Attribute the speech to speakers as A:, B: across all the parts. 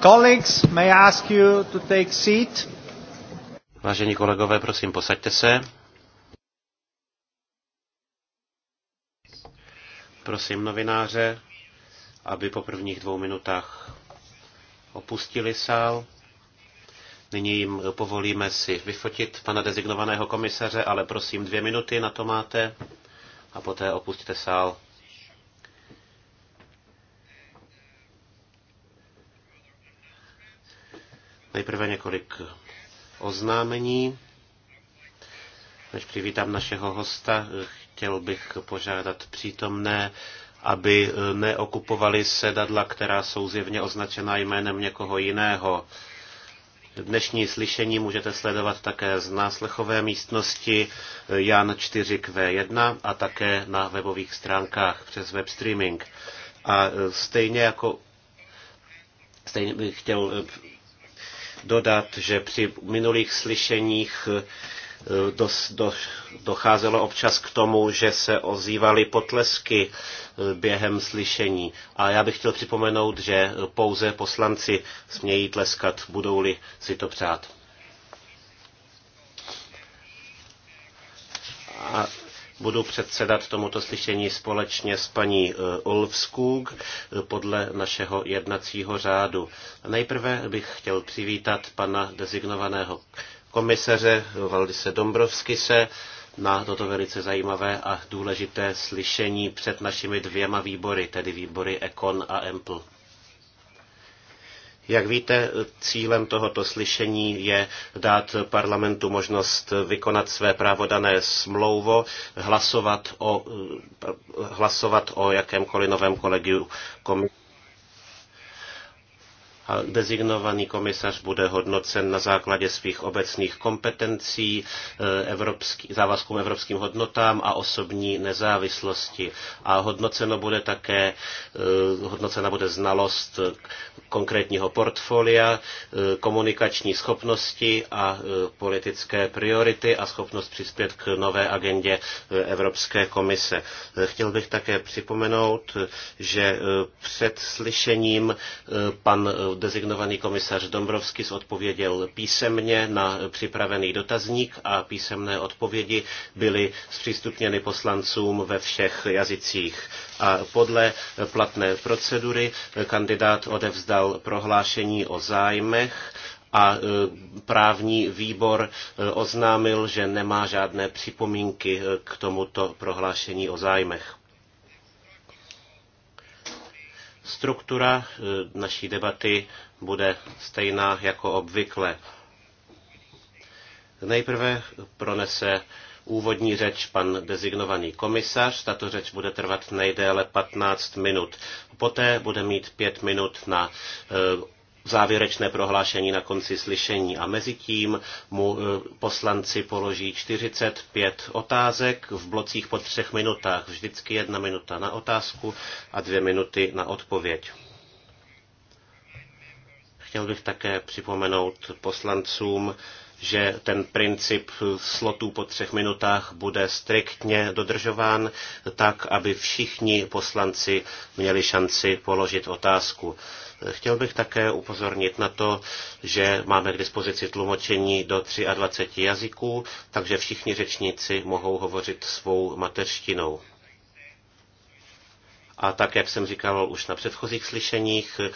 A: Colleagues, may I ask you to take seat?
B: Vážení kolegové, prosím, posaďte se. Prosím novináře, aby po prvních dvou minutách opustili sál. Nyní jim povolíme si vyfotit pana dezignovaného komisaře, ale prosím dvě minuty na to máte a poté opustíte sál. Nejprve několik oznámení. Než přivítám našeho hosta, chtěl bych požádat přítomné, aby neokupovali sedadla, která jsou zjevně označena jménem někoho jiného. Dnešní slyšení můžete sledovat také z náslechové místnosti Jan 4Q1 a také na webových stránkách přes web streaming. A stejně jako stejně bych chtěl dodat, že při minulých slyšeních do, eh, do, docházelo občas k tomu, že se ozývaly potlesky eh, během slyšení. A já bych chtěl připomenout, že pouze poslanci smějí tleskat, budou-li si to přát. A Budu předsedat tomuto slyšení společně s paní Olvskůk eh, eh, podle našeho jednacího řádu. Nejprve bych chtěl přivítat pana dezignovaného komisaře Valdise Dombrovskise na toto velice zajímavé a důležité slyšení před našimi dvěma výbory, tedy výbory Econ a Empl. Jak víte, cílem tohoto slyšení je dát parlamentu možnost vykonat své právo dané smlouvo, hlasovat o, hlasovat o jakémkoliv novém kolegiu komise a designovaný komisař bude hodnocen na základě svých obecných kompetencí, eh, evropský, závazkům evropským hodnotám a osobní nezávislosti. A hodnoceno bude také, eh, hodnocena bude znalost konkrétního portfolia, eh, komunikační schopnosti a politické priority a schopnost přispět k nové agendě Evropské komise. Chtěl bych také připomenout, že před slyšením pan designovaný komisař Dombrovskis odpověděl písemně na připravený dotazník a písemné odpovědi byly zpřístupněny poslancům ve všech jazycích. A podle platné procedury kandidát odevzdal prohlášení o zájmech a e, právní výbor e, oznámil, že nemá žádné připomínky e, k tomuto prohlášení o zájmech. Struktura e, naší debaty bude stejná jako obvykle. Nejprve pronese úvodní řeč pan dezignovaný komisař. Tato řeč bude trvat nejdéle 15 minut. Poté bude mít 5 minut na e, závěrečné prohlášení na konci slyšení a mezi tím mu eh, poslanci položí 45 otázek v blocích po třech minutách. Vždycky jedna minuta na otázku a dvě minuty na odpověď. Chtěl bych také připomenout poslancům, že ten princip slotů po třech minutách bude striktně dodržován tak, aby všichni poslanci měli šanci položit otázku. Chtěl bych také upozornit na to, že máme k dispozici tlumočení do 23 jazyků, takže všichni řečníci mohou hovořit svou mateřštinou. A tak, jak jsem říkal už na předchozích slyšeních, eh,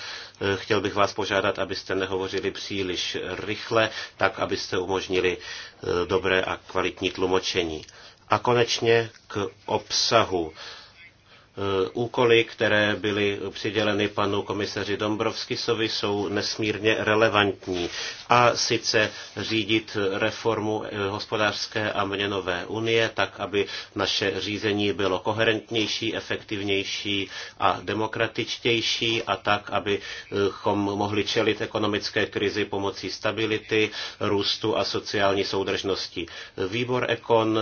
B: chtěl bych vás požádat, abyste nehovořili příliš rychle, tak abyste umožnili eh, dobré a kvalitní tlumočení. A konečně k obsahu. Eh, úkoly, které byly přiděleny panu komisaři Dombrovskisovi, jsou nesmírně relevantní. A sice řídit reformu eh, hospodářské a měnové unie, tak aby naše řízení bylo koherentnější, efektivnější a demokratičtější a tak, abychom eh, mohli čelit ekonomické krizi pomocí stability, růstu a sociální soudržnosti. Výbor Ekon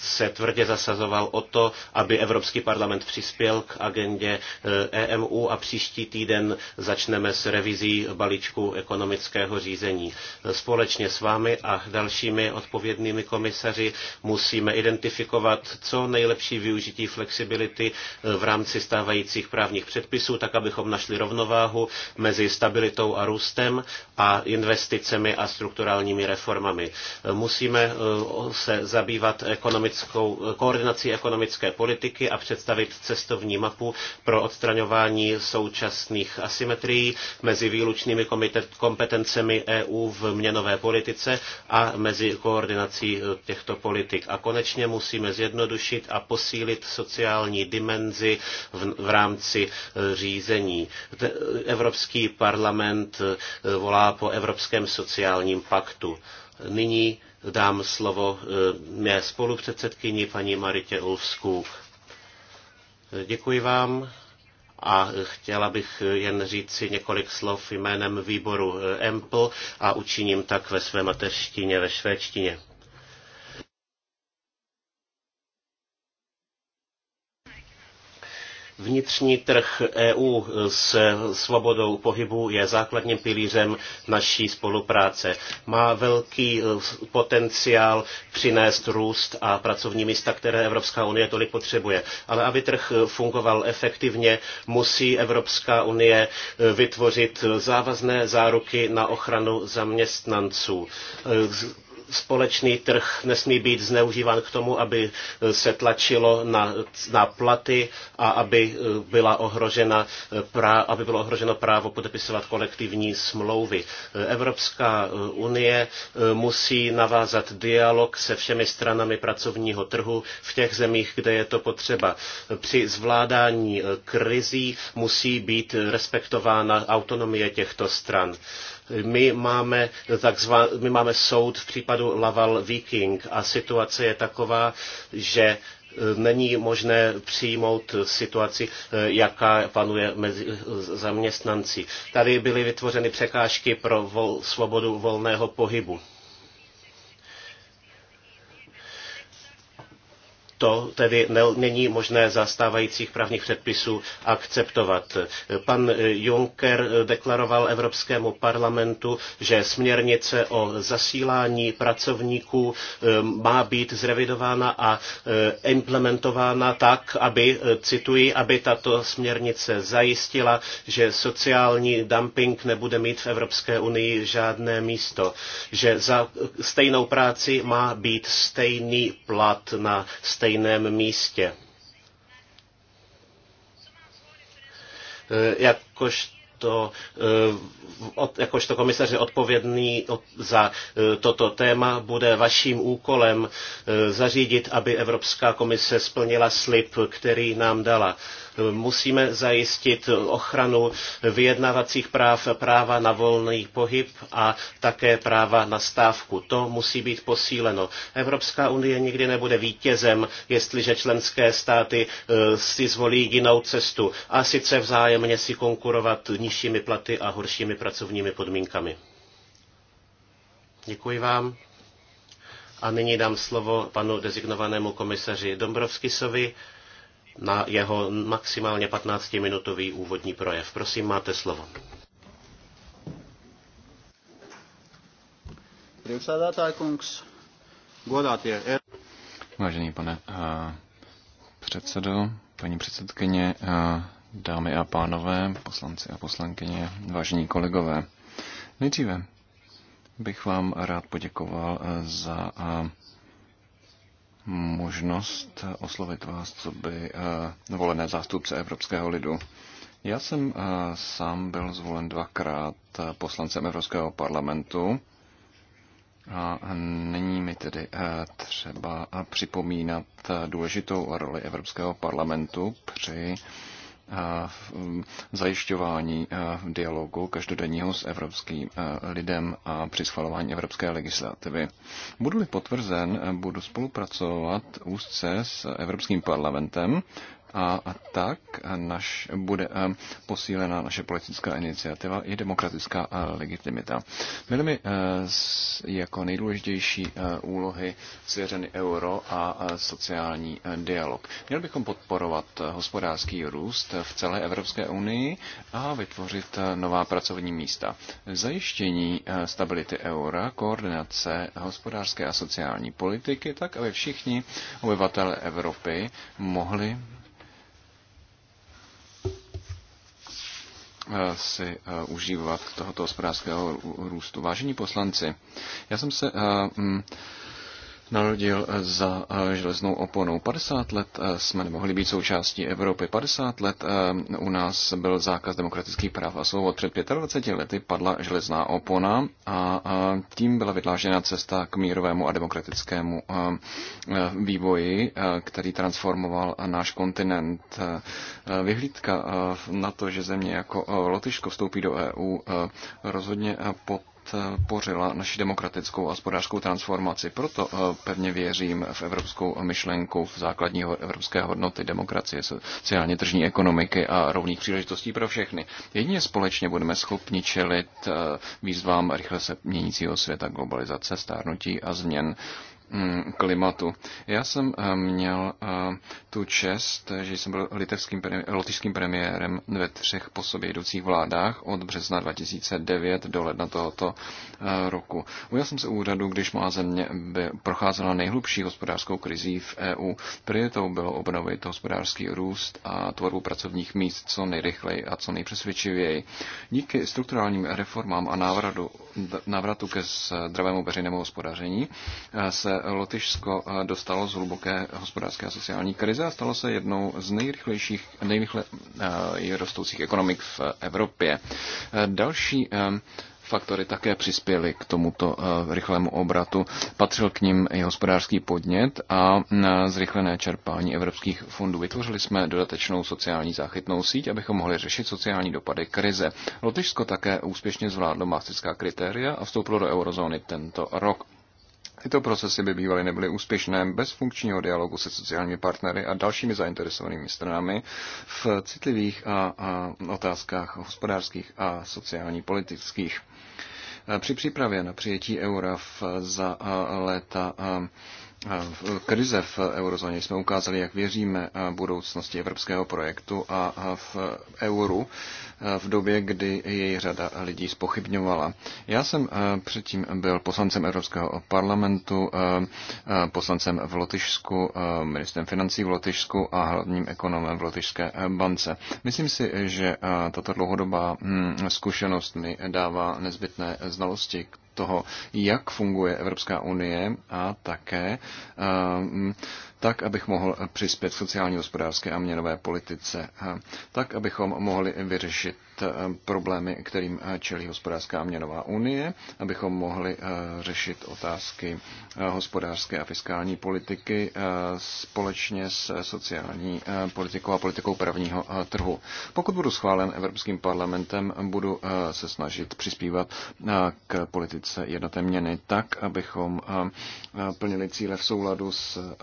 B: se tvrdě zasazoval o to, aby Evropský parlament přispěl k agendě EMU eh, e a příští týden začneme s revizí balíčku ekonomického řízení. Společně s vámi a dalšími odpovědnými komisaři musíme identifikovat co nejlepší využití flexibility eh, v rámci stávajících právních předpisů, tak abychom našli rovnováhu mezi stabilitou a růstem a investicemi a strukturálními reformami. Eh, musíme se zabývat zabývat ekonomickou, koordinací ekonomické politiky a představit cestovní mapu pro odstraňování současných asymetrií mezi výlučnými komitet, kompetencemi EU v měnové politice a mezi koordinací e, těchto politik. A konečně musíme zjednodušit a posílit sociální dimenzi v, v rámci e, řízení. Evropský parlament e, volá po Evropském sociálním paktu. Nyní dám slovo eh, mé spolupředsedkyni paní Maritě Ulfskou. Děkuji vám a chtěla bych jen si několik slov jménem výboru eh, EMPL a učiním tak ve své mateřštině, ve švédštině. Vnitřní trh EU se svobodou pohybu je základním pilířem naší spolupráce. Má velký eh, potenciál přinést růst a pracovní místa, které Evropská unie tolik potřebuje. Ale aby trh eh, fungoval efektivně, musí Evropská unie eh, vytvořit závazné záruky na ochranu zaměstnanců společný trh nesmí být zneužíván k tomu, aby eh, se tlačilo na, na platy a aby, eh, byla ohrožena eh, prá, aby bylo ohroženo právo podepisovat kolektivní smlouvy. Evropská unie musí navázat dialog se všemi stranami pracovního trhu v těch zemích, kde je to potřeba. Při zvládání krizí musí být respektována autonomie těchto stran. My máme, takzva, my máme soud v případu Laval Viking a situace je taková, že e, není možné přijmout situaci, e, jaká panuje mezi e, zaměstnanci. Tady byly vytvořeny překážky pro vol, svobodu volného pohybu. to tedy není možné zastávajících právních předpisů akceptovat. Pan Juncker deklaroval Evropskému parlamentu, že směrnice o zasílání pracovníků ehm, má být zrevidována a ehm, implementována tak, aby, e, cituji, aby tato směrnice zajistila, že sociální dumping nebude mít v Evropské unii žádné místo, že za stejnou práci má být stejný plat na stejné stejném místě. Jakož e, to, jakožto e, komisaři odpovědný za e, toto téma, bude vaším úkolem zařídit, aby Evropská komise splnila slib, který nám dala. Musíme zajistit ochranu vyjednavacích práv, práva na volný pohyb a také práva na stávku. To musí být posíleno. Evropská unie nikdy nebude vítězem, jestliže členské státy eh, si zvolí jinou cestu a sice vzájemně si konkurovat nižšími platy a horšími pracovními podmínkami. Děkuji vám. A nyní dám slovo panu dezignovanému komisaři Dombrovskisovi, na jeho maximálně 15-minutový úvodní projev. Prosím, máte slovo.
C: Vážený pane uh, předsedo, paní předsedkyně, uh, dámy a pánové, poslanci a poslankyně, vážení kolegové. Nejdříve bych vám rád poděkoval eh, za uh, možnost oslovit vás, co by eh, volené zástupce Evropského lidu. Já jsem eh, sám byl zvolen dvakrát eh, poslancem Evropského parlamentu a není mi tedy třeba připomínat důležitou roli Evropského parlamentu při Mm, zajišťování dialogu každodenního s evropským lidem a při schvalování evropské legislativy. Budu-li potvrzen, budu spolupracovat úzce s Evropským parlamentem a, a tak naš, bude eh, posílena naše politická iniciativa i demokratická eh, legitimita. Byly mi eh, jako nejdůležitější úlohy svěřeny euro a sociální dialog. Měli bychom podporovat hospodářský růst v celé Evropské unii a vytvořit nová pracovní místa. Zajištění stability eura, koordinace hospodářské a sociální politiky, tak aby všichni obyvatelé Evropy mohli Eh, si eh, užívat tohoto hospodářského růstu. Vážení poslanci, já jsem se eh, mm, narodil za eh, železnou oponou. 50 let eh, jsme nemohli být součástí Evropy. 50 let eh, u nás byl zákaz demokratických práv a svobod. Před 25 lety padla železná opona a tím byla vydlážena cesta k mírovému a demokratickému vývoji, který transformoval náš kontinent. Vyhlídka na to, že země jako Lotyšsko vstoupí do EU, rozhodně pod podpořila eh, naši demokratickou a hospodářskou transformaci. Proto eh, pevně věřím v evropskou myšlenku, v základní evropské hodnoty demokracie, sociálně tržní ekonomiky a rovných příležitostí pro všechny. Jedině společně budeme schopni čelit eh, výzvám rychle se měnícího světa, globalizace, stárnutí a změn Mm, klimatu. Já jsem eh, měl eh, tu čest, že jsem byl litevským, lotyšským premiérem ve třech po sobě jdoucích vládách od března 2009 do ledna tohoto eh, roku. Ujel jsem se úřadu, když má země by procházela nejhlubší hospodářskou krizí v EU. Prioritou bylo obnovit hospodářský růst a tvorbu pracovních míst co nejrychleji a co nejpřesvědčivěji. Díky strukturálním reformám a návratu, návratu ke zdravému veřejnému hospodaření se Lotyšsko eh, dostalo z hluboké hospodářské a sociální krize a stalo se jednou z nejrychlejších, nejrychle eh, rostoucích ekonomik v Evropě. Eh, další faktory také přispěly k tomuto rychlému obratu. Patřil k nim i hospodářský podnět a na zrychlené čerpání evropských fondů. Vytvořili jsme dodatečnou sociální záchytnou síť, abychom mohli řešit sociální dopady krize. Lotyšsko také úspěšně zvládlo mástická kritéria a vstoupilo do eurozóny tento rok. Tyto procesy by bývaly nebyly úspěšné bez funkčního dialogu se sociálními partnery a dalšími zainteresovanými stranami v citlivých a, a otázkách hospodářských a sociální politických. Při přípravě na přijetí eura v, za léta v krize v eurozóně jsme ukázali, jak věříme budoucnosti evropského projektu a v euru v době, kdy jej řada lidí spochybňovala. Já jsem eh, předtím byl poslancem Evropského parlamentu, eh, eh, poslancem v Lotyšsku, ministrem financí v Lotyšsku a hlavním ekonomem v Lotyšské bance. Myslím si, že tato dlouhodobá hm, zkušenost mi dává nezbytné znalosti k toho, jak funguje Evropská unie a také ehm, tak, abych mohl přispět sociální, hospodářské a měnové politice, ehm, tak, abychom mohli vyřešit Eh, problémy, kterým eh, čelí hospodářská měnová unie, abychom mohli eh, řešit otázky hospodářské a fiskální politiky společně s sociální politikou a politikou prvního trhu. Pokud budu schválen Evropským parlamentem, budu se snažit přispívat k politice jednoté měny tak, abychom plnili cíle v souladu s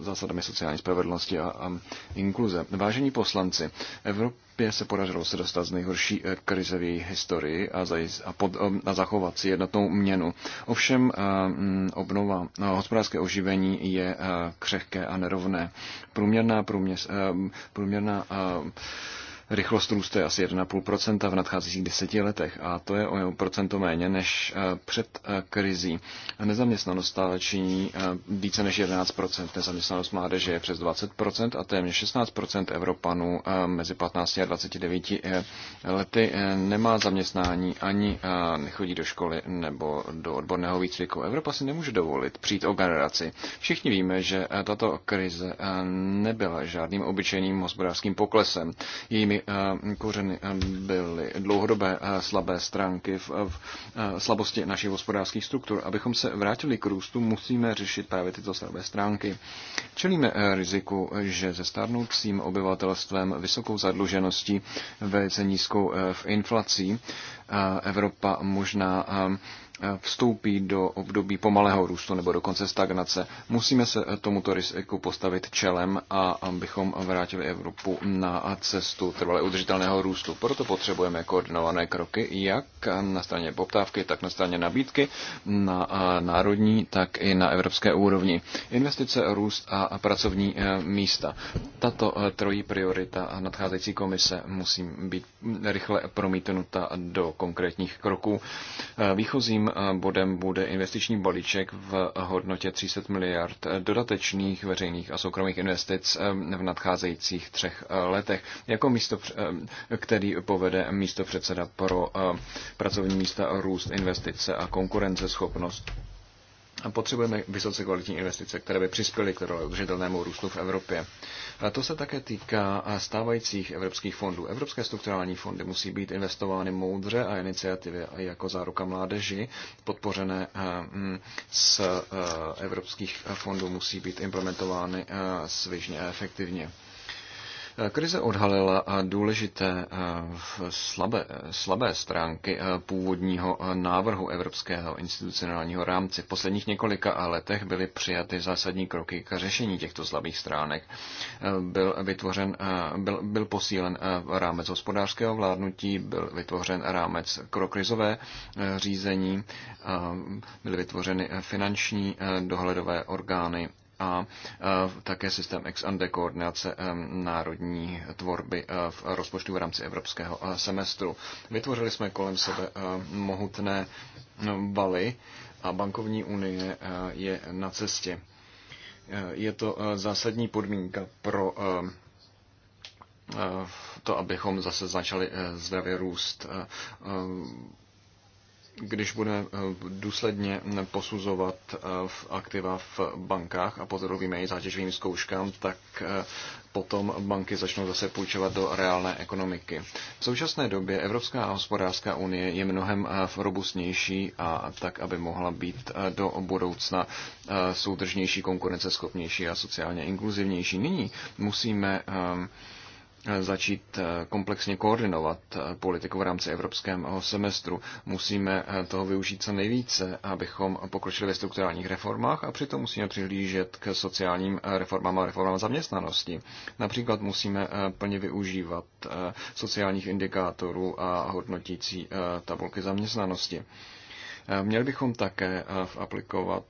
C: zásadami sociální spravedlnosti a inkluze. Vážení poslanci, Evropa Evropě se podařilo se dostat z nejhorší eh, krize v její historii a, za a, pod, eh, a zachovat si jednotnou měnu. Ovšem eh, mm, obnova hospodářské oživení je křehké a nerovné. Průměrná, průměs, průměrná Rychlost růstu je asi 1,5% v nadcházejících deseti letech a to je o procento méně než eh, před eh, krizí. Nezaměstnanost stále činí eh, více než 11%, nezaměstnanost mládeže je přes 20% a téměř 16% Evropanů mezi 15 a 29 lety nemá zaměstnání ani nechodí do školy nebo do odborného výcviku. Evropa si nemůže dovolit přijít o generaci. Všichni víme, že tato krize nebyla žádným obyčejným hospodářským poklesem. Jejími kořeny, eh, kořeny eh, byly dlouhodobé eh, slabé stránky v, v slabosti našich hospodářských struktur. Abychom se vrátili k růstu, musíme řešit právě tyto slabé stránky. Čelíme riziku, že se stárnoucím obyvatelstvem, vysokou zadlužeností, velice nízkou v inflací Evropa možná vstoupí do období pomalého růstu nebo dokonce stagnace. Musíme se tomuto riziku postavit čelem a abychom vrátili Evropu na cestu trvale udržitelného růstu. Proto potřebujeme koordinované kroky jak na straně poptávky, tak na straně nabídky, na národní, tak i na evropské úrovni. Investice, růst a pracovní eh, místa. Tato eh, trojí priorita nadcházející komise musí být rychle promítnuta do konkrétních kroků. Eh, výchozím Dalším eh, bodem bude investiční balíček v hodnotě 300 miliard dodatečných veřejných a soukromých investic eh, v nadcházejících třech eh, letech, jako místo, který povede místo předseda pro pracovní místa, růst, investice a konkurenceschopnost. A potřebujeme vysoce kvalitní investice, které by přispěly k udržitelnému růstu v Evropě. A to se také týká stávajících evropských fondů. Evropské strukturální fondy musí být investovány moudře a iniciativy jako záruka mládeži, podpořené eh, mm, z eh, evropských fondů, musí být implementovány eh, svižně a efektivně. Krize odhalila důležité eh, slabé, slabé stránky eh, původního eh, návrhu Evropského institucionálního rámce. V posledních několika letech byly přijaty zásadní kroky k řešení těchto slabých stránek. Byl, vytvořen, byl, byl posílen rámec hospodářského vládnutí, byl vytvořen rámec pro krizové řízení, byly vytvořeny finanční dohledové orgány a také systém ex ante koordinace národní tvorby e, v rozpočtu v rámci evropského e, semestru. Vytvořili jsme kolem sebe e, mohutné no, valy a bankovní unie je na cestě. Je to zásadní podmínka pro to, abychom zase začali zdravě růst když bude eh, důsledně posuzovat eh, v aktiva v bankách a pozorovíme i zátěžovým zkouškám, tak eh, potom banky začnou zase půjčovat do reálné ekonomiky. V současné době Evropská hospodářská unie je mnohem robustnější a tak, aby mohla být do budoucna soudržnější, konkurenceschopnější a sociálně inkluzivnější. Nyní musíme Eh, začít eh, komplexně koordinovat eh, politiku v rámci evropského semestru. Musíme toho využít co nejvíce, abychom pokročili ve strukturálních reformách a přitom musíme přihlížet k sociálním reformám a reformám zaměstnanosti. Například musíme plně využívat sociálních indikátorů a hodnotící tabulky zaměstnanosti. Měli bychom také aplikovat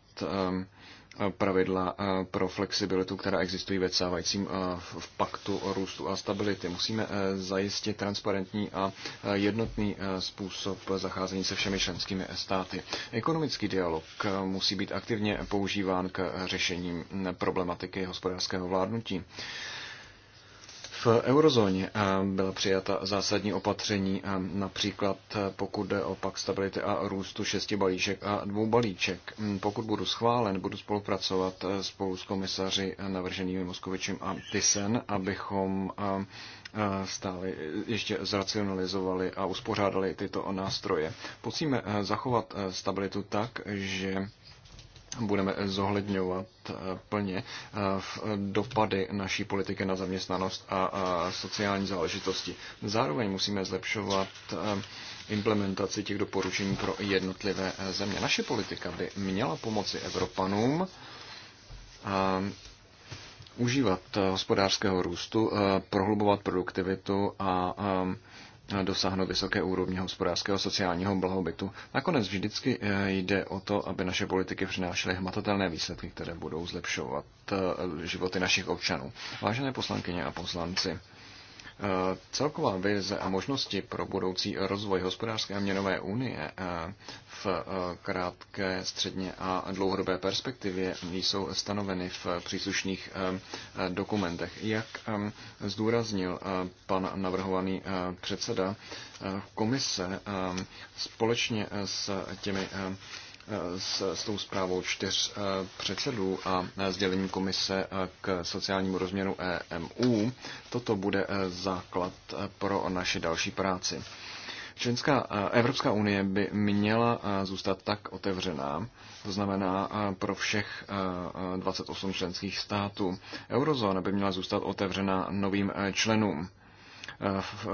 C: Eh, pravidla eh, pro flexibilitu, která existují ve cávajícím eh, v paktu o růstu a stability. Musíme zajistit transparentní a jednotný způsob zacházení se všemi členskými státy. Ekonomický dialog musí být aktivně používán k řešení problematiky hospodářského vládnutí. V eurozóně eh, byla přijata zásadní opatření, eh, například eh, pokud jde o pak stability a růstu šesti balíček a dvou balíček. Mm, pokud budu schválen, budu spolupracovat spolu s komisaři navrženými Moskovičem a Tysen, abychom stáli, ještě zracionalizovali a uspořádali tyto nástroje. Musíme zachovat stabilitu tak, že budeme zohledňovat eh, plně eh, v dopady naší politiky na zaměstnanost a sociální záležitosti. Zároveň musíme zlepšovat eh, implementaci těch doporučení pro jednotlivé země. Naše politika by měla pomoci Evropanům užívat hospodářského růstu, prohlubovat produktivitu a dosáhnout vysoké úrovně hospodářského a sociálního blahobytu. Nakonec vždycky eh, jde o to, aby naše politiky přinášely hmatatelné výsledky, které budou zlepšovat eh, životy našich občanů. Vážené poslankyně a poslanci, Eh, celková vize a možnosti pro budoucí rozvoj hospodářské a měnové unie eh, v eh, krátké, středně a dlouhodobé perspektivě jsou stanoveny v příslušných dokumentech. Jak zdůraznil pan navrhovaný předseda komise společně s těmi s, s tou zprávou čtyř eh, předsedů a eh, sdělením komise eh, k sociálnímu rozměru EMU. Toto bude základ pro naši další práci. Členská Evropská unie by měla zůstat tak otevřená, to znamená pro všech 28 členských států. Eurozóna by měla zůstat otevřená novým členům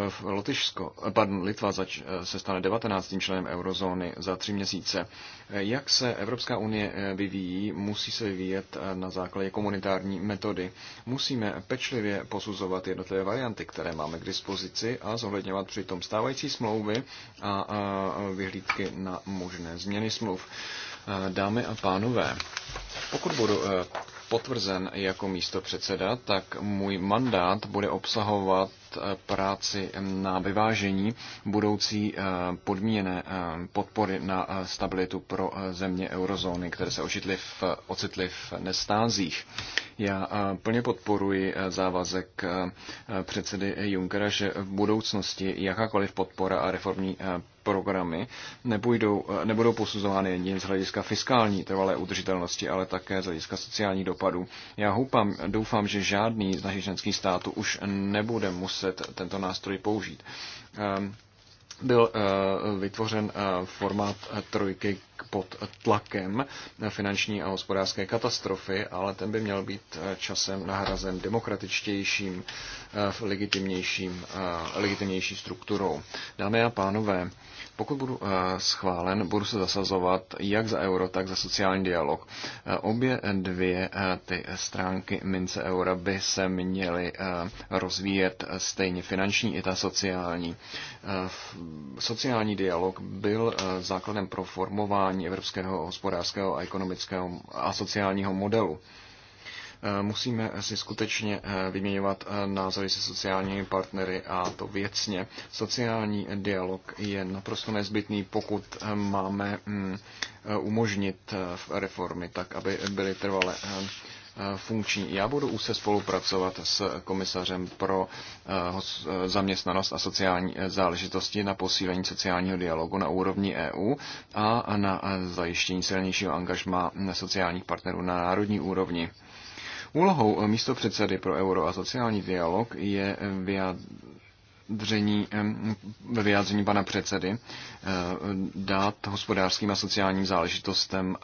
C: v Lotyšsko, pardon, Litva zač, eh, se stane 19. členem eurozóny za tři měsíce. Eh, jak se Evropská unie eh, vyvíjí, musí se vyvíjet na základě komunitární metody. Musíme pečlivě posuzovat jednotlivé varianty, které máme k dispozici a zohledňovat přitom stávající smlouvy a vyhlídky na možné změny smluv. Dámy a pánové, pokud budu eh, potvrzen jako místo předseda, tak můj mandát bude obsahovat eh, práci na vyvážení budoucí eh, podmíněné podpory na stabilitu pro země eurozóny, které se očitly v, ocitly v nestázích. Já plně podporuji závazek předsedy Junckera, že v budoucnosti jakákoliv podpora a reformní programy nebudou, nebudou posuzovány jen z hlediska fiskální trvalé udržitelnosti bezpečnosti, ale také z hlediska sociálních dopadů. Já houpám, doufám, že žádný z našich členských států už nebude muset tento nástroj použít. Ehm, byl eh, vytvořen eh, formát eh, trojky pod tlakem finanční a hospodářské katastrofy, ale ten by měl být časem nahrazen demokratičtějším, uh, legitimnější strukturou. Dámy a pánové, pokud budu eh, schválen, budu se zasazovat jak za euro, tak za sociální dialog. Eh, obě eh, dvě ty stránky mince eura by se měly rozvíjet stejně finanční i ta sociální. Sociální dialog byl základem pro formování evropského hospodářského a ekonomického a sociálního modelu. Eh, musíme si skutečně eh, vyměňovat eh, názory se sociálními partnery a to věcně. Sociální dialog je naprosto nezbytný, pokud máme mm, umožnit reformy tak, aby byly trvale funkční. Já budu už se spolupracovat s komisařem pro zaměstnanost a sociální záležitosti na posílení sociálního dialogu na úrovni EU a na zajištění silnějšího angažma sociálních partnerů na národní úrovni. Úlohou eh, místo předsedy pro euro a sociální dialog je eh, vyjádření, ve vyjádření pana předsedy eh, dát hospodářským a sociálním záležitostem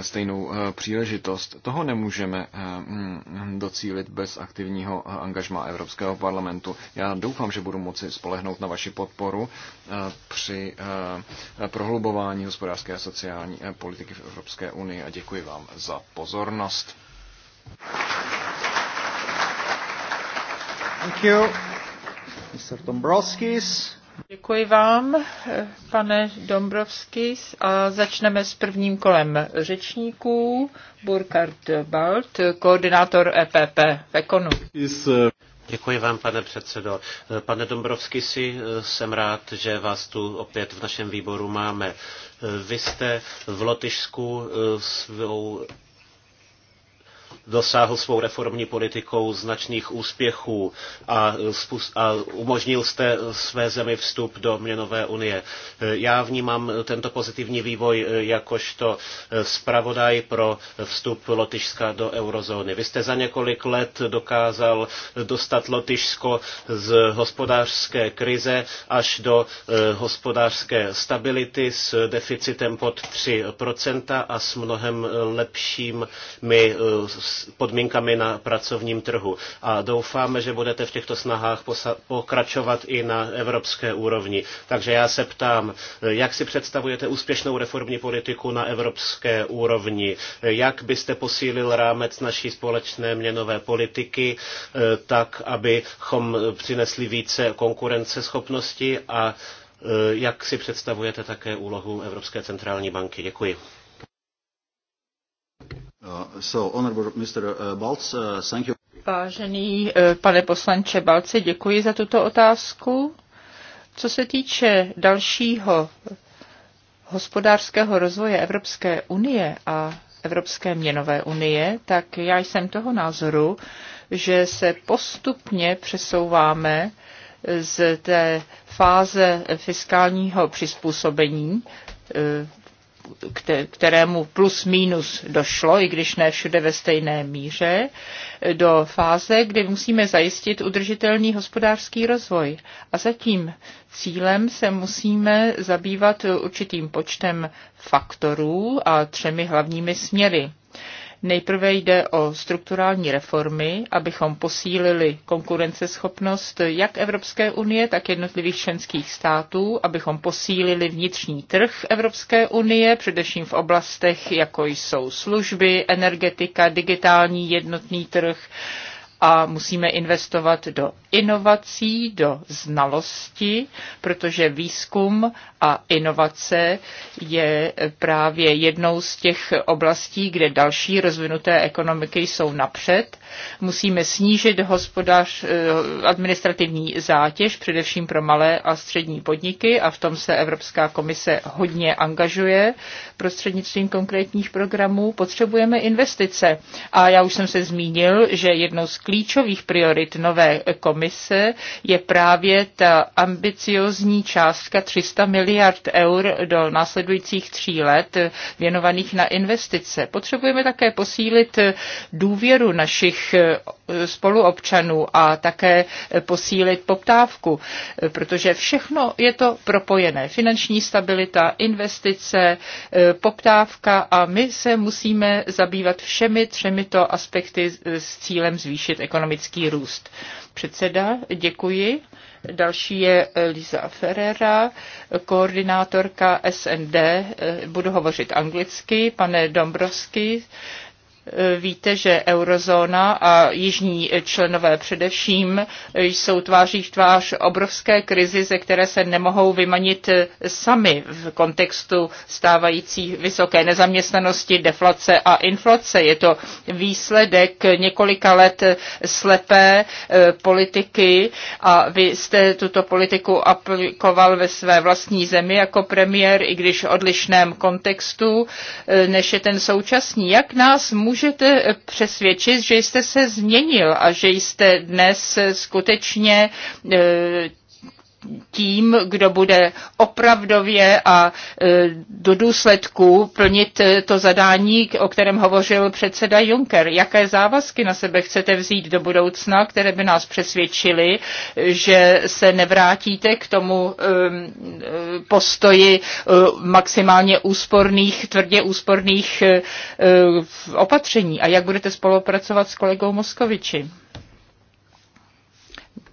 C: stejnou příležitost. Toho nemůžeme mm, docílit bez aktivního angažma Evropského parlamentu. Já doufám, že budu moci spolehnout na vaši podporu při prohlubování hospodářské a sociální politiky v Evropské unii a děkuji vám za pozornost.
A: Thank you. Mr. Dombrovskis. Děkuji vám, pane Dombrovskis. A začneme s prvním kolem řečníků. Burkhard Balt, koordinátor EPP v Ekonu.
B: Eh, Děkuji vám, pane předsedo. Eh, pane Dombrovský, si eh, jsem rád, že vás tu opět v našem výboru máme. Vy jste v Lotyšsku svou dosáhl svou reformní politikou značných úspěchů a, a umožnil jste své zemi vstup do měnové unie. Já vnímám tento pozitivní vývoj eh, jakožto eh, zpravodaj pro vstup Lotyšska do eurozóny. Vy jste za několik let dokázal dostat Lotyšsko z hospodářské krize až do eh, hospodářské stability s deficitem pod 3% a s mnohem lepšími podmínkami na pracovním trhu. A doufáme, že budete v těchto snahách pokračovat i na evropské úrovni. Takže já se ptám, jak si představujete úspěšnou reformní politiku na evropské úrovni? Jak byste posílil rámec naší společné měnové politiky eh, tak, abychom přinesli více konkurenceschopnosti a eh, jak si představujete také úlohu Evropské centrální banky? Děkuji. Uh, uh, uh,
A: Vážený pane poslanče Balce, děkuji za tuto otázku. Co se týče dalšího hospodářského rozvoje Evropské unie a Evropské měnové unie, tak já jsem toho názoru, že se postupně přesouváme z té fáze fiskálního přizpůsobení kterému plus minus došlo, i když ne všude ve stejné míře, do fáze, kdy musíme zajistit udržitelný hospodářský rozvoj. A zatím cílem se musíme zabývat určitým počtem faktorů a třemi hlavními směry. Nejprve jde o strukturální reformy, abychom posílili konkurenceschopnost jak Evropské unie, tak jednotlivých členských států, abychom posílili vnitřní trh Evropské unie, především v oblastech, jako jsou služby, energetika, digitální jednotný trh, a musíme investovat do inovací, do znalosti, protože výzkum a inovace je právě jednou z těch oblastí, kde další rozvinuté ekonomiky jsou napřed. Musíme snížit hospodář, eh, administrativní zátěž, především pro malé a střední podniky a v tom se Evropská komise hodně angažuje prostřednictvím konkrétních programů. Potřebujeme investice a já už jsem se zmínil, že jednou z klíčů klíčových priorit nové komise je právě ta ambiciozní částka 300 miliard eur do následujících tří let věnovaných na investice. Potřebujeme také posílit důvěru našich spoluobčanů a také posílit poptávku, protože všechno je to propojené. Finanční stabilita, investice, poptávka a my se musíme zabývat všemi to aspekty s cílem zvýšit ekonomický růst. Předseda, děkuji. Další je Lisa Ferrera, koordinátorka SND. Budu hovořit anglicky. Pane Dombrovsky, Víte, že eurozóna a jižní členové především jsou tváří v tvář obrovské krizi, ze které se nemohou vymanit sami v kontextu stávající vysoké nezaměstnanosti, deflace a inflace. Je to výsledek několika let slepé eh, politiky a vy jste tuto politiku aplikoval ve své vlastní zemi jako premiér, i když v odlišném kontextu, eh, než je ten současný. Jak nás může můžete přesvědčit, že jste se změnil a že jste dnes skutečně eh, tím, kdo bude opravdově a e, do důsledku plnit e, to zadání, o kterém hovořil předseda Juncker. Jaké závazky na sebe chcete vzít do budoucna, které by nás přesvědčily, že se nevrátíte k tomu e, postoji maximálně úsporných, tvrdě úsporných opatření a jak budete spolupracovat s kolegou Moskoviči?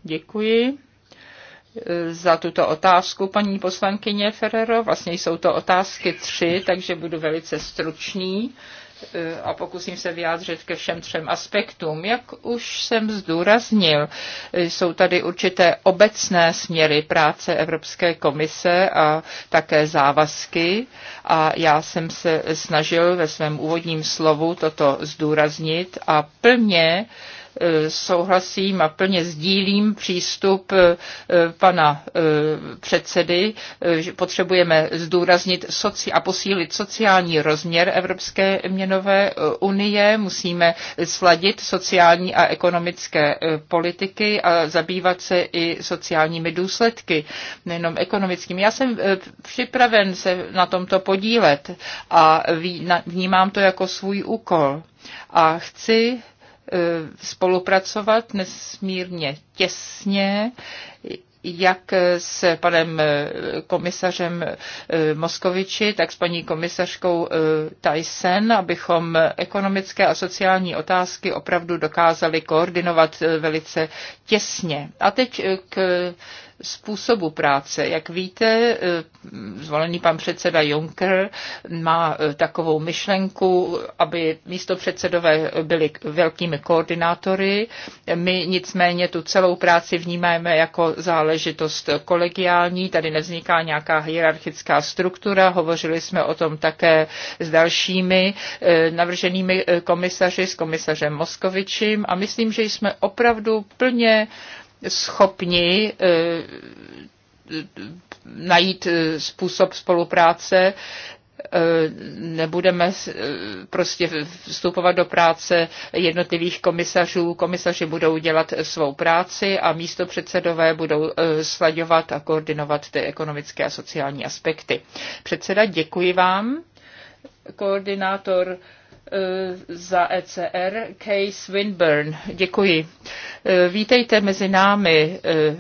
A: Děkuji za tuto otázku, paní poslankyně Ferrero. Vlastně jsou to otázky tři, takže budu velice stručný eh, a pokusím se vyjádřit ke všem třem aspektům. Jak už jsem zdůraznil, jsou tady určité obecné směry práce Evropské komise a také závazky a já jsem se snažil ve svém úvodním slovu toto zdůraznit a plně E, souhlasím a plně sdílím přístup e, pana e, předsedy, že potřebujeme zdůraznit a posílit sociální rozměr Evropské měnové unie, musíme sladit sociální a ekonomické politiky a zabývat se i sociálními důsledky, nejenom ekonomickými. Já jsem připraven se na tomto podílet a vnímám to jako svůj úkol. A chci Eh, spolupracovat nesmírně těsně, jak s panem eh, komisařem eh, Moskoviči, tak s paní komisařkou Tyson, abychom ekonomické a sociální otázky opravdu dokázali koordinovat velice těsně. A teď k způsobu práce. Jak víte, eh, zvolený pan předseda Juncker má eh, takovou myšlenku, aby místo předsedové byli velkými koordinátory. My nicméně tu celou práci vnímáme jako záležitost kolegiální, tady nevzniká nějaká hierarchická struktura, hovořili jsme o tom také s dalšími eh, navrženými komisaři, s komisařem Moskovičem a myslím, že jsme opravdu plně schopni eh, najít eh, způsob spolupráce, eh, nebudeme prostě vstupovat do práce jednotlivých komisařů. Komisaři budou dělat svou práci a místo předsedové budou slaďovat a koordinovat ty ekonomické a sociální aspekty. Předseda, děkuji vám. Koordinátor Eh, za ECR Kay Swinburne. Děkuji. Eh, vítejte mezi námi, eh,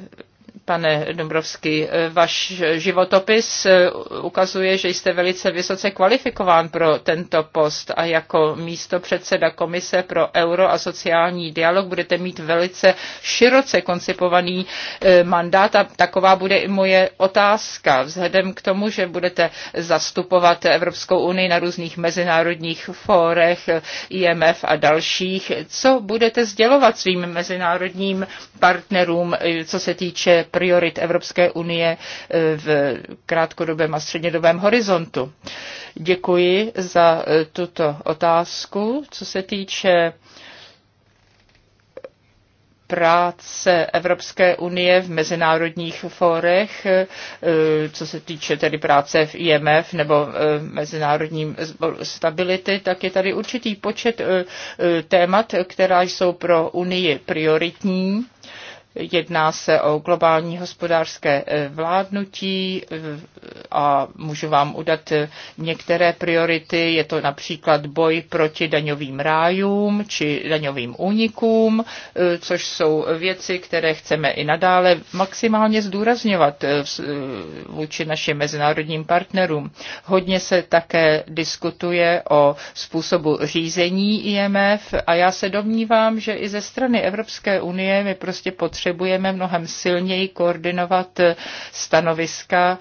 A: pane Dombrovský. Váš životopis eh, ukazuje, že jste velice vysoce kvalifikován pro tento post a jako místo předseda Komise pro euro a sociální dialog budete mít velice široce koncipovaný eh, mandát a taková bude i moje otázka. Vzhledem k tomu, že budete zastupovat Evropskou unii na různých mezinárodních fórech, IMF a dalších, co budete sdělovat svým mezinárodním partnerům, eh, co se týče priorit Evropské unie eh, v krátkodobém a střednědobém horizontu. Děkuji za eh, tuto otázku. Co se týče práce Evropské unie v mezinárodních fórech, eh, co se týče tedy práce v IMF nebo mezinárodní stability, tak je tady určitý počet témat, která jsou pro Unii prioritní Jedná se o globální hospodářské eh, vládnutí eh, a můžu vám udat eh, některé priority. Je to například boj proti daňovým rájům či daňovým únikům, což jsou věci, které chceme i nadále maximálně zdůrazňovat vůči našim mezinárodním partnerům. Hodně se také diskutuje o způsobu řízení IMF a já se domnívám, že i ze strany Evropské unie my prostě potřebujeme potřebujeme mnohem silněji koordinovat stanoviska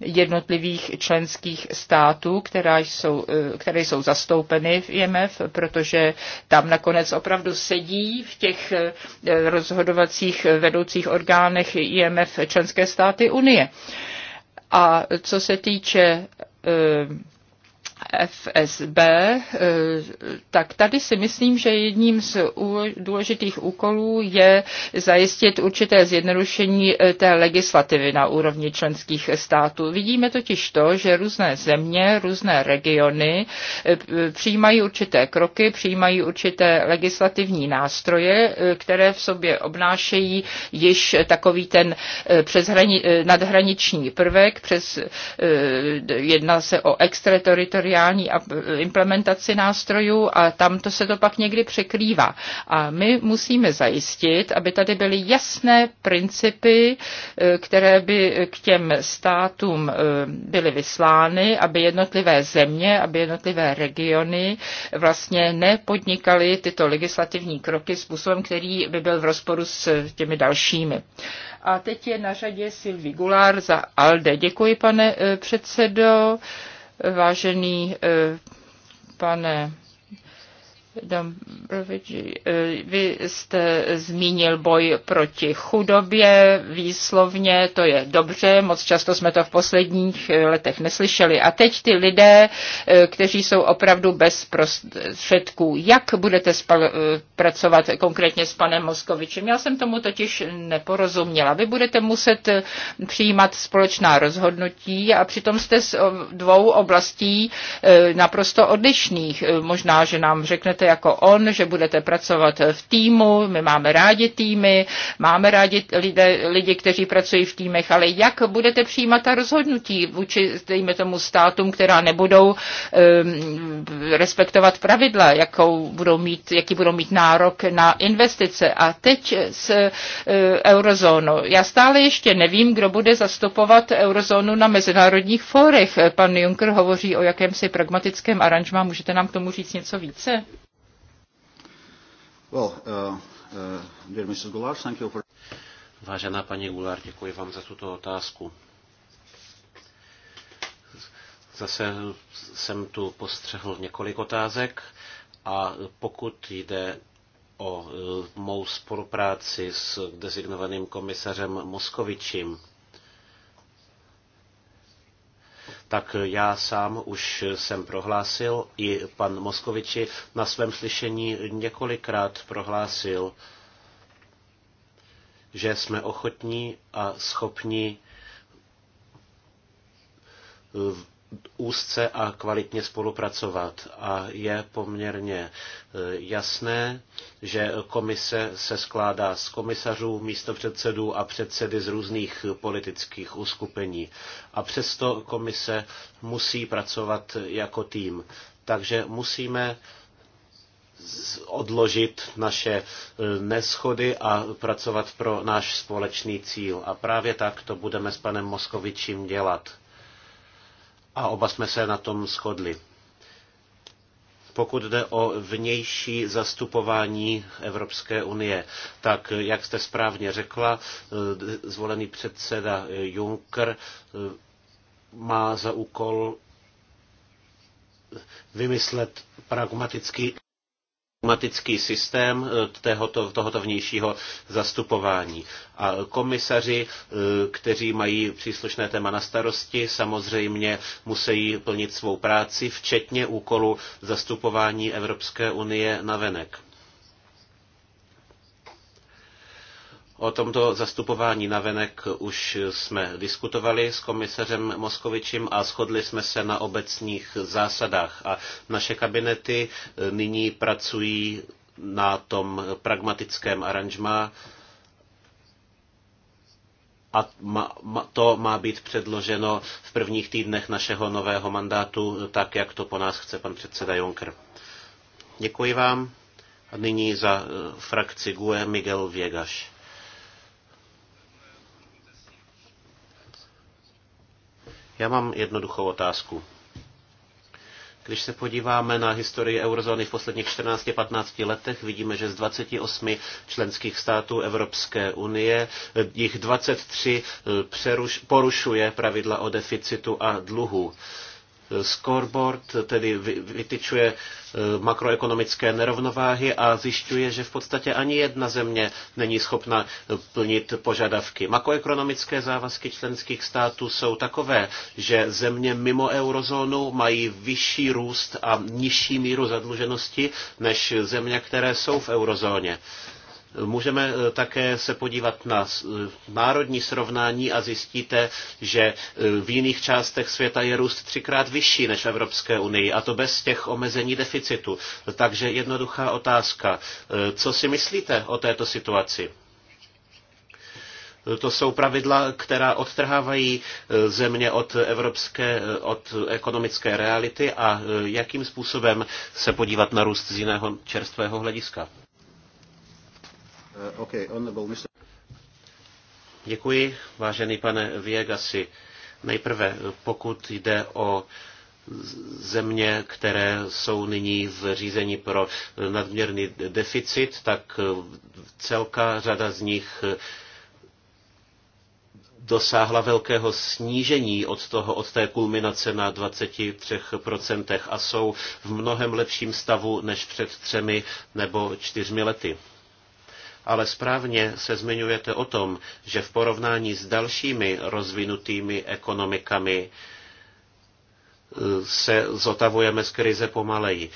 A: jednotlivých členských států, která jsou, které jsou zastoupeny v IMF, protože tam nakonec opravdu sedí v těch rozhodovacích vedoucích orgánech IMF členské státy Unie. A co se týče eh, FSB, eh, tak tady si myslím, že jedním z důležitých úkolů je zajistit určité zjednodušení eh, té legislativy na úrovni členských států. Vidíme totiž to, že různé země, různé regiony eh, přijímají určité kroky, přijímají určité legislativní nástroje, které v sobě obnášejí již takový ten přeshrani, nadhraniční prvek, přes, jedná se o extrateritoriální teritoriální e, implementaci nástrojů a tam to se to pak někdy překrývá. A my musíme zajistit, aby tady byly jasné principy, e, které by k těm státům e, byly vyslány, aby jednotlivé země, aby jednotlivé regiony vlastně nepodnikaly tyto legislativní kroky způsobem, který by byl v rozporu s těmi dalšími. A teď je na řadě Sylvie Gular za ALDE. Děkuji, pane předsedo. Vážený eh, pane Dombrovič, e, vy jste zmínil boj proti chudobě výslovně, to je dobře, moc často jsme to v posledních e, letech neslyšeli. A teď ty lidé, e, kteří jsou opravdu bez prostředků, jak budete pracovat konkrétně s panem Moskovičem? Já jsem tomu totiž neporozuměla. Vy budete muset přijímat společná rozhodnutí a přitom jste z dvou oblastí naprosto odlišných. Možná, že nám řeknete, jako on, že budete pracovat v týmu, my máme rádi týmy, máme rádi lidé, lidi, kteří pracují v týmech, ale jak budete přijímat ta rozhodnutí vůči, dejme tomu, státům, která nebudou um, respektovat pravidla, jakou budou mít, jaký budou mít nárok na investice. A teď s uh, eurozónou. Já stále ještě nevím, kdo bude zastupovat eurozónu na mezinárodních fórech. Pan Juncker hovoří o jakémsi pragmatickém aranžmá. Můžete nám k tomu říct něco více?
B: Uh, uh, Vážená paní Gulár, děkuji vám za tuto otázku. Zase jsem tu postřehl několik otázek a pokud jde o uh, mou spolupráci s designovaným komisařem Moskovičím, tak já sám už jsem prohlásil, i pan Moskoviči na svém slyšení několikrát prohlásil, že jsme ochotní a schopni úzce a kvalitně spolupracovat. A je poměrně e, jasné, že komise se skládá z komisařů, místopředsedů a předsedy z různých politických uskupení. A přesto komise musí pracovat jako tým. Takže musíme odložit naše e, neschody a pracovat pro náš společný cíl. A právě tak to budeme s panem Moskovičím dělat a oba jsme se na tom shodli. Pokud jde o vnější zastupování Evropské unie, tak jak jste správně řekla, eh, zvolený předseda Juncker eh, má za úkol vymyslet pragmatický automatický systém eh, tohoto, tohoto vnějšího zastupování. A komisaři, eh, kteří mají příslušné téma na starosti, samozřejmě musí plnit svou práci, včetně úkolu zastupování Evropské unie na venek. O tomto zastupování navenek už jsme diskutovali s komisařem Moskovičem a shodli jsme se na obecných zásadách. A naše kabinety e, nyní pracují na tom pragmatickém aranžmá a to má být předloženo v prvních týdnech našeho nového mandátu, tak jak to po nás chce pan předseda Juncker. Děkuji vám. A nyní za e, frakci GUE Miguel Viegas. Já mám jednoduchou otázku. Když se podíváme na historii eurozóny v posledních 14-15 letech, vidíme, že z 28 členských států Evropské unie eh, jich 23 eh, přeruš, porušuje pravidla o deficitu a dluhu. Scoreboard tedy vytyčuje e, makroekonomické nerovnováhy a zjišťuje, že v podstatě ani jedna země není schopna e, plnit požadavky. Makroekonomické závazky členských států jsou takové, že země mimo eurozónu mají vyšší růst a nižší míru zadluženosti než země, které jsou v eurozóně. Můžeme eh, také se podívat na eh, národní srovnání a zjistíte, že eh, v jiných částech světa je růst třikrát vyšší než v Evropské unii a to bez těch omezení deficitu. Takže jednoduchá otázka. Co si myslíte o této situaci? To jsou pravidla, která odtrhávají země od evropské, od ekonomické reality a jakým způsobem se podívat na růst z jiného čerstvého hlediska. Eh, Děkuji, vážený pane Viegasi. Nejprve, pokud jde o země, které jsou nyní v řízení pro nadměrný deficit, tak eh, celá řada z nich eh, dosáhla velkého snížení od, toho, od té kulminace na 23% a jsou v mnohem lepším stavu než před třemi nebo čtyřmi lety ale správně se zmiňujete o tom, že v porovnání s dalšími rozvinutými ekonomikami eh, se zotavujeme z krize pomaleji. Eh,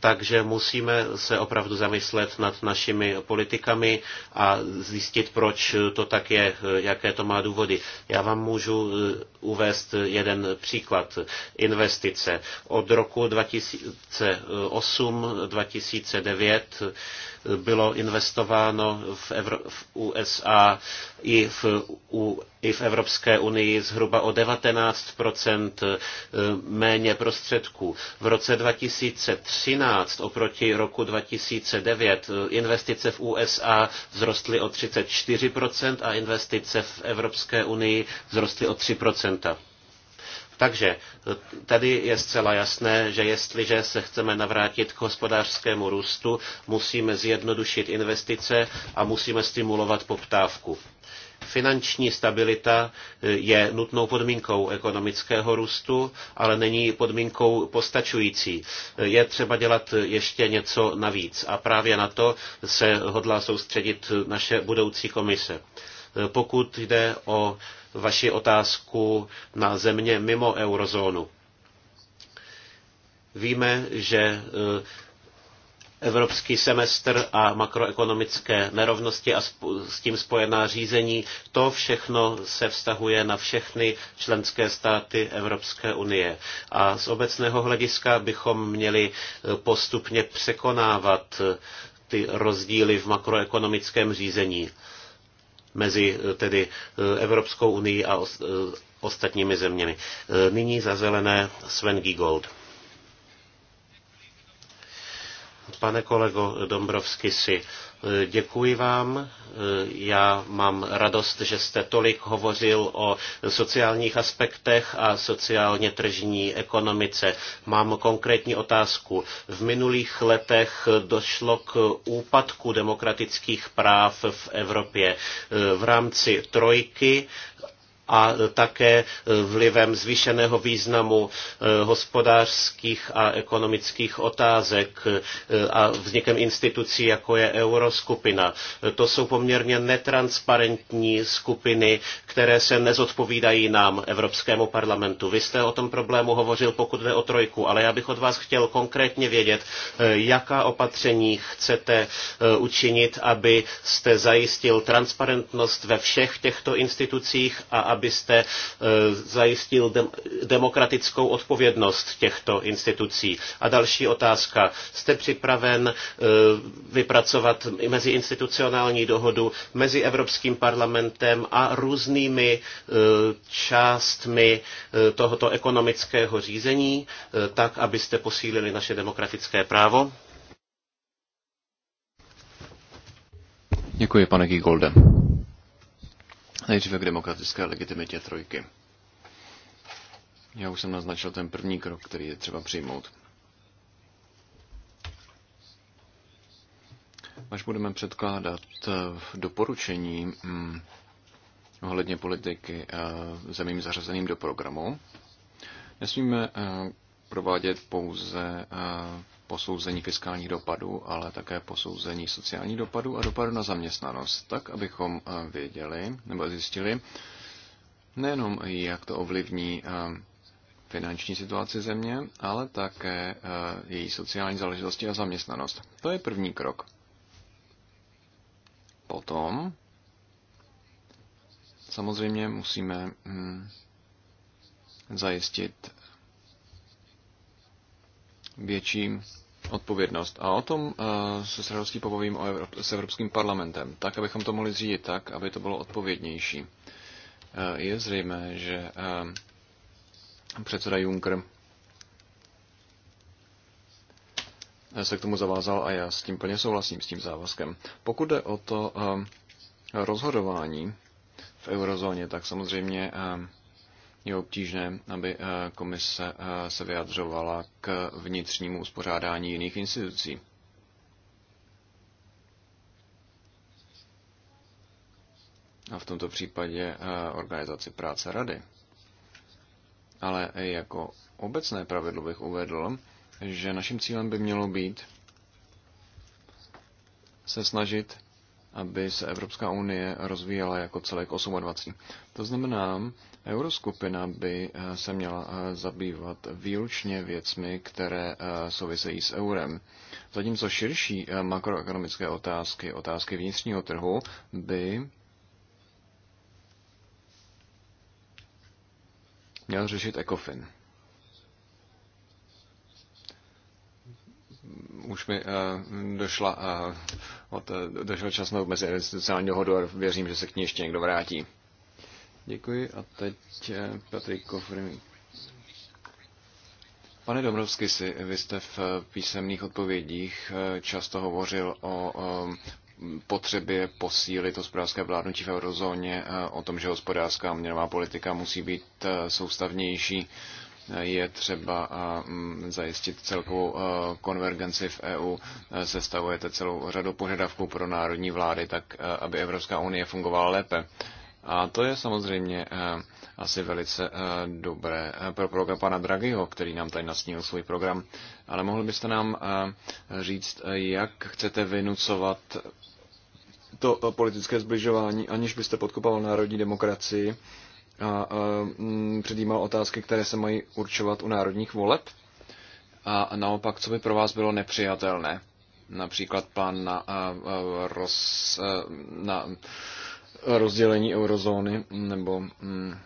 B: takže musíme se opravdu zamyslet nad našimi politikami a zjistit, proč to tak je, eh, jaké to má důvody. Já vám můžu uvést jeden příklad. Investice. Od roku 2008-2009 bylo investováno v, Evro- v USA i v, u, i v Evropské unii zhruba o 19 eh, méně prostředků. V roce 2013 oproti roku 2009 eh, investice v USA vzrostly o 34 a investice v Evropské unii vzrostly o 3 takže tady je zcela jasné, že jestliže se chceme navrátit k hospodářskému růstu, musíme zjednodušit investice a musíme stimulovat poptávku. Finanční stabilita eh, je nutnou podmínkou ekonomického růstu, ale není podmínkou postačující. Eh, je třeba dělat eh, ještě něco navíc a právě na to se hodlá soustředit naše budoucí komise. Pokud jde o vaši otázku na země mimo eurozónu. Víme, že eh, evropský semestr a makroekonomické nerovnosti a s tím spojená řízení, to všechno se vztahuje na všechny členské státy Evropské unie. A z obecného hlediska bychom měli eh, postupně překonávat eh, ty rozdíly v makroekonomickém řízení mezi eh, tedy eh, Evropskou unii a eh, ostatními zeměmi. Nyní za zelené Sven Giegold. Pane kolego Dombrovsky si, e, děkuji vám. E, já mám radost, že jste tolik hovořil o sociálních aspektech a sociálně tržní ekonomice. Mám konkrétní otázku. V minulých letech došlo k úpadku demokratických práv v Evropě e, v rámci trojky a také vlivem zvýšeného významu eh, hospodářských a ekonomických otázek eh, a vznikem institucí, jako je euroskupina. Eh, to jsou poměrně netransparentní skupiny, které se nezodpovídají nám, Evropskému parlamentu. Vy jste o tom problému hovořil, pokud jde o trojku, ale já bych od vás chtěl konkrétně vědět, jaká opatření chcete učinit, aby zajistil transparentnost ve všech těchto institucích a abyste eh, zajistil demokratickou odpovědnost těchto institucí? A další otázka. Jste připraven eh, vypracovat meziinstitucionální dohodu mezi Evropským parlamentem a různými eh, částmi tohoto ekonomického řízení, tak, abyste posílili naše demokratické právo?
C: Děkuji, pane Gigolde. Nejdříve k demokratické legitimitě trojky. Já už jsem naznačil ten první krok, který je třeba přijmout. Až budeme předkládat eh, doporučení mm, ohledně politiky eh, zemím zařazeným do programu, nesmíme eh, provádět pouze posouzení fiskálních dopadů, ale také posouzení sociálních dopadů a dopadu na zaměstnanost, tak abychom eh, věděli nebo zjistili nejenom, jak to ovlivní eh, finanční situaci země, ale také eh, její sociální záležitosti a zaměstnanost. To je první krok. Potom samozřejmě musíme hm, zajistit větší odpovědnost. A o tom eh, se s radostí pobavím o Evrop- s Evropským parlamentem, tak abychom to mohli zřídit tak, aby to bylo odpovědnější. Eh, je zřejmé, že eh, předseda Juncker se k tomu zavázal a já s tím plně souhlasím, s tím závazkem. Pokud jde o to rozhodování v eurozóně, tak samozřejmě je obtížné, aby eh, komise eh, se vyjadřovala k vnitřnímu uspořádání jiných institucí. A v tomto případě eh, organizaci práce rady. Ale jako obecné pravidlo bych uvedl, že naším cílem by mělo být se snažit aby se Evropská unie rozvíjela jako celek 28. To znamená, euroskupina by eh, se měla eh, zabývat výlučně věcmi, které eh, souvisejí s eurem. Zatímco širší makroekonomické otázky, otázky vnitřního trhu, by měl řešit ECOFIN. už mi eh, došla, eh, od, eh, došel čas na meziinstitucionální dohodu a věřím, že se k ní ještě někdo vrátí. Děkuji a teď Patrik Kofrimi. Pane Dobrovsky, si, vy jste v písemných odpovědích často hovořil o potřebě posílit hospodářské vládnutí v eurozóně, o tom, že hospodářská měnová politika musí být soustavnější je třeba mm, zajistit celkovou e, konvergenci v EU. E, sestavujete celou řadu požadavků pro národní vlády, tak e, aby Evropská unie fungovala lépe. A to je samozřejmě asi velice dobré pro program pana Draghiho, který nám tady nasnil svůj program. Ale mohl byste nám říct, jak chcete vynucovat to politické zbližování, aniž byste podkopal národní demokracii a mm, předjímal otázky, které se mají určovat u národních voleb? A naopak, co by pro vás bylo nepřijatelné? Například plán na, roz, na rozdělení eurozóny nebo mm,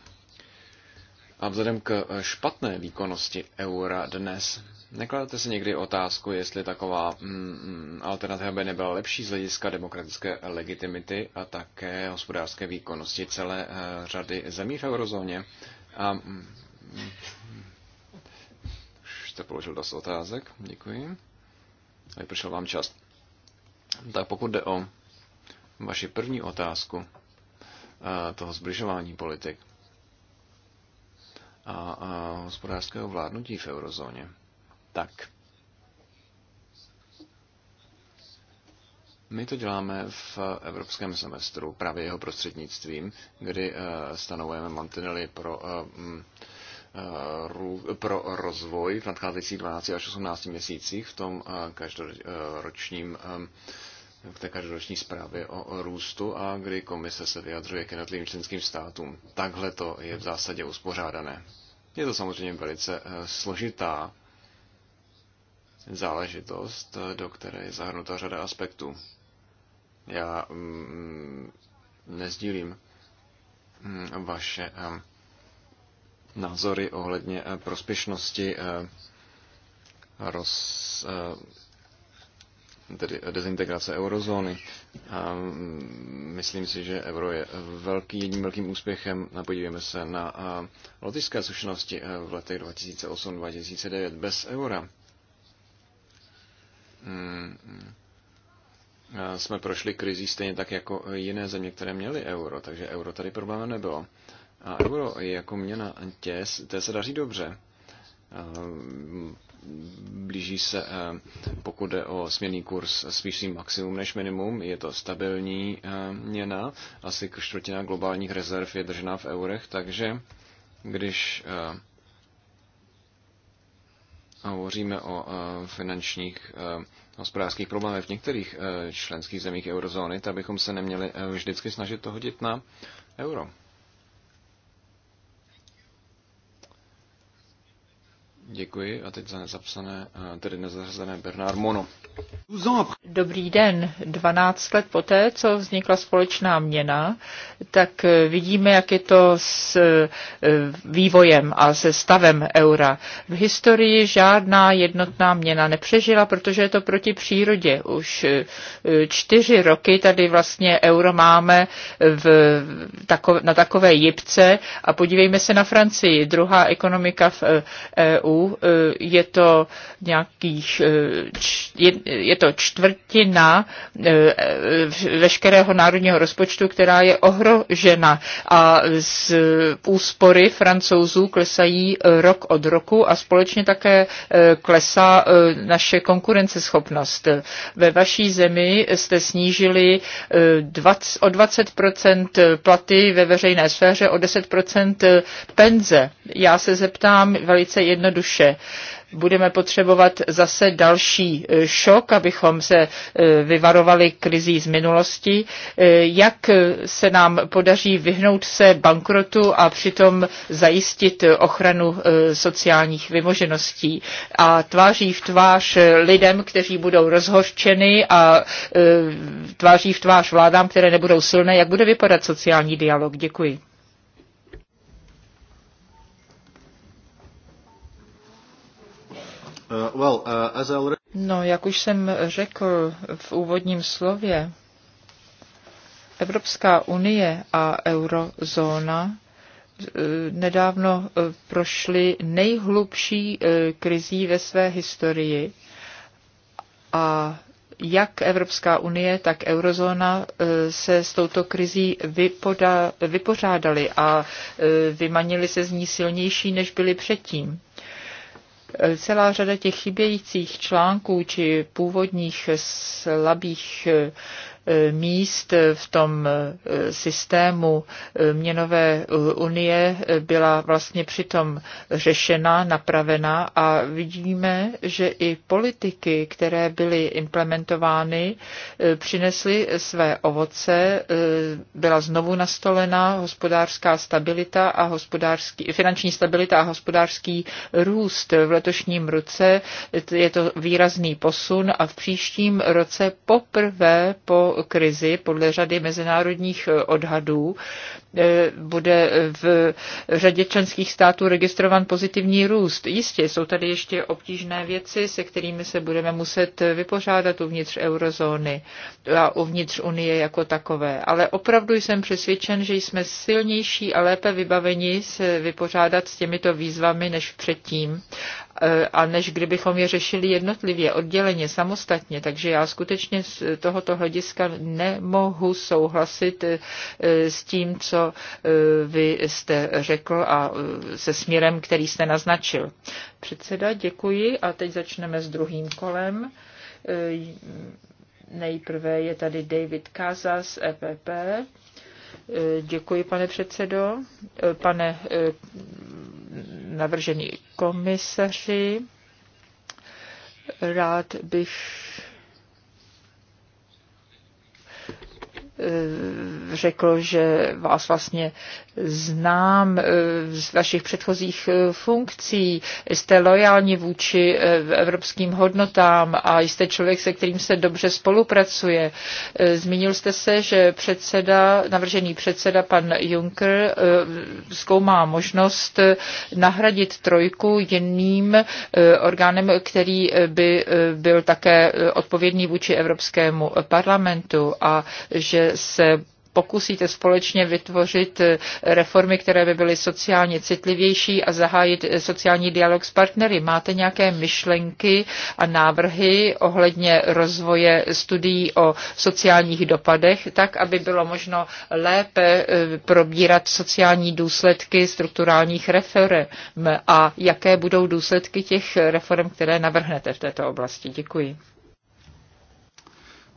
C: a vzhledem k špatné výkonnosti eura dnes, Nekladete si někdy otázku, jestli taková mm, mm, alternativa by nebyla lepší z hlediska demokratické legitimity a také hospodářské výkonnosti celé uh, řady zemí v eurozóně? A, mm, mm, už jste položil dost otázek, děkuji. A vypršel vám čas. Tak pokud jde o vaši první otázku uh, toho zbližování politik, a, a hospodářského vládnutí v eurozóně tak. My to děláme v evropském semestru, právě jeho prostřednictvím, kdy eh, stanovujeme mantinely pro, eh, mm, eh, pro rozvoj v nadcházejících 12 až 18 měsících v tom každoročním v té každoroční zprávě o růstu a kdy komise se vyjadřuje k jednotlivým členským státům. Takhle to je v zásadě uspořádané. Je to samozřejmě velice složitá záležitost, do které je zahrnuta řada aspektů. Já mm, mm nezdílím mm, vaše mm, názory ohledně mm, prospěšnosti mm, roz, mm, tedy dezintegrace eurozóny. A, mm, myslím si, že euro je velký, jedním velkým úspěchem. Podívejme se na mm, lotyšské zkušenosti v letech 2008-2009 bez eura Mm, mm. jsme prošli krizí stejně tak jako jiné země, které měly euro, takže euro tady problém nebylo. A euro je jako měna těs, té se daří dobře. Eh, blíží se, eh, pokud jde o směrný kurz, spíš maximum než minimum. Je to stabilní eh, měna, asi čtvrtina globálních rezerv je držená v eurech, takže když hovoříme o e, finančních e, hospodářských problémech v některých e, členských zemích eurozóny, tak bychom se neměli vždycky snažit to hodit na euro. Děkuji a teď za nezapsané, eh, tedy nezařazené Bernard Mono.
A: Dobrý den. 12 let poté, co vznikla společná měna, tak eh, vidíme, jak je to s eh, vývojem a se stavem eura. V historii žádná jednotná měna nepřežila, protože je to proti přírodě. Už čtyři roky tady vlastně euro máme v, tako, na takové jipce a podívejme se na Francii, druhá ekonomika v EU e Eh, je to nějakých, eh, je to čtvrtina eh, veškerého národního rozpočtu, která je ohrožena a z úspory francouzů klesají rok od roku a společně také klesá naše konkurenceschopnost. Ve vaší zemi jste snížili 20, o 20% platy ve veřejné sféře, o 10% penze. Já se zeptám velice jednoduše, jednoduše. Budeme potřebovat zase další eh, šok, abychom se eh, vyvarovali krizí z minulosti. Eh, jak se nám podaří vyhnout se bankrotu a přitom zajistit ochranu sociálních vymožeností a tváří v tvář lidem, kteří budou rozhořčeny a tváří v tvář vládám, které nebudou silné, jak bude vypadat sociální dialog. Děkuji.
B: Uh, uh,
A: no, jak už jsem řekl v úvodním slově, Evropská unie a eurozóna uh, nedávno prošly nejhlubší krizí ve své historii a jak Evropská unie, tak eurozóna se s touto krizí vypoda, vypořádali a vymanili se z ní silnější, než byli předtím celá řada těch chybějících článků či původních slabých míst v tom eh, systému eh, měnové eh, unie byla vlastně přitom řešena, napravena a vidíme, že i politiky, které byly implementovány, přinesly své ovoce, byla znovu nastolena hospodářská stabilita a hospodářský, finanční stabilita a hospodářský růst. V letošním roce je to výrazný posun a v příštím roce poprvé po krizi podle řady mezinárodních eh, odhadů eh, bude v řadě členských států registrovan pozitivní růst. Jistě jsou tady ještě obtížné věci, se kterými se budeme muset vypořádat uvnitř eurozóny a uvnitř Unie jako takové. Ale opravdu jsem přesvědčen, že jsme silnější a lépe vybaveni se vypořádat s těmito výzvami než předtím. Eh, a než kdybychom je řešili jednotlivě, odděleně, samostatně. Takže já skutečně z tohoto hlediska nemohu souhlasit eh, s tím, co eh, vy jste řekl a se směrem, který jste naznačil. Předseda, děkuji a teď začneme s druhým kolem. Nejprve je tady David Kaza z EPP. Děkuji, pane předsedo. Pane navržení komisaři. Rád bych eh, řekl, že vás vlastně znám eh, z vašich předchozích eh, funkcí. Jste lojální vůči eh, evropským hodnotám a jste člověk, se kterým se dobře spolupracuje. Zmínil jste se, že předseda, navržený předseda pan Juncker zkoumá možnost nahradit trojku jiným orgánem, který by byl také odpovědný vůči Evropskému parlamentu a že se pokusíte společně vytvořit eh, reformy, které by byly sociálně citlivější a zahájit eh, sociální dialog s partnery. Máte nějaké myšlenky a návrhy ohledně rozvoje studií o sociálních dopadech, tak, aby bylo možno lépe eh, probírat sociální důsledky strukturálních reform a jaké budou důsledky těch reform, které navrhnete v této oblasti. Děkuji.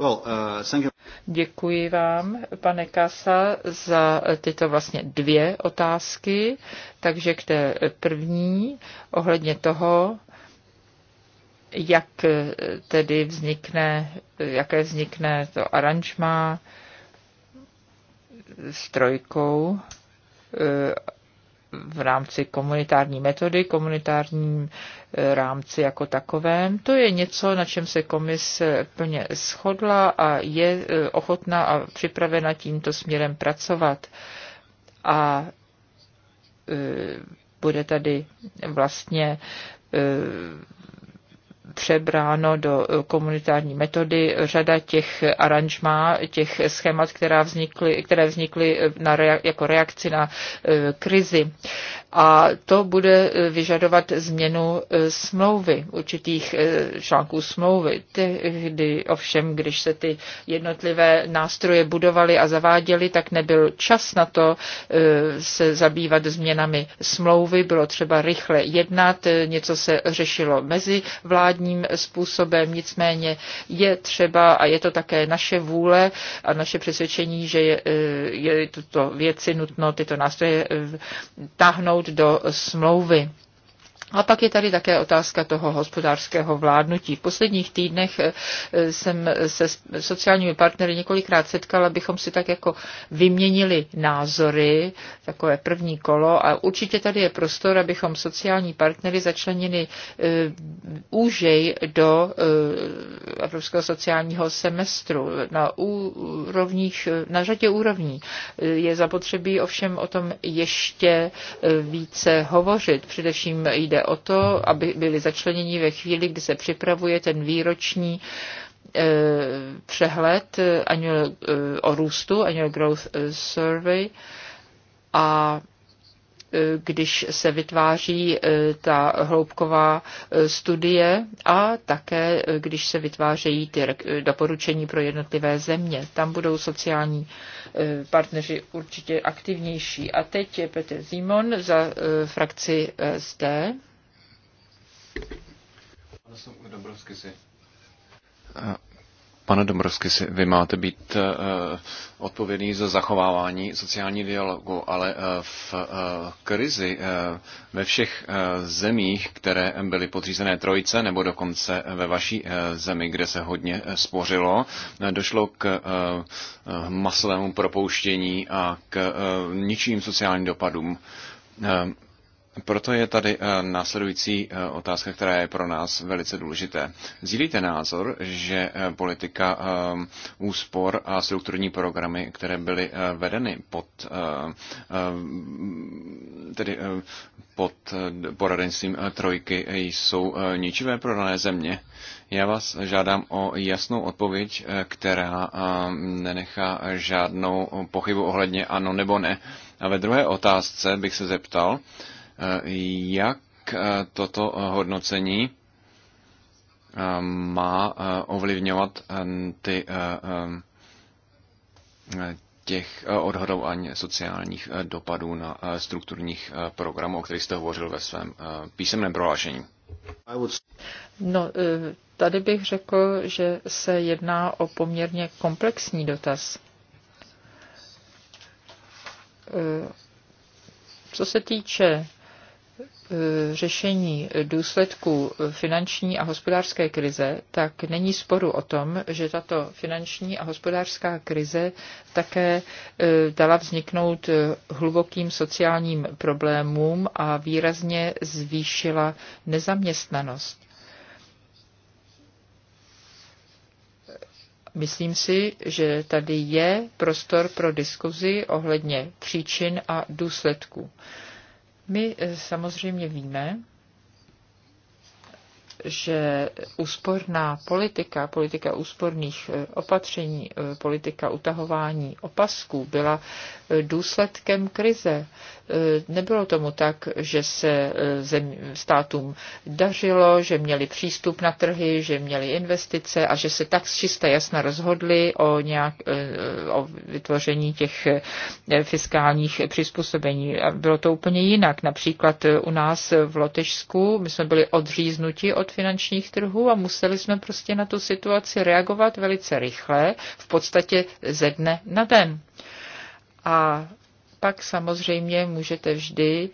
A: Uh, Děkuji vám, pane Kasa, za tyto vlastně dvě otázky. Takže k té první, ohledně toho, jak tedy vznikne, jaké vznikne to aranžma s trojkou eh, v rámci komunitární metody, komunitárním eh, rámci jako takovém. To je něco, na čem se komise plně shodla a je eh, ochotná a připravena tímto směrem pracovat. A eh, bude tady vlastně přebráno do eh, komunitární metody. Řada těch aranžmá, těch schémat, která vznikly, které vznikly eh, na rea- jako reakci na eh, krizi. A to bude vyžadovat změnu smlouvy, určitých článků smlouvy. Tehdy ovšem, když se ty jednotlivé nástroje budovaly a zaváděly, tak nebyl čas na to se zabývat změnami smlouvy. Bylo třeba rychle jednat, něco se řešilo mezi vládní správným způsobem. Nicméně je třeba, a je to také naše vůle a naše přesvědčení, že je, eh, je tuto věci nutno tyto nástroje eh, táhnout do smlouvy. A pak je tady také otázka toho hospodářského vládnutí. V posledních týdnech eh, jsem se sociálními partnery několikrát setkala, abychom si tak jako vyměnili názory, takové první kolo a určitě tady je prostor, abychom sociální partnery začlenili eh, úžej do eh, Evropského sociálního semestru na úrovních, na řadě úrovní. Je zapotřebí ovšem o tom ještě více hovořit. Především jde o to, aby byli začleněni ve chvíli, kdy se připravuje ten výroční e, přehled e, annual, e, o růstu, Annual Growth Survey, a když se vytváří ta hloubková studie a také když se vytvářejí ty doporučení pro jednotlivé země. Tam budou sociální partneři určitě aktivnější. A teď je Petr Zimon za frakci SD.
C: Pane Dombrovsky, vy máte být eh, odpovědný za zachovávání sociální dialogu, ale eh, v eh, krizi ve všech zemích, které byly podřízené trojce, nebo dokonce ve vaší zemi, kde se hodně spořilo, došlo k masovému propouštění a k ničím sociálním dopadům proto je tady eh, následující eh, otázka, která je pro nás velice důležité. Zílíte názor, že eh, politika úspor a strukturní programy, které byly vedeny pod, tedy pod poradenstvím trojky, jsou ničivé pro dané země? Já vás žádám o jasnou odpověď, která nenechá žádnou pochybu ohledně ano nebo ne. A ve druhé otázce bych se zeptal, Eh, jak eh, toto eh, hodnocení má ovlivňovat ty těch odhadování sociálních dopadů na strukturních programů, o kterých jste hovořil ve svém písemném prohlášení?
A: No, tady bych řekl, že se jedná o poměrně komplexní dotaz. Co se týče E, řešení důsledků finanční a hospodářské krize, tak není sporu o tom, že tato finanční a hospodářská krize také e, dala vzniknout e, hlubokým sociálním problémům a výrazně zvýšila nezaměstnanost. Myslím si, že tady je prostor pro diskuzi ohledně příčin a důsledků. My eh, samozřejmě víme, že úsporná politika, politika úsporných e, opatření, e, politika utahování opasků byla e, důsledkem krize. Nebylo tomu tak, že se zem, státům dařilo, že měli přístup na trhy, že měli investice a že se tak čista jasna rozhodli o, nějak, o vytvoření těch fiskálních přizpůsobení. Bylo to úplně jinak. Například u nás v Lotyšsku my jsme byli odříznuti od finančních trhů a museli jsme prostě na tu situaci reagovat velice rychle, v podstatě ze dne na den. A pak samozřejmě můžete vždy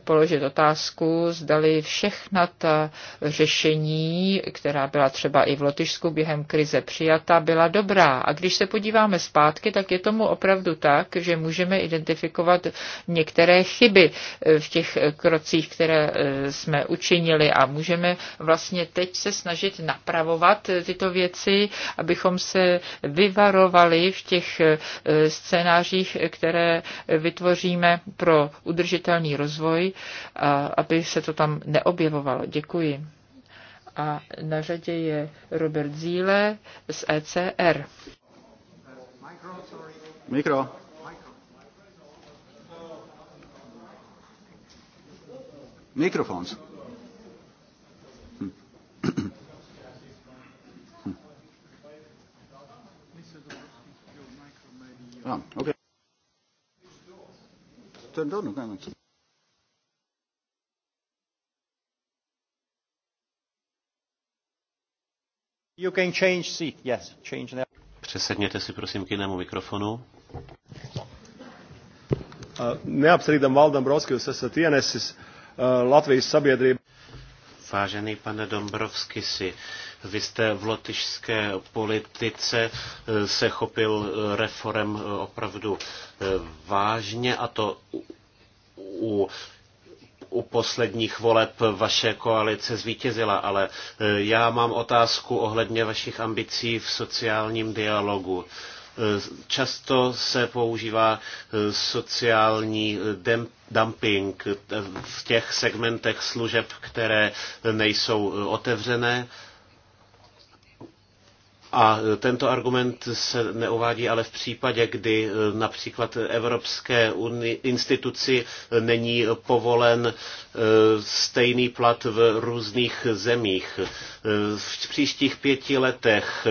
A: položit otázku, zdali všechna ta řešení, která byla třeba i v Lotyšsku během krize přijata, byla dobrá. A když se podíváme zpátky, tak je tomu opravdu tak, že můžeme identifikovat některé chyby eh, v těch krocích, které eh, jsme učinili a můžeme vlastně teď se snažit napravovat tyto věci, abychom se vyvarovali v těch eh, scénářích, které vytvoříme pro udržitelný rozvoj zdroj, a aby se to tam neobjevovalo. Děkuji. A na řadě je Robert Zíle z ECR. Mikro. Mikrofons.
B: Hm. Hm.
C: Ah, okay.
A: Ten dono, kaj You can change seat, yes, change now.
B: Přesedněte si prosím k jinému mikrofonu. Uh, neapstrīdam Valdam Brodskis, se ienesis uh, Latvijas sabiedrību. Vážený pane si, vy jste v lotyšské politice uh, se chopil reform opravdu vážně a to u u posledních voleb vaše koalice zvítězila, ale e, já mám otázku ohledně vašich ambicí v sociálním dialogu. E, často se používá e, sociální dumping v těch segmentech služeb, které nejsou otevřené a tento argument se neuvádí ale v případě, kdy eh, například Evropské uni- instituci není povolen eh, stejný plat v různých zemích. Eh, v příštích pěti letech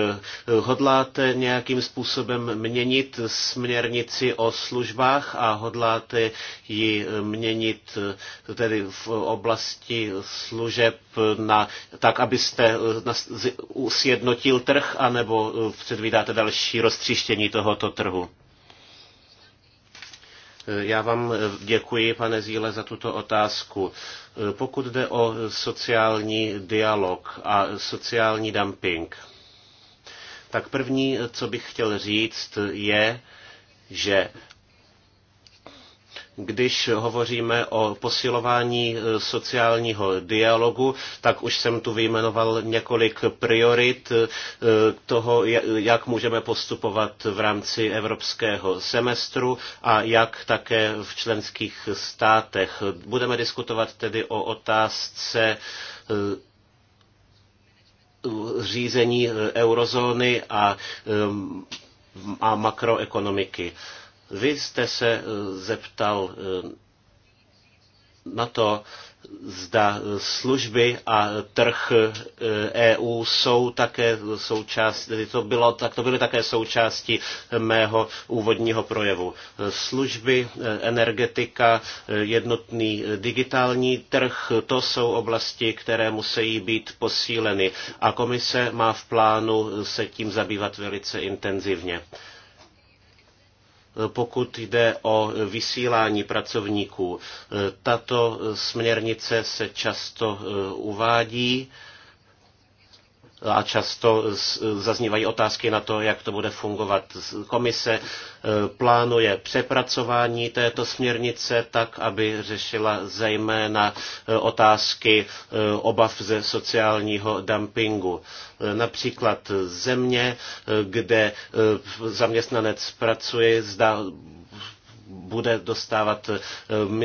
B: hodláte nějakým způsobem měnit směrnici o službách a hodláte ji měnit tedy v oblasti služeb na, tak, abyste sjednotil trh a nebo eh, předvídáte další roztříštění tohoto trhu? Eh, já vám eh, děkuji, pane Zíle, za tuto otázku. Pokud jde o sociální dialog a sociální dumping, tak první, co bych chtěl říct, je, že když hovoříme o posilování e, sociálního dialogu, tak už jsem tu vyjmenoval několik priorit e, toho, jak můžeme postupovat v rámci evropského semestru a jak také v členských státech. Budeme diskutovat tedy o otázce e, řízení eurozóny a, a makroekonomiky. Vy jste se eh, zeptal eh, na to, zda eh, služby a trh EU e jsou také součástí, to bylo, tak to byly také součástí mého úvodního projevu. Služby, energetika, jednotný digitální trh, to jsou oblasti, které musí být posíleny a komise má v plánu se tím zabývat velice intenzivně pokud jde o vysílání pracovníků. Tato směrnice se často eh, uvádí a často zaznívají otázky na to, jak to bude fungovat. Komise e, plánuje přepracování této směrnice tak, aby řešila zejména e, otázky e, obav ze sociálního dumpingu. Například země, kde zaměstnanec pracuje, zda bude dostávat eh,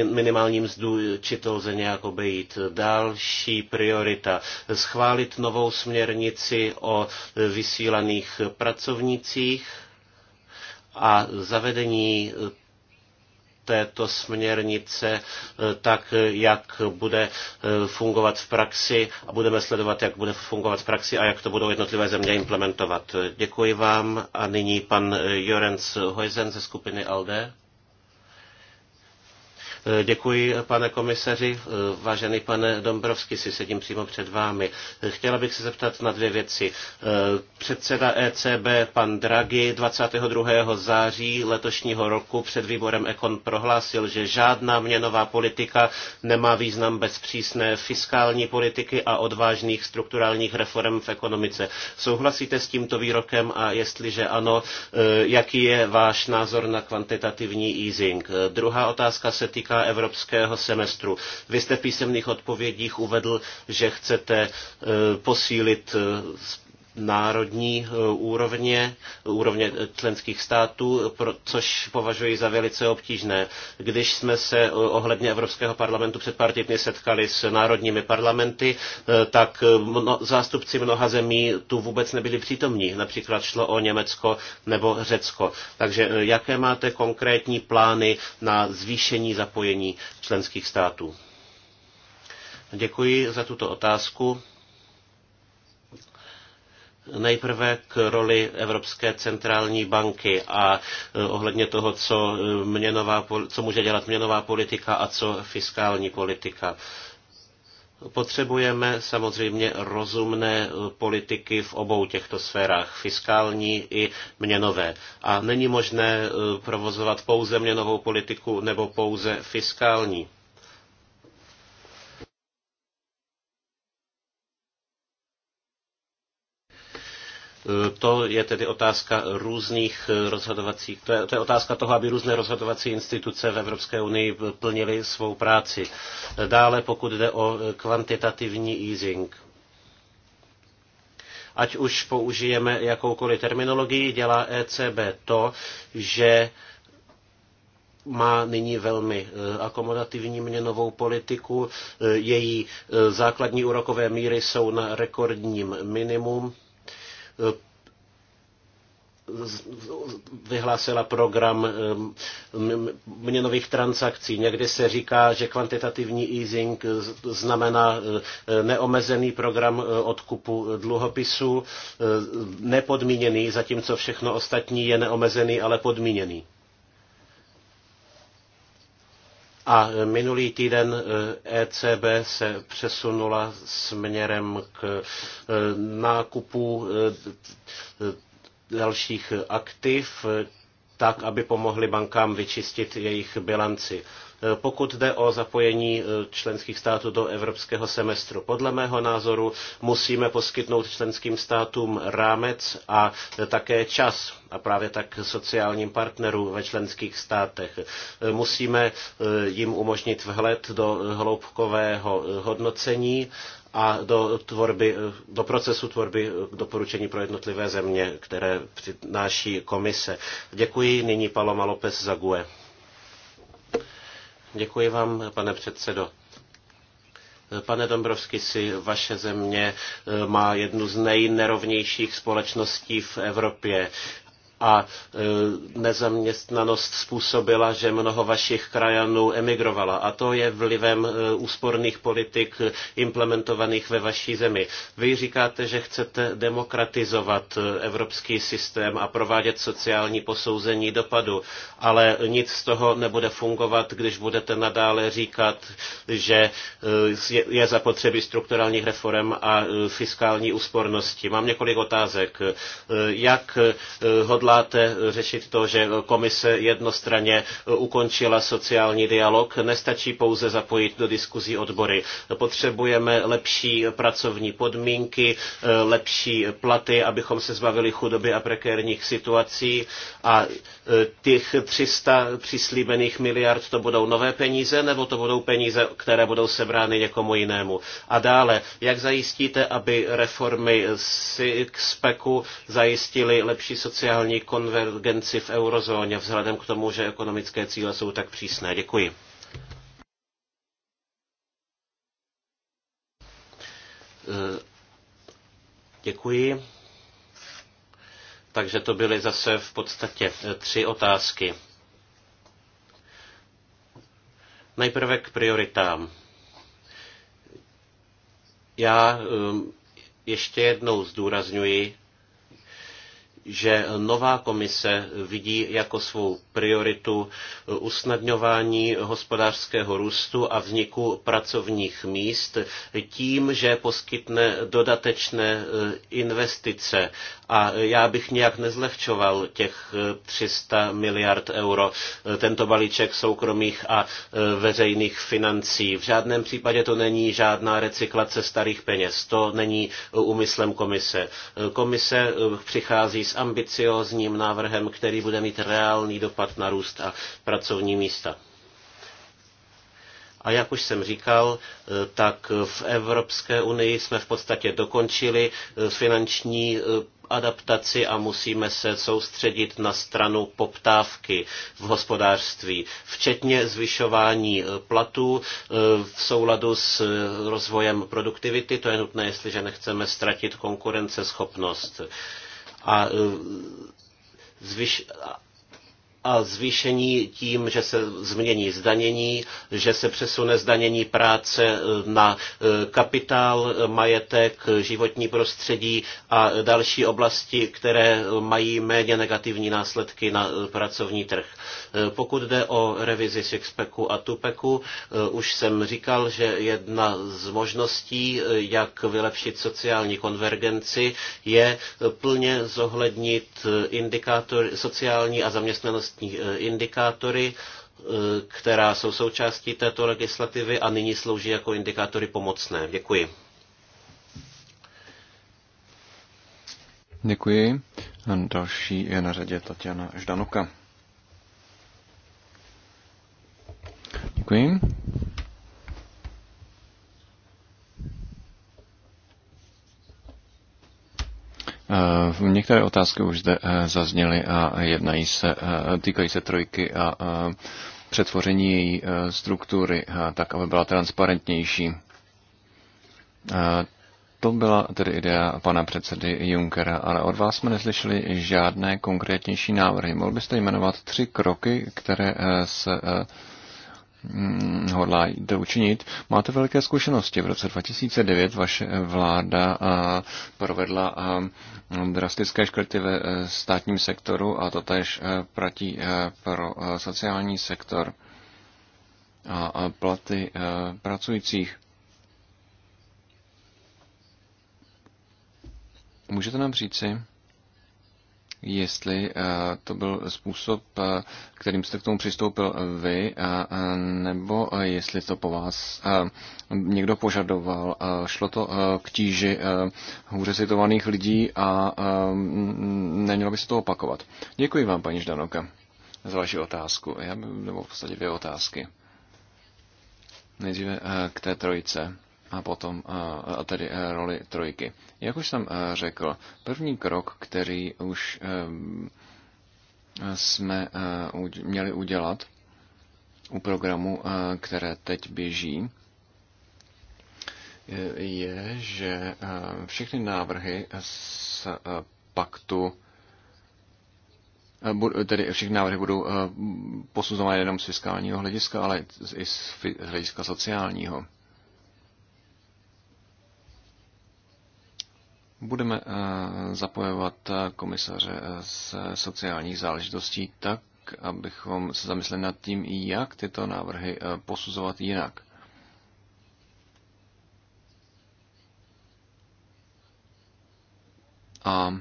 B: minimální mzdu, či to lze nějak obejít. Další priorita. Schválit novou směrnici o eh, vysílaných pracovnících a zavedení eh, této směrnice, tak jak bude fungovat v praxi a budeme sledovat, jak bude fungovat v praxi a jak to budou jednotlivé země implementovat. Děkuji vám a nyní pan Jorenc Hojzen ze skupiny ALDE. Děkuji, pane komisaři. Vážený pane Dombrovský, si sedím přímo před vámi. Chtěla bych se zeptat na dvě věci. Předseda ECB, pan Draghi, 22. září letošního roku před výborem Ekon prohlásil, že žádná měnová politika nemá význam bez přísné fiskální politiky a odvážných strukturálních reform v ekonomice. Souhlasíte s tímto výrokem a jestliže ano, eh, jaký je váš názor na kvantitativní easing? Druhá otázka se týká evropského semestru. Vy jste v písemných odpovědích uvedl, že chcete eh, posílit eh, národní eh, úrovně, úrovně eh, členských států, což považuji za velice obtížné. Když jsme se eh, ohledně Evropského parlamentu před pár týdny setkali s národními parlamenty, tak mno, zástupci mnoha zemí tu vůbec nebyli přítomní. Například šlo o Německo nebo Řecko. Takže jaké máte konkrétní plány na zvýšení zapojení členských států? Děkuji za tuto otázku. Nejprve k roli Evropské centrální banky a e, ohledně toho, co, e, měnová, co může dělat měnová politika a co fiskální politika. Potřebujeme samozřejmě rozumné e, politiky v obou těchto sférách, fiskální i měnové. A není možné provozovat pouze měnovou politiku nebo pouze fiskální To je tedy otázka různých eh, rozhodovacích, to je, to je otázka toho, aby různé rozhodovací instituce v Evropské unii plnily svou práci. Dále pokud jde o eh, kvantitativní easing. Ať už použijeme jakoukoliv terminologii, dělá ECB to, že má nyní velmi eh, akomodativní měnovou politiku. Její základní úrokové míry jsou na rekordním minimum Eh, vyhlásila program eh, měnových transakcí. Někdy se říká, že kvantitativní easing znamená eh, neomezený program odkupu dluhopisů, nepodmíněný, zatímco všechno ostatní je neomezený, ale podmíněný. A minulý týden ECB eh, e se přesunula směrem k eh, nákupu eh, dalších aktiv, tak, aby pomohli bankám vyčistit jejich bilanci. Eh, pokud jde o zapojení eh, členských států do evropského semestru, podle mého názoru musíme poskytnout členským státům rámec a eh, také čas a právě tak sociálním partnerům ve členských státech. Musíme jim umožnit vhled do hloubkového hodnocení a do, tvorby, do procesu tvorby doporučení pro jednotlivé země, které přináší komise. Děkuji nyní Paloma López Zague. Děkuji vám, pane předsedo. Pane Dombrovsky, si vaše země eh, má jednu z nejnerovnějších společností v Evropě a e, nezaměstnanost způsobila, že mnoho vašich krajanů emigrovalo. A to je vlivem e, úsporných politik e, implementovaných ve vaší zemi. Vy říkáte, že chcete demokratizovat evropský systém a provádět sociální posouzení dopadu, ale nic z toho nebude fungovat, když budete nadále říkat, že je zapotřebí strukturálních reform a fiskální úspornosti. Mám několik otázek. Jak hodlá hodláte řešit to, že komise jednostranně ukončila sociální dialog. Nestačí pouze zapojit do diskuzí odbory. Potřebujeme lepší pracovní podmínky, lepší platy, abychom se zbavili chudoby a prekérních situací a těch 300 přislíbených miliard to budou nové peníze nebo to budou peníze, které budou sebrány někomu jinému. A dále, jak zajistíte, aby reformy speku zajistily lepší sociální konvergenci v eurozóně vzhledem k tomu, že ekonomické cíle jsou tak přísné. Děkuji. Eh, děkuji. Takže to byly zase v podstatě eh, tři otázky. Nejprve k prioritám. Já eh, ještě jednou zdůrazňuji, že nová komise vidí jako svou prioritu usnadňování hospodářského růstu a vzniku pracovních míst tím, že poskytne dodatečné eh, investice a já bych nějak nezlehčoval těch 300 eh, miliard euro, eh, tento balíček soukromých a eh, veřejných financí. V žádném případě to není žádná recyklace starých peněz. To není úmyslem komise. Komise přichází s ambiciózním návrhem, který bude mít reálný dopad na růst a pracovní místa. A jak už jsem říkal, tak v Evropské unii jsme v podstatě dokončili finanční adaptaci a musíme se soustředit na stranu poptávky v hospodářství, včetně zvyšování eh, platů eh, v souladu s eh, rozvojem produktivity. To je nutné, jestliže nechceme ztratit konkurenceschopnost. A zvyš, a zvýšení tím, že se změní zdanění, že se přesune zdanění práce eh, na eh, kapitál, majetek, životní prostředí a další oblasti, které mají méně negativní následky na eh, pracovní trh. Pokud jde o revizi Sixpacku a Tupeku, už jsem říkal, že jedna z možností, jak vylepšit sociální konvergenci, je plně zohlednit indikátor sociální a zaměstnanost bezpečnostní eh, indikátory, eh, která jsou součástí této legislativy a nyní slouží jako indikátory pomocné. Děkuji.
C: Děkuji. A další je na řadě Tatiana Ždanoka. Děkuji. Eh, některé otázky už zde eh, zazněly a jednají se, eh, týkají se trojky a přetvoření její struktury, tak aby byla transparentnější. To byla tedy idea pana předsedy Junckera, ale od vás jsme neslyšeli žádné konkrétnější návrhy. Mohl byste jmenovat tři kroky, které se Mm, hodlá jde učinit. Máte velké zkušenosti. V roce 2009 vaše eh, vláda eh, provedla eh, drastické škrty ve státním sektoru a to tež platí pro sociální sektor a platy pracujících. Můžete nám říci, jestli eh, to byl způsob, eh, kterým jste k tomu přistoupil vy, eh, nebo jestli to po vás někdo požadoval. Šlo to k tíži hůře citovaných lidí a nemělo by se to opakovat. Děkuji vám, paní Ždanoka, za vaši otázku. Já, nebo v podstatě dvě otázky. Nejdříve k té trojice a potom eh, a tedy eh, roli trojky. Jak už jsem eh, řekl, první krok, který už jsme měli udělat u programu, které teď běží, je, že všechny návrhy z paktu tedy všechny návrhy budou posuzovány jenom z fiskálního hlediska, ale i z hlediska sociálního. Budeme eh, zapojovat eh, komisaře eh, z sociálních záležitostí tak, abychom se zamysleli nad tím, jak tyto návrhy posuzovat jinak. A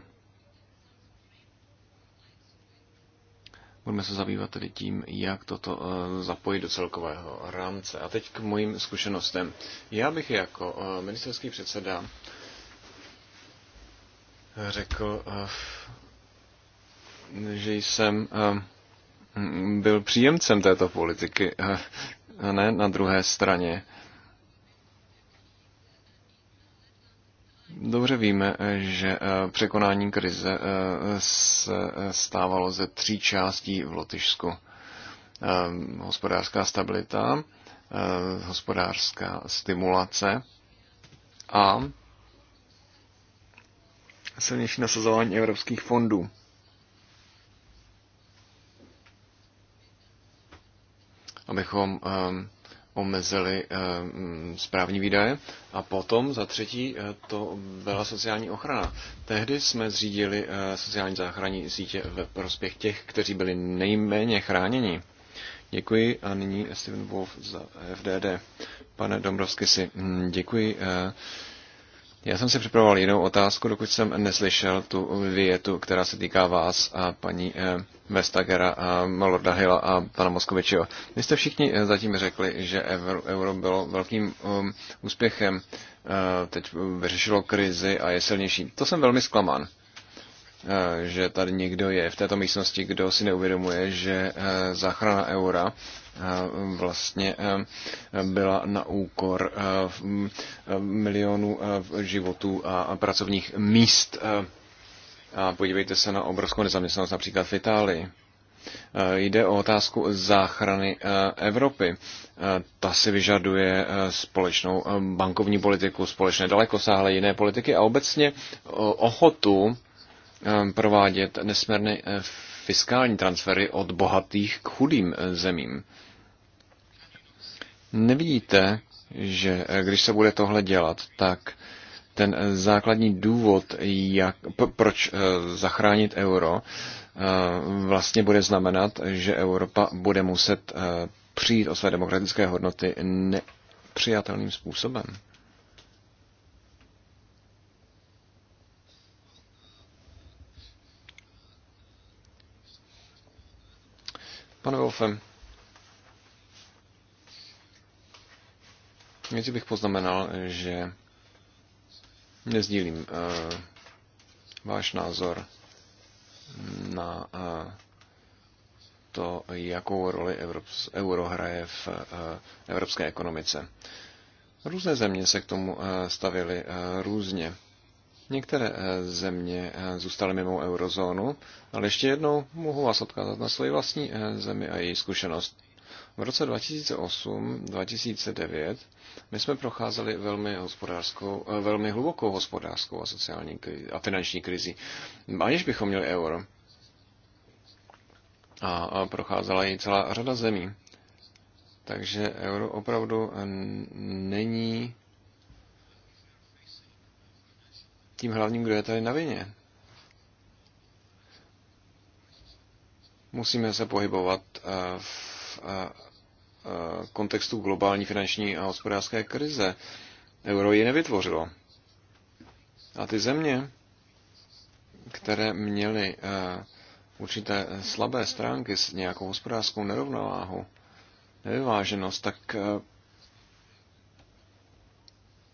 C: budeme se zabývat tedy tím, jak toto zapojit do celkového rámce. A teď k mojim zkušenostem. Já bych jako ministerský předseda řekl, eh, že jsem eh, byl příjemcem této politiky, eh, a ne na druhé straně. Dobře víme, že překonání krize se stávalo ze tří částí v Lotyšsku. Hospodářská stabilita, hospodářská stimulace a silnější nasazování evropských fondů. Abychom um, omezili ehm, správní výdaje. A potom za třetí eh, to byla sociální ochrana. Tehdy jsme zřídili eh, sociální záchranní sítě ve prospěch těch, kteří byli nejméně chráněni. Děkuji a nyní Steven Wolf za FDD. Pane Dombrovsky si hm, děkuji. Eh, já jsem si připravoval jinou otázku, dokud jsem neslyšel tu větu, která se týká vás a paní eh, Vestagera a Lorda Hilla a pana Moskovičeho. Vy jste všichni eh, zatím řekli, že euro bylo velkým um, úspěchem, eh, teď vyřešilo krizi a je silnější. To jsem velmi zklamán že tady někdo je v této místnosti, kdo si neuvědomuje, že záchrana eura Eh, vlastně eh, byla na úkor eh, milionů životů a pracovních míst. A podívejte se na obrovskou nezaměstnanost například v Itálii. Jde o otázku záchrany Evropy. Ta si vyžaduje společnou bankovní politiku, společné dalekosáhlé jiné politiky a obecně ochotu provádět nesmírné fiskální transfery od bohatých k chudým zemím. Nevidíte, že eh, když se bude tohle dělat, tak ten eh, základní důvod, jak, proč eh, zachránit euro, vlastně bude znamenat, že Evropa bude muset přijít o své demokratické hodnoty nepřijatelným způsobem. Pane Wolfem. Něco bych poznamenal, že nezdílím uh, váš názor na uh, to, jakou roli Evrops, euro hraje v uh, evropské ekonomice. Různé země se k tomu uh, stavily uh, různě. Některé země zůstaly mimo eurozónu, ale ještě jednou mohu vás odkázat na svoji vlastní zemi a její zkušenost. V roce 2008-2009 my jsme procházeli velmi, hospodářskou, eh, velmi hlubokou hospodářskou a sociální krizi, a finanční krizi, aniž bychom měli euro. A, a procházela ji celá řada zemí. Takže euro opravdu eh, není tím hlavním, kdo je tady na vině. Musíme se pohybovat eh, v kontextu globální finanční a hospodářské krize. Euro ji nevytvořilo. A ty země, které měly eh, určité slabé stránky s nějakou hospodářskou nerovnováhu, nevyváženost, tak eh,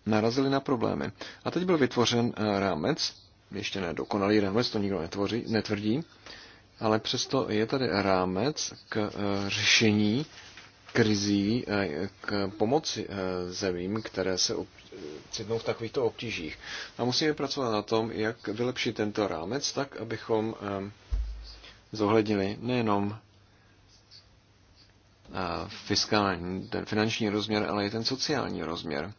C: narazili na problémy. A teď byl vytvořen eh, rámec, ještě ne dokonalý rámec, to nikdo netvoří, netvrdí, ale přesto je tady rámec k řešení krizí eh, k pomoci eh, zemím, které se ocitnou v takovýchto obtížích. A musíme pracovat na tom, jak vylepšit tento rámec, tak abychom eh, zohlednili nejenom fiskální, ten finanční rozměr, ale i ten sociální rozměr.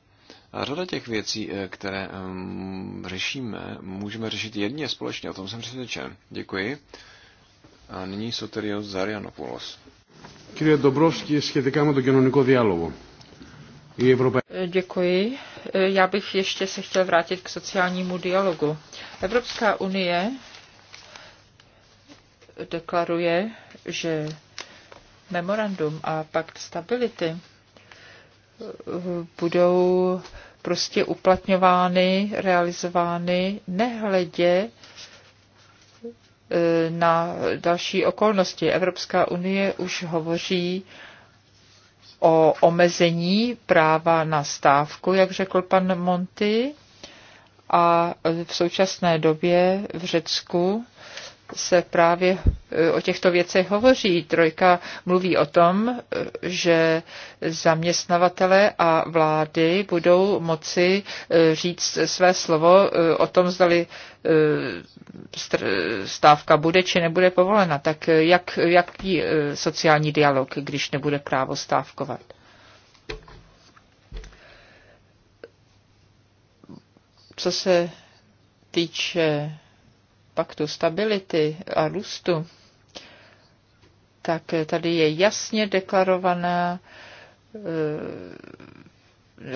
C: A řada těch věcí, které mm, řešíme, můžeme řešit jedně společně, o tom jsem přesvědčen. Děkuji. A nyní Soterios Zarianopoulos. Kyrie Dobrovský,
A: Děkuji. Já bych ještě se chtěl vrátit k sociálnímu dialogu. Evropská unie deklaruje, že memorandum a pakt stability eh, budou prostě uplatňovány, realizovány nehledě E, na další okolnosti. Evropská unie už hovoří o omezení práva na stávku, jak řekl pan Monty, a v současné době v Řecku se právě e, o těchto věcech hovoří. Trojka mluví o tom, e, že zaměstnavatele a vlády budou moci e, říct své slovo o tom, zdali stávka bude či nebude povolena. Tak jak, jaký sociální dialog, když nebude právo stávkovat? Co se týče paktu stability a růstu, tak tady je jasně deklarovaná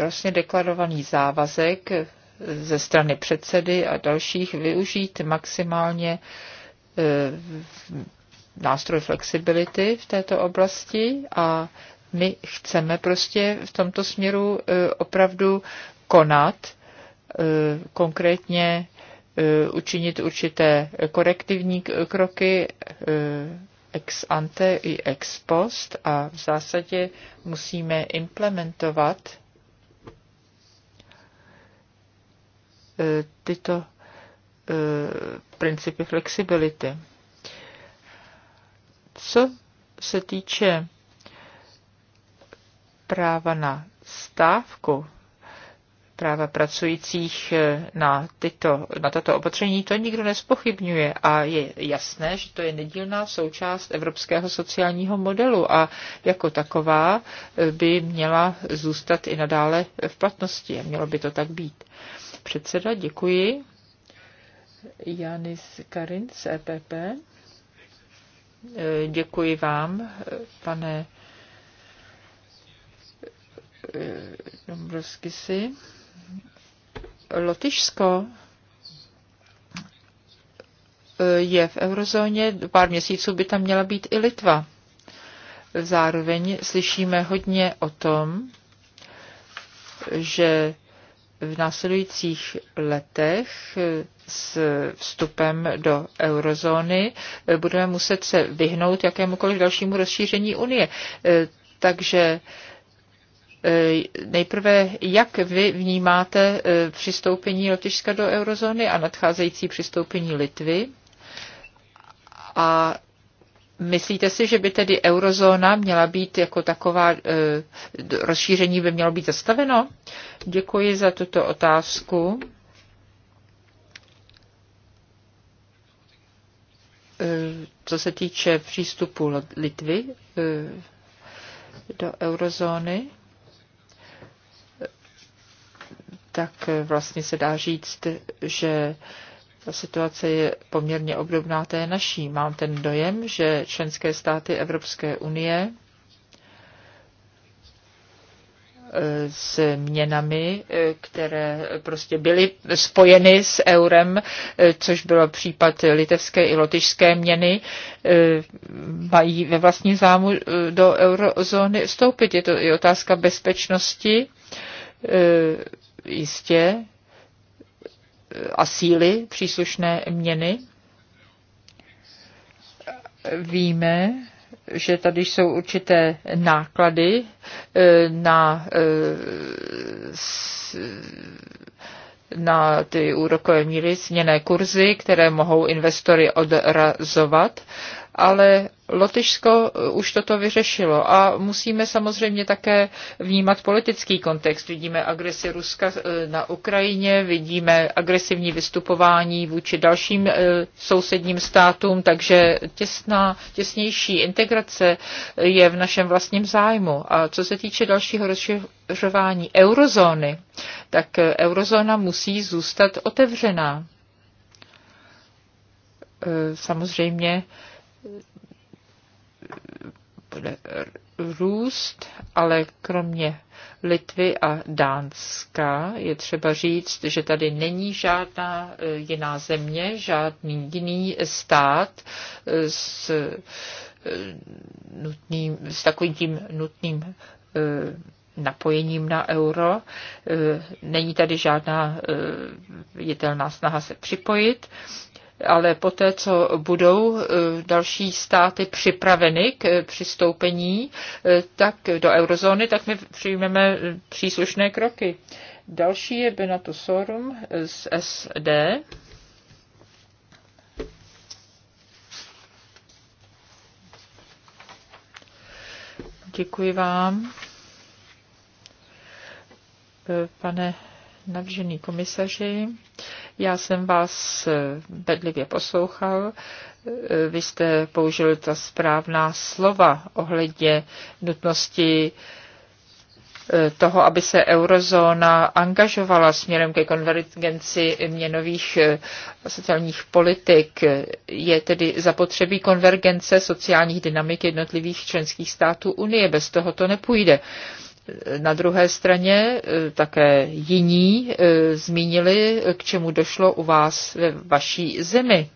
A: vlastně deklarovaný závazek ze strany předsedy a dalších využít maximálně eh, nástroj flexibility v této oblasti a my chceme prostě v tomto směru eh, opravdu konat, konkrétně Eh, učinit určité korektivní kroky eh, ex ante i ex post a v zásadě musíme implementovat eh, tyto principy flexibility. Co se týče práva na stávku, práva pracujících eh, na, tyto, na tato opatření, to nikdo nespochybňuje a je jasné, že to je nedílná součást evropského sociálního modelu a jako taková eh, by měla zůstat i nadále v platnosti a mělo by to tak být. Předseda, děkuji. Janis Karin z EPP. Eh, děkuji vám, pane Dombrovskisi. si. Lotyšsko eh, je v eurozóně, pár měsíců by tam měla být i Litva. Zároveň slyšíme hodně o tom, že v následujících letech eh, s vstupem do eurozóny eh, budeme muset se vyhnout jakémukoliv dalšímu rozšíření Unie. Takže E, nejprve, jak vy vnímáte e, přistoupení Lotyšska do eurozóny a nadcházející přistoupení Litvy? A Myslíte si, že by tedy eurozóna měla být jako taková, e, rozšíření by mělo být zastaveno? Děkuji za tuto otázku. Co se týče přístupu Litvy do eurozóny, tak vlastně se dá říct, že ta situace je poměrně obdobná té naší. Mám ten dojem, že členské státy Evropské unie s eh, měnami, eh, které prostě byly spojeny s eurem, eh, což bylo případ litevské i lotyšské měny, mají ve vlastním zámu do eurozóny vstoupit. Je to i otázka bezpečnosti jistě e, a síly příslušné měny. Víme, že tady jsou určité náklady e, na, e, na ty úrokové míry, směné kurzy, které mohou investory odrazovat ale Lotyšsko eh, už toto vyřešilo a musíme samozřejmě také vnímat politický kontext. Vidíme agresi Ruska eh, na Ukrajině, vidíme agresivní vystupování vůči dalším eh, sousedním státům, takže těsná, těsnější integrace je v našem vlastním zájmu. A co se týče dalšího rozšiřování eurozóny, tak eurozóna musí zůstat otevřená. Samozřejmě růst, ale kromě Litvy a Dánska je třeba říct, že tady není žádná eh, jiná země, žádný jiný stát eh, s, eh, nutným, s takovým tím nutným napojením na euro. Není tady žádná viditelná snaha se připojit ale poté, co budou eh, další státy připraveny k eh, přistoupení eh, tak do eurozóny, tak my přijmeme příslušné kroky. Další je Benato Sorum z SD. Děkuji vám. Pane navržený komisaři, já jsem vás eh, bedlivě poslouchal. Eh, vy jste použil ta správná slova ohledně nutnosti eh, toho, aby se eurozóna angažovala směrem ke konvergenci měnových sociálních politik. Je tedy zapotřebí konvergence sociálních dynamik jednotlivých členských států Unie. Bez toho to nepůjde. Na druhé straně e, také jiní e, zmínili, k čemu došlo u vás ve vaší zemi.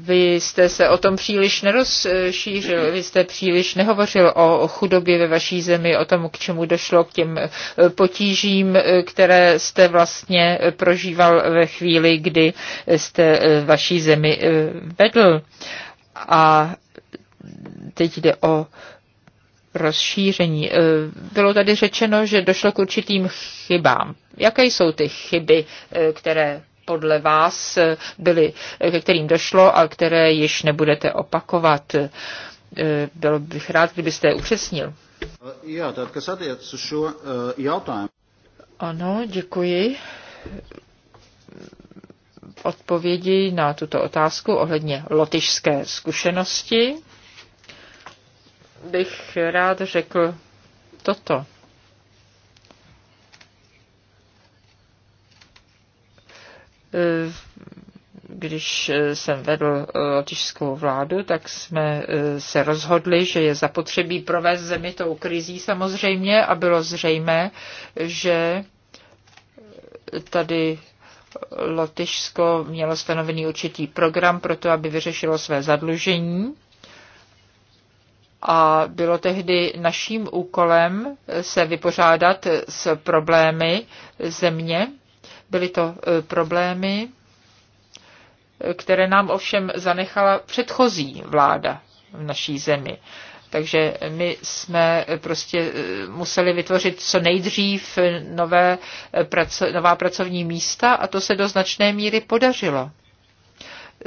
A: Vy jste se o tom příliš nerozšířil, vy jste příliš nehovořil o chudobě ve vaší zemi, o tom, k čemu došlo, k těm e, potížím, které jste vlastně prožíval ve chvíli, kdy jste vaší zemi vedl. A teď jde o rozšíření. Eh, bylo tady řečeno, že došlo k určitým chybám. Jaké jsou ty chyby, eh, které podle vás eh, byly, ke kterým došlo a které již nebudete opakovat? Bylo bych rád, kdybyste je upřesnil. Já, Ano, děkuji odpovědi na tuto otázku ohledně lotyšské zkušenosti bych rád řekl toto. Když jsem vedl eh, lotyšskou vládu, tak jsme eh, se rozhodli, že je zapotřebí provést zemi tou krizí samozřejmě a bylo zřejmé, že tady Lotyšsko mělo stanovený určitý program pro to, aby vyřešilo své zadlužení a bylo tehdy naším úkolem se vypořádat s problémy země. Byly to e, problémy, které nám ovšem zanechala předchozí vláda v naší zemi. Takže my jsme prostě e, museli vytvořit co nejdřív nové, e, nová pracovní místa a to se do značné míry podařilo.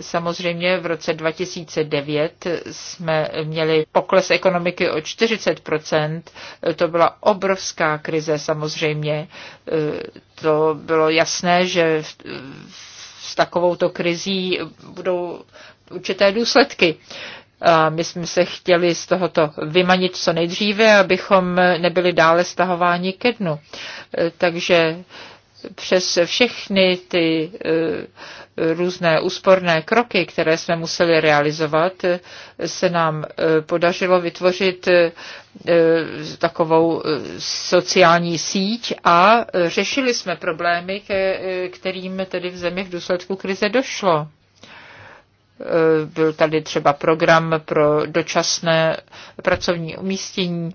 A: Samozřejmě v roce 2009 jsme měli pokles ekonomiky o 40 To byla obrovská krize samozřejmě. To bylo jasné, že s takovouto krizí budou určité důsledky. A my jsme se chtěli z tohoto vymanit co nejdříve, abychom nebyli dále stahováni ke dnu. Takže přes všechny ty e, různé úsporné kroky, které jsme museli realizovat, se nám e, podařilo vytvořit e, takovou sociální síť a řešili jsme problémy, ke kterým tedy v zemi v důsledku krize došlo. Byl tady třeba program pro dočasné pracovní umístění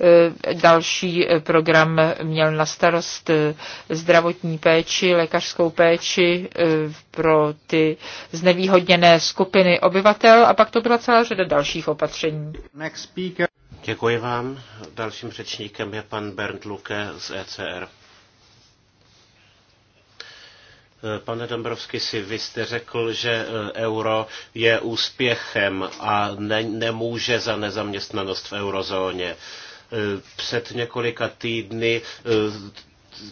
A: Eh, další eh, program měl na starost eh, zdravotní péči, lékařskou péči pro ty znevýhodněné skupiny obyvatel a pak to byla celá řada dalších opatření.
B: Děkuji vám. Dalším řečníkem je pan Bernd Luke z ECR. Eh, pane Dombrovsky, si vy jste řekl, že eh, euro je úspěchem a ne, nemůže za nezaměstnanost v eurozóně. Eh, před několika týdny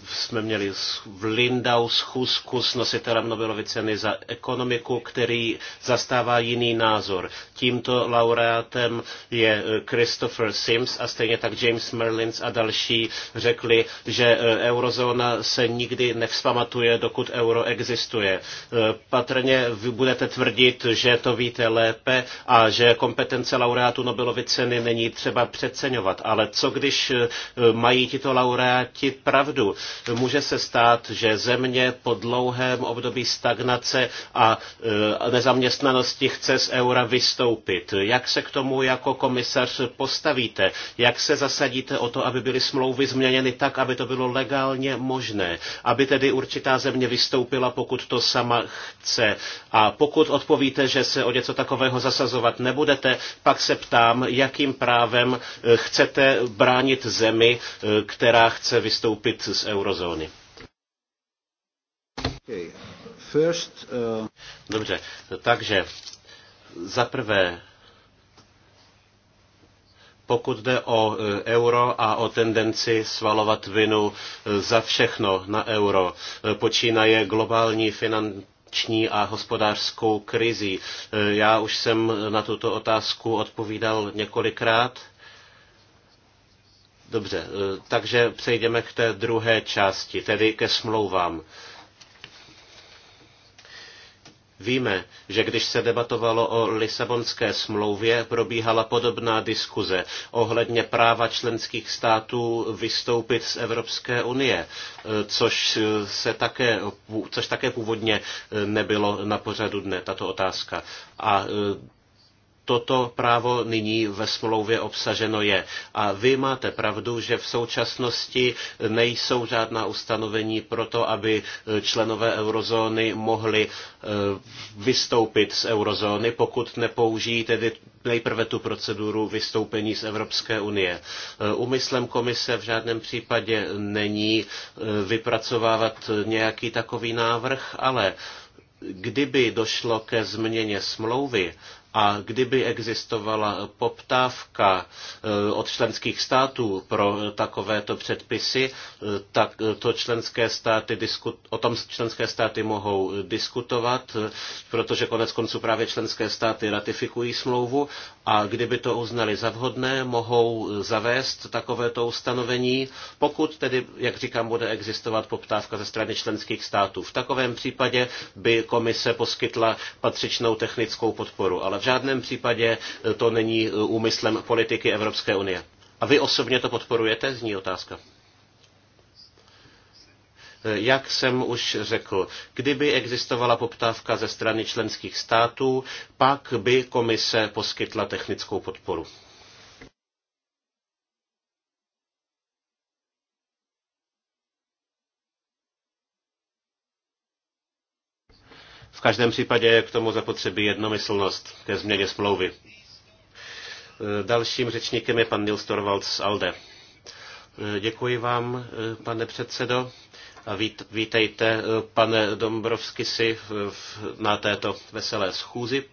B: jsme měli v Lindau schůzku s nositelem Nobelovy ceny za ekonomiku, který zastává jiný názor. Tímto laureátem je eh, Christopher Sims a stejně tak James Merlins a další řekli, že eh, eurozóna se nikdy nevzpamatuje, dokud euro existuje. Eh, patrně vy budete tvrdit, že to víte lépe a že kompetence laureátu Nobelovy ceny není třeba přeceňovat, ale co když mají tito laureáti pravdu? Může se stát, že země po dlouhém období stagnace a e, nezaměstnanosti chce z eura vystoupit. Jak se k tomu jako komisař postavíte? Jak se zasadíte o to, aby byly smlouvy změněny tak, aby to bylo legálně možné? Aby tedy určitá země vystoupila, pokud to sama chce. A pokud odpovíte, že se o něco takového zasazovat nebudete, pak se ptám, jakým právem e, chcete bránit zemi, e, která chce vystoupit z eurozóny. Uh, Dobře, takže za prvé, pokud jde o uh, euro a o tendenci svalovat vinu uh, za všechno na euro, počínaje globální finanční a hospodářskou krizi. Já už jsem na tuto otázku odpovídal několikrát Dobře, eh, takže přejdeme k té druhé části, tedy ke smlouvám. Víme, že když se debatovalo o Lisabonské smlouvě, probíhala podobná diskuze ohledně práva členských států vystoupit z Evropské unie, eh, což, eh, se také, což také původně nebylo na pořadu dne, tato otázka. A toto právo nyní ve smlouvě obsaženo je. A vy máte pravdu, že v současnosti nejsou žádná ustanovení pro to, aby eh, členové eurozóny mohli eh, vystoupit z eurozóny, pokud nepoužijí tedy nejprve tu proceduru vystoupení z Evropské unie. Eh, úmyslem komise v žádném případě není vypracovávat nějaký takový návrh, ale kdyby došlo ke změně smlouvy, a kdyby existovala poptávka eh, od členských států pro takovéto předpisy, eh, tak eh, to členské státy o tom členské státy mohou diskutovat, protože konec konců právě členské státy ratifikují smlouvu a kdyby to uznali za vhodné, mohou zavést takovéto ustanovení, pokud tedy, jak říkám, bude existovat poptávka ze strany členských států. V takovém případě by komise poskytla patřičnou technickou podporu, ale v žádném případě eh, to není eh, úmyslem politiky Evropské unie. A vy osobně to podporujete? Zní otázka. Eh, jak jsem už řekl, kdyby existovala poptávka ze strany členských států, pak by komise poskytla technickou podporu. V každém případě je k tomu zapotřebí jednomyslnost ke změně smlouvy. E, dalším řečníkem je pan Nils Torvalds Alde. E, děkuji vám, e, pane předsedo. Vítejte, eh, pane Dombrovsky, si na této veselé schůzi.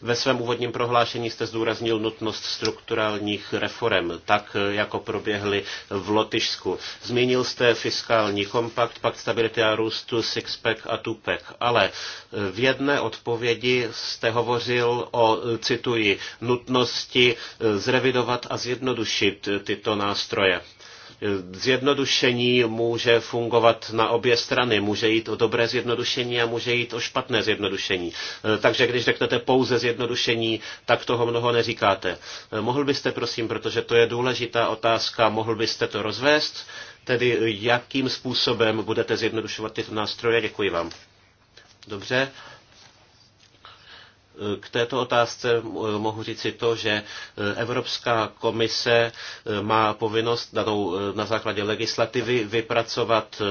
B: Ve svém úvodním prohlášení jste zdůraznil nutnost strukturálních reform, tak eh, jako proběhly v Lotyšsku. Zmínil jste fiskální kompakt, pak stability a růstu, sixpack a tupek, ale eh, v jedné odpovědi jste hovořil o, cituji, nutnosti zrevidovat a zjednodušit tyto nástroje zjednodušení může fungovat na obě strany. Může jít o dobré zjednodušení a může jít o špatné zjednodušení. Eh, takže když řeknete pouze zjednodušení, tak toho mnoho neříkáte. Eh, mohl byste, prosím, protože to je důležitá otázka, mohl byste to rozvést? Tedy eh, jakým způsobem budete zjednodušovat tyto nástroje? Děkuji vám. Dobře. K této otázce eh, mohu říci to, že eh, Evropská komise eh, má povinnost danou na základě legislativy vypracovat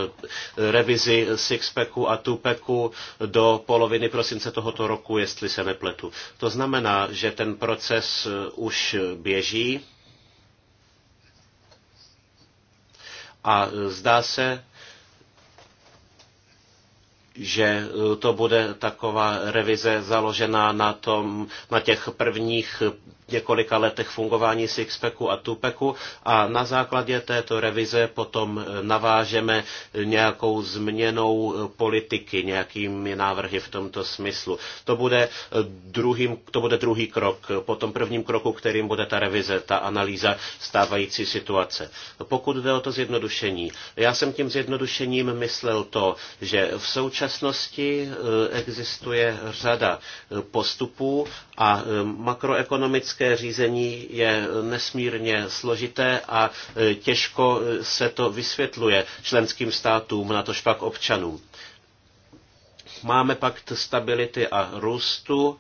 B: revizi Sixpacku a Tupacku do poloviny prosince tohoto roku, jestli se nepletu. To znamená, že ten proces už běží a zdá se, že e, to bude taková revize založená na, tom, na těch prvních několika letech fungování Sixpacku a Tupeku a na základě této revize potom eh, navážeme eh, nějakou změnou eh, politiky, nějakými návrhy v tomto smyslu. To bude, druhým, to bude druhý krok. Po tom prvním kroku, kterým bude ta revize, ta analýza stávající situace. Pokud jde o to zjednodušení, já jsem tím zjednodušením myslel to, že v současnosti existuje řada postupů a makroekonomické Ekonomické řízení je nesmírně složité a e, těžko e, se to vysvětluje členským státům, na tož pak občanům. Máme pakt stability a růstu,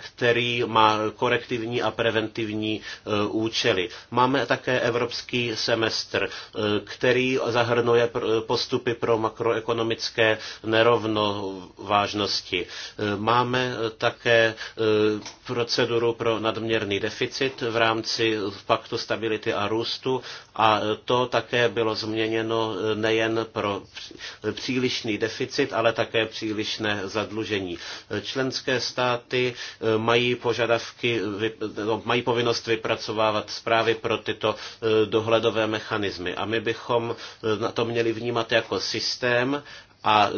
B: který má korektivní a preventivní e, účely. Máme také evropský semestr, e, který zahrnuje postupy pro makroekonomické nerovnovážnosti. E, máme také proceduru pro nadměrný deficit v rámci paktu stability a růstu a to také bylo změněno nejen pro přílišný deficit, ale také přílišné zadlužení. Členské státy státy eh, mají požadavky, no, mají povinnost vypracovávat zprávy pro tyto eh, dohledové mechanismy. A my bychom eh, na to měli vnímat jako systém a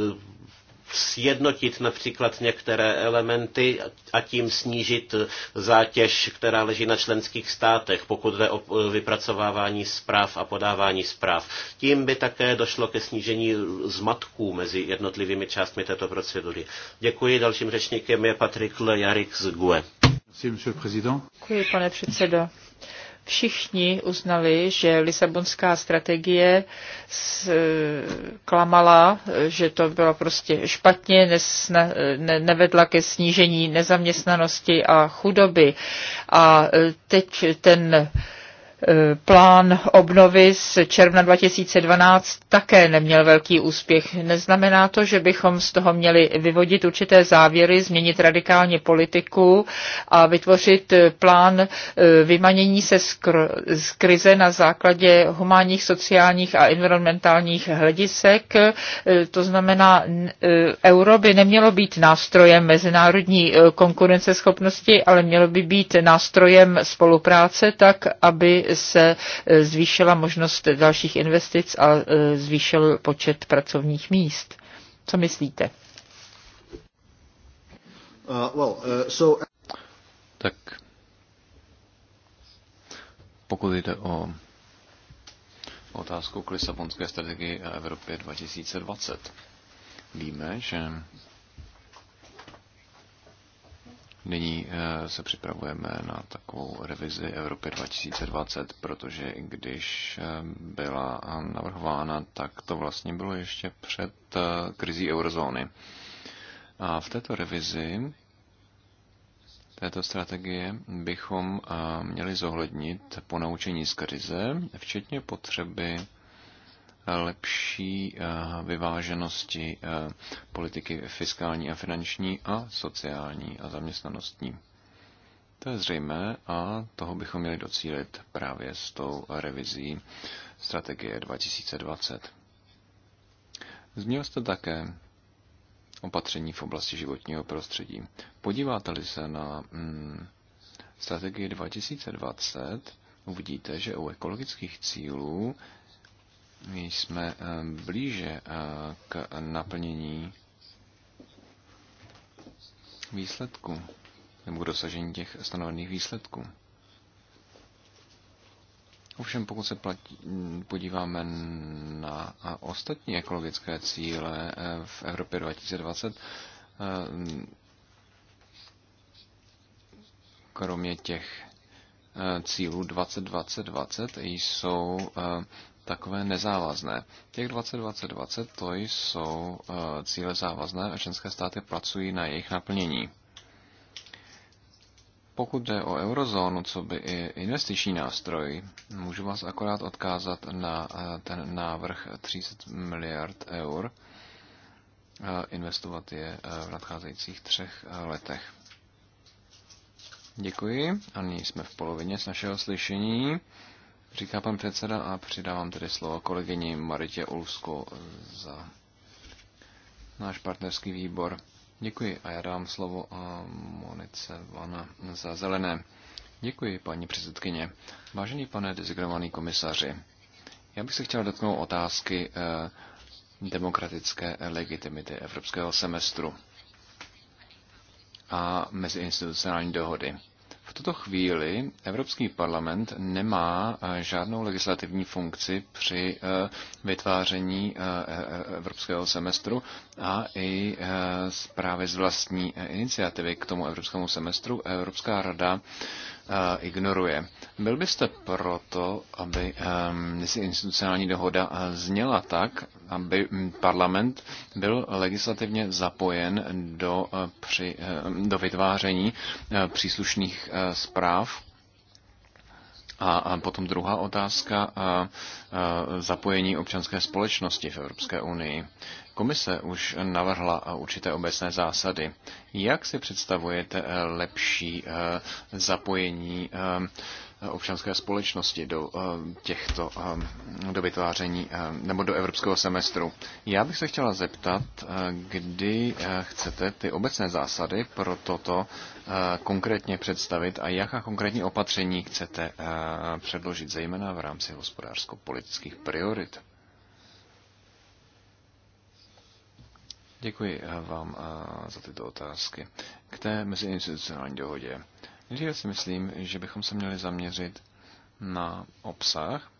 B: sjednotit například některé elementy a tím snížit zátěž, která leží na členských státech, pokud jde o vypracovávání zpráv a podávání zpráv. Tím by také došlo ke snížení zmatků mezi jednotlivými částmi této procedury. Děkuji. Dalším řečníkem je Patrik Jarik z GUE.
A: Děkuji, pane předsedo všichni uznali, že Lisabonská strategie e, klamala, že to bylo prostě špatně, nevedla ke snížení nezaměstnanosti a chudoby. A e, teď ten Eh, plán obnovy z června 2012 také neměl velký úspěch. Neznamená to, že bychom z toho měli vyvodit určité závěry, změnit radikálně politiku a vytvořit eh, plán eh, vymanění se z krize na základě humánních, sociálních a environmentálních hledisek. To znamená, euro by nemělo být nástrojem mezinárodní konkurenceschopnosti, ale mělo by být nástrojem spolupráce tak, aby se eh, zvýšila možnost dalších investic a eh, zvýšil počet pracovních míst. Co myslíte? Uh,
C: well, uh, so... Tak pokud jde o otázku k Lisabonské strategii Evropě 2020, víme, že Nyní eh, se připravujeme na takovou revizi Evropy 2020, protože když eh, byla navrhována, tak to vlastně bylo ještě před eh, krizí eurozóny. A v této revizi této strategie bychom měli zohlednit ponaučení z krize, včetně potřeby lepší eh, vyváženosti eh, politiky fiskální a finanční a sociální a zaměstnanostní. To je zřejmé a toho bychom měli docílit právě s tou revizí strategie 2020. Zmínil jste také opatření v oblasti životního prostředí. Podíváte-li se na mm, strategii 2020, uvidíte, že u ekologických cílů jsme eh, blíže eh, k naplnění výsledku nebo k dosažení těch stanovených výsledků. Ovšem, pokud se platí, podíváme na eh, ostatní ekologické cíle v Evropě 2020, kromě těch cílů 2020-2020 jsou takové nezávazné. Těch 2020 20 to jsou eh, cíle závazné a členské státy pracují na jejich naplnění. Pokud jde o eurozónu, co by i investiční nástroj, můžu vás akorát odkázat na eh, ten návrh 30 miliard eur, eh, investovat je v nadcházejících třech letech. Děkuji a nyní jsme v polovině s našeho slyšení. Říká pan předseda a přidávám tedy slovo kolegyni Maritě Ulsku za náš partnerský výbor. Děkuji a já dám slovo a eh, Monice Vana za zelené. Děkuji, paní předsedkyně. Vážený pane dezigrovaný komisaři, já bych se chtěl dotknout otázky eh, demokratické legitimity evropského semestru a meziinstitucionální dohody. V tuto chvíli Evropský parlament nemá eh, žádnou legislativní funkci při eh, vytváření eh, evropského semestru a i zprávy z vlastní iniciativy k tomu evropskému semestru. Evropská rada Eh, ignoruje. Byl byste proto, aby eh, institucionální dohoda eh, zněla tak, aby mm, parlament byl legislativně zapojen do, při, do vytváření příslušných zpráv a potom druhá otázka, zapojení občanské společnosti v Evropské unii. Komise už navrhla určité obecné zásady. Jak si představujete lepší e, zapojení e, občanské společnosti do eh, těchto, eh, do vytváření eh, nebo do evropského semestru. Já bych se chtěla zeptat, kdy chcete ty obecné zásady pro toto konkrétně představit a jaká konkrétní opatření chcete předložit, zejména v rámci hospodářsko-politických priorit. Děkuji vám za tyto otázky. K té meziinstitucionální dohodě. Nejdříve si myslím, že bychom se měli zaměřit na obsah.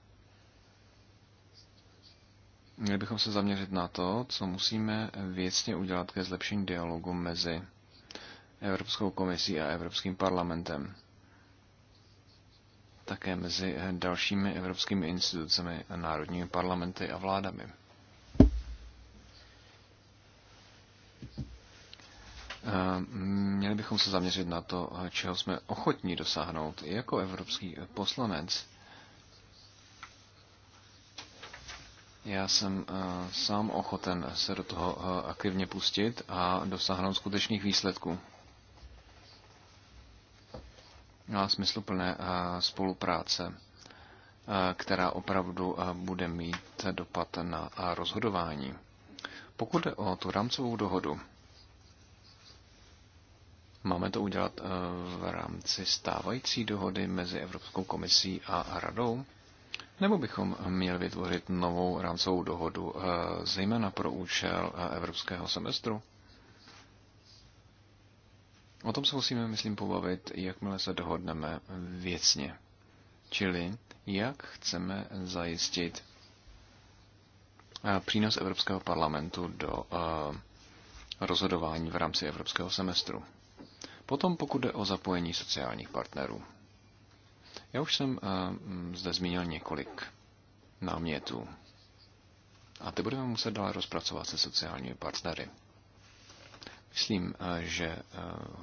C: Měli bychom se zaměřit na to, co musíme věcně udělat ke zlepšení dialogu mezi Evropskou komisí a Evropským parlamentem. Také mezi dalšími evropskými institucemi, národními parlamenty a vládami. Měli bychom se zaměřit na to, čeho jsme ochotní dosáhnout jako evropský poslanec. Já jsem eh, sám ochoten se do toho eh, aktivně pustit a dosáhnout skutečných výsledků. No a smysluplné eh, spolupráce, která opravdu bude mít dopad na rozhodování. Pokud jde o tu rámcovou dohodu, Máme to udělat eh, v rámci stávající dohody mezi Evropskou komisí a radou? Nebo bychom měli vytvořit novou rámcovou dohodu, eh, zejména pro účel eh, evropského semestru? O tom se musíme, myslím, pobavit, jakmile se dohodneme věcně. Čili, jak chceme zajistit přínos Evropského parlamentu do rozhodování v rámci Evropského semestru. Potom pokud jde o zapojení sociálních partnerů. Já už jsem eh, mm, zde zmínil několik námětů. A ty budeme muset dále rozpracovat se sociálními partnery. Myslím, eh, že eh,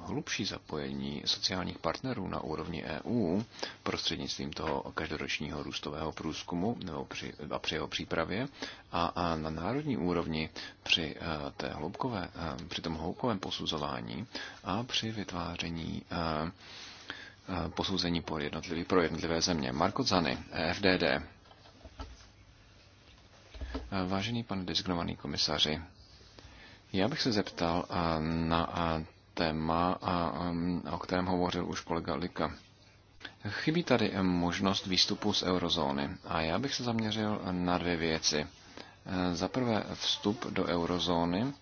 C: hlubší zapojení sociálních partnerů na úrovni EU prostřednictvím toho každoročního růstového průzkumu nebo při, a při jeho přípravě a, a na národní úrovni při, eh, té hloubkové, při tom hloubkovém posuzování a při vytváření posouzení pro jednotlivé, pro jednotlivé země. Marko Zany, FDD. Vážený pane designovaný komisaři, já bych se zeptal eh, na eh, téma, eh, o kterém hovořil už kolega Lika. Chybí tady možnost výstupu z eurozóny a já bych se zaměřil na dvě věci. Za prvé vstup do eurozóny,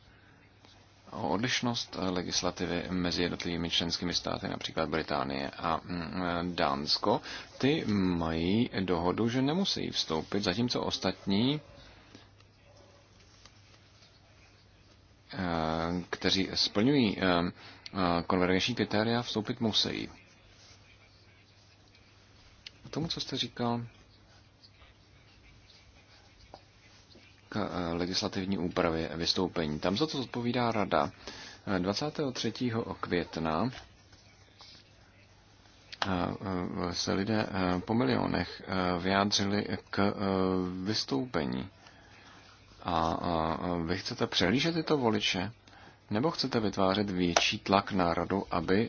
C: odlišnost legislativy mezi jednotlivými členskými státy, například Británie a mm, Dánsko, ty mají dohodu, že nemusí vstoupit, zatímco ostatní Eh, kteří splňují eh, eh, konvergenční kritéria, vstoupit musí. K tomu, co jste říkal, k legislativní úpravě vystoupení. Tam za to odpovídá rada. 23. května se lidé po milionech vyjádřili k vystoupení. A, a vy chcete přelížet tyto voliče? Nebo chcete vytvářet větší tlak národu, aby e,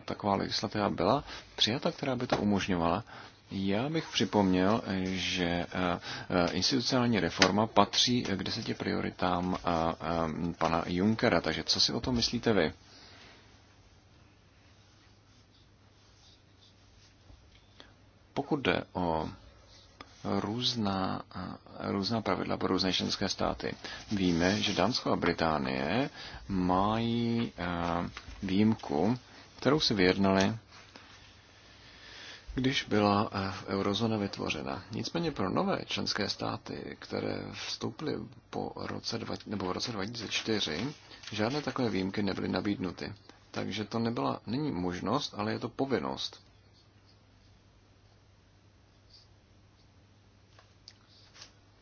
C: taková legislativa byla přijata, která by to umožňovala? Já bych připomněl, že e, e, institucionální reforma patří k deseti prioritám pana Junckera, takže co si o tom myslíte vy? Pokud jde o různá, eh, různá pravidla pro různé členské státy. Víme, že Dánsko a Británie mají eh, výjimku, kterou si vyjednali, když byla eh, eurozona vytvořena. Nicméně pro nové členské státy, které vstoupily po roce, dva, nebo v roce 2004, žádné takové výjimky nebyly nabídnuty. Takže to nebyla, není možnost, ale je to povinnost.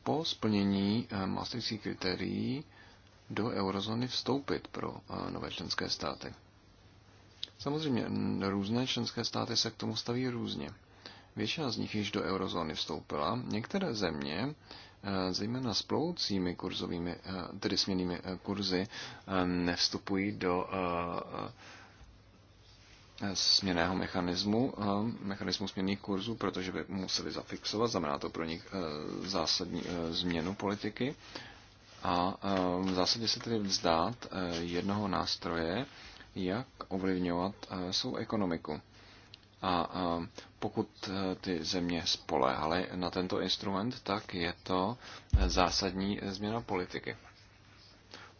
C: po splnění eh, mastických kritérií do eurozóny vstoupit pro eh, nové členské státy. Samozřejmě různé členské státy se k tomu staví různě. Většina z nich již do eurozóny vstoupila. Některé země, eh, zejména s ploucími kurzovými, tedy směnými kurzy, nevstupují do směného mechanismu, eh, mechanismu směných kurzů, protože by museli zafixovat, znamená to pro nich eh, zásadní eh, změnu politiky. A v zásadě se tedy vzdát jednoho nástroje, jak ovlivňovat svou ekonomiku. A pokud ty země spolehaly na tento instrument, tak je to zásadní změna politiky.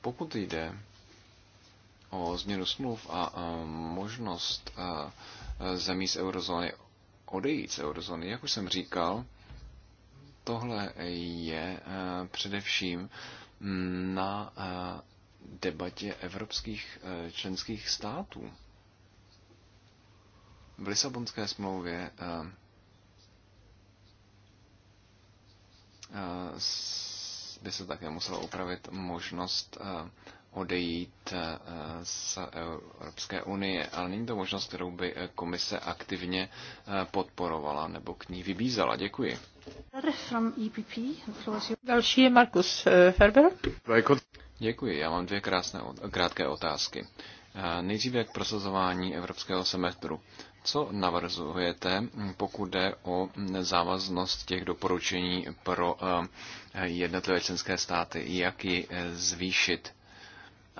C: Pokud jde o změnu smluv a možnost zemí z eurozóny odejít z eurozóny, jak už jsem říkal, tohle je především mm, na debatě evropských členských států. V Lisabonské smlouvě by se také musela upravit možnost odejít eh, z Evropské unie, ale není to možnost, kterou by eh, komise aktivně eh, podporovala nebo k ní vybízala. Děkuji.
A: E Další je Markus Ferber.
C: Děkuji, já mám dvě krásné, krátké otázky. Nejdříve k prosazování evropského semestru. Co navrzujete, hm, pokud jde o hm, závaznost těch doporučení pro jednotlivé členské státy, jak ji zvýšit?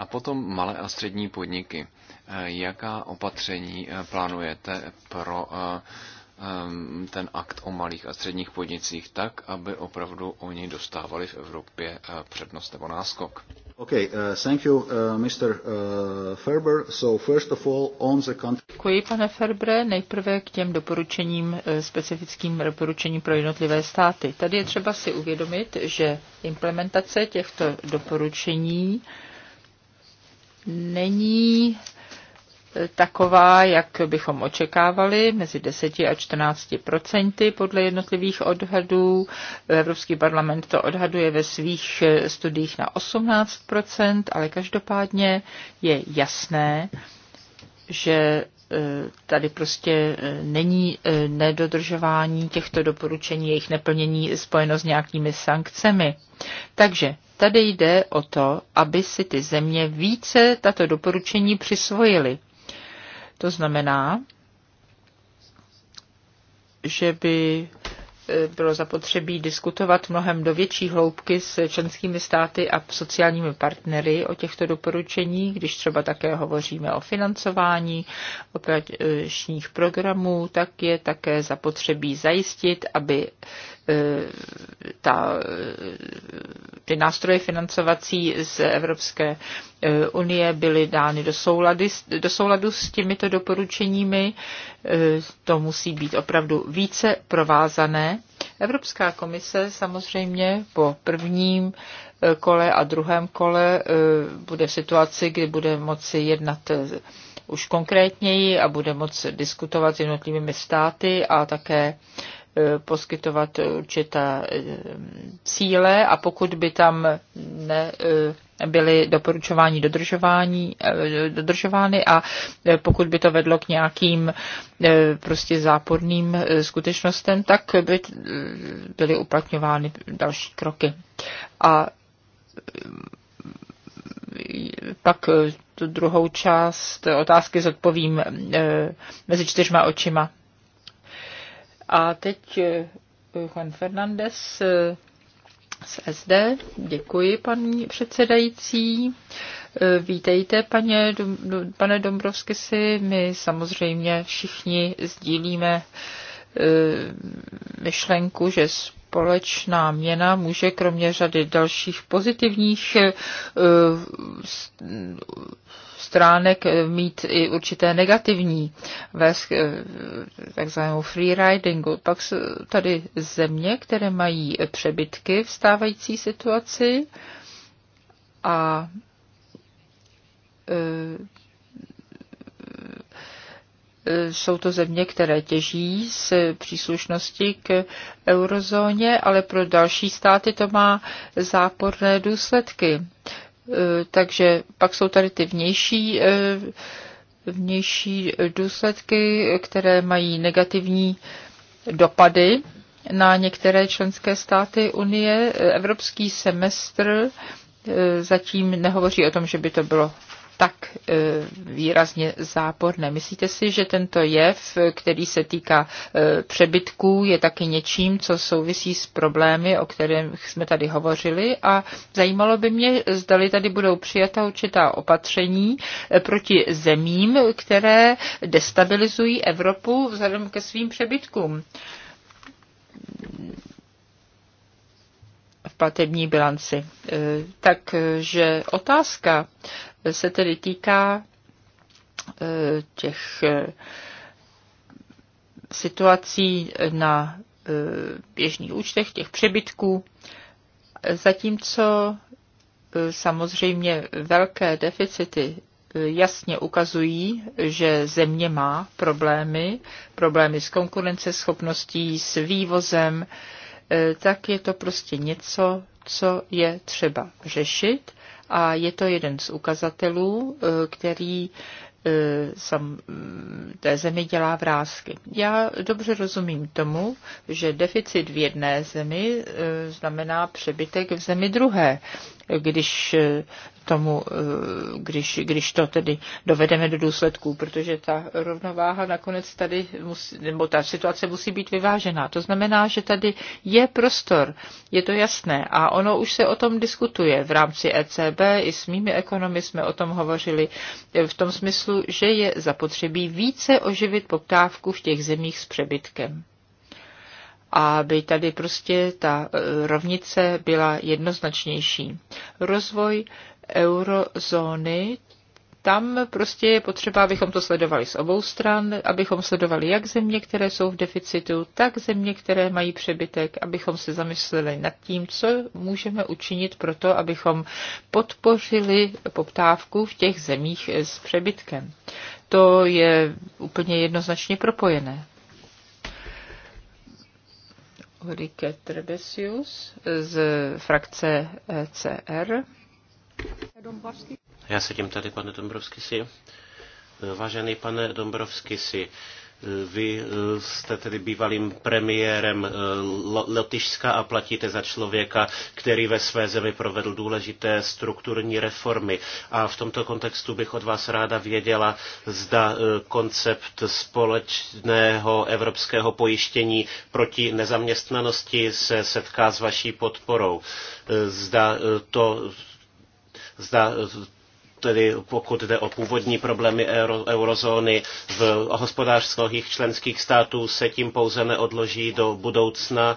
C: A potom malé a střední podniky. Eh, jaká opatření eh, plánujete pro eh, ten akt o malých a středních podnicích tak, aby opravdu oni dostávali v Evropě přednost nebo náskok?
A: Okay, uh, thank you, uh, Mr. Ferber. So first of all, on the country... Děkuji, pane Ferbre. Nejprve k těm doporučením, specifickým doporučením pro jednotlivé státy. Tady je třeba si uvědomit, že implementace těchto doporučení uh, není eh, taková, jak bychom očekávali, mezi 10 a 14 procenty podle jednotlivých odhadů. Evropský parlament to odhaduje ve svých eh, studiích na 18 ale každopádně je jasné, že eh, tady prostě není nedodržování těchto doporučení, jejich neplnění spojeno s nějakými sankcemi. Takže Tady jde o to, aby si ty země více tato doporučení přisvojily. To znamená, že by e, bylo zapotřebí diskutovat mnohem do větší hloubky s členskými státy a sociálními partnery o těchto doporučeních, když třeba také hovoříme o financování operačních programů, tak je také zapotřebí zajistit, aby Eh, ta, eh, ty nástroje financovací z Evropské eh, unie byly dány do, soulady, do souladu s těmito doporučeními. To musí být opravdu více provázané. Evropská komise samozřejmě po prvním kole a druhém kole bude v situaci, kdy bude moci jednat už konkrétněji a bude moci diskutovat s jednotlivými státy a také E, poskytovat určité e, cíle a pokud by tam ne, e, byly doporučování dodržování, dodržovány a pokud by to vedlo k nějakým prostě záporným skutečnostem, tak by byly uplatňovány další kroky. A pak tu druhou část otázky zodpovím mezi čtyřma očima. A teď eh, Juan Fernandez eh, z SD. Děkuji, paní předsedající. Eh, vítejte, paně, pane si. My samozřejmě všichni sdílíme myšlenku, že společná měna může kromě řady dalších pozitivních stránek eh, mít i určité negativní ve eh, takzvanému freeridingu. Pak jsou tady země, které mají přebytky v stávající situaci a eh, jsou to země, které těží z příslušnosti k eurozóně, ale pro další státy to má záporné důsledky. Eh, takže pak jsou tady ty vnější, eh, vnější důsledky, které mají negativní dopady na některé členské státy Unie. Evropský semestr eh, zatím nehovoří o tom, že by to bylo tak e, výrazně záporné. Myslíte si, že tento jev, který se týká e, přebytků, je taky něčím, co souvisí s problémy, o kterých jsme tady hovořili a zajímalo by mě, zdali tady budou přijata určitá opatření e, proti zemím, které destabilizují Evropu vzhledem ke svým přebytkům platební bilanci. E, takže otázka se tedy týká e, těch e, situací na běžných účtech, těch přebytků, zatímco samozřejmě velké deficity jasně ukazují, že země má problémy, problémy s konkurenceschopností, s vývozem, E, tak je to prostě něco, co je třeba řešit a je to jeden z ukazatelů, e, který e, sam, mm, té zemi dělá vrázky. Já dobře rozumím tomu, že deficit v jedné zemi znamená přebytek v zemi druhé když eh, tomu, eh, když, když to tedy dovedeme do důsledků, protože ta rovnováha nakonec tady, musí, nebo ta situace musí být vyvážená. To znamená, že tady je prostor, je to jasné a ono už se o tom diskutuje v rámci ECB, i s mými ekonomy jsme o tom hovořili eh, v tom smyslu, že je zapotřebí více oživit poptávku v těch zemích s přebytkem aby tady prostě ta e, rovnice byla jednoznačnější. Rozvoj eurozóny tam prostě je potřeba, abychom to sledovali z obou stran, abychom sledovali jak země, které jsou v deficitu, tak země, které mají přebytek, abychom se zamysleli nad tím, co můžeme učinit pro to, abychom podpořili poptávku v těch zemích e, s přebytkem. To je úplně jednoznačně propojené. Ulrike Trebesius z frakce ECR.
B: Já sedím tady, pane Dombrovský, si. Vážený pane Dombrovský, si. Vy eh, jste tedy bývalým premiérem eh, Lotyšska a platíte za člověka, který ve své zemi provedl důležité strukturní reformy. A v tomto kontextu bych od vás ráda věděla, zda eh, koncept společného evropského pojištění proti nezaměstnanosti se setká s vaší podporou. Zda to zda tedy pokud jde o původní problémy euro, eurozóny v hospodářských členských států, se tím pouze neodloží do budoucna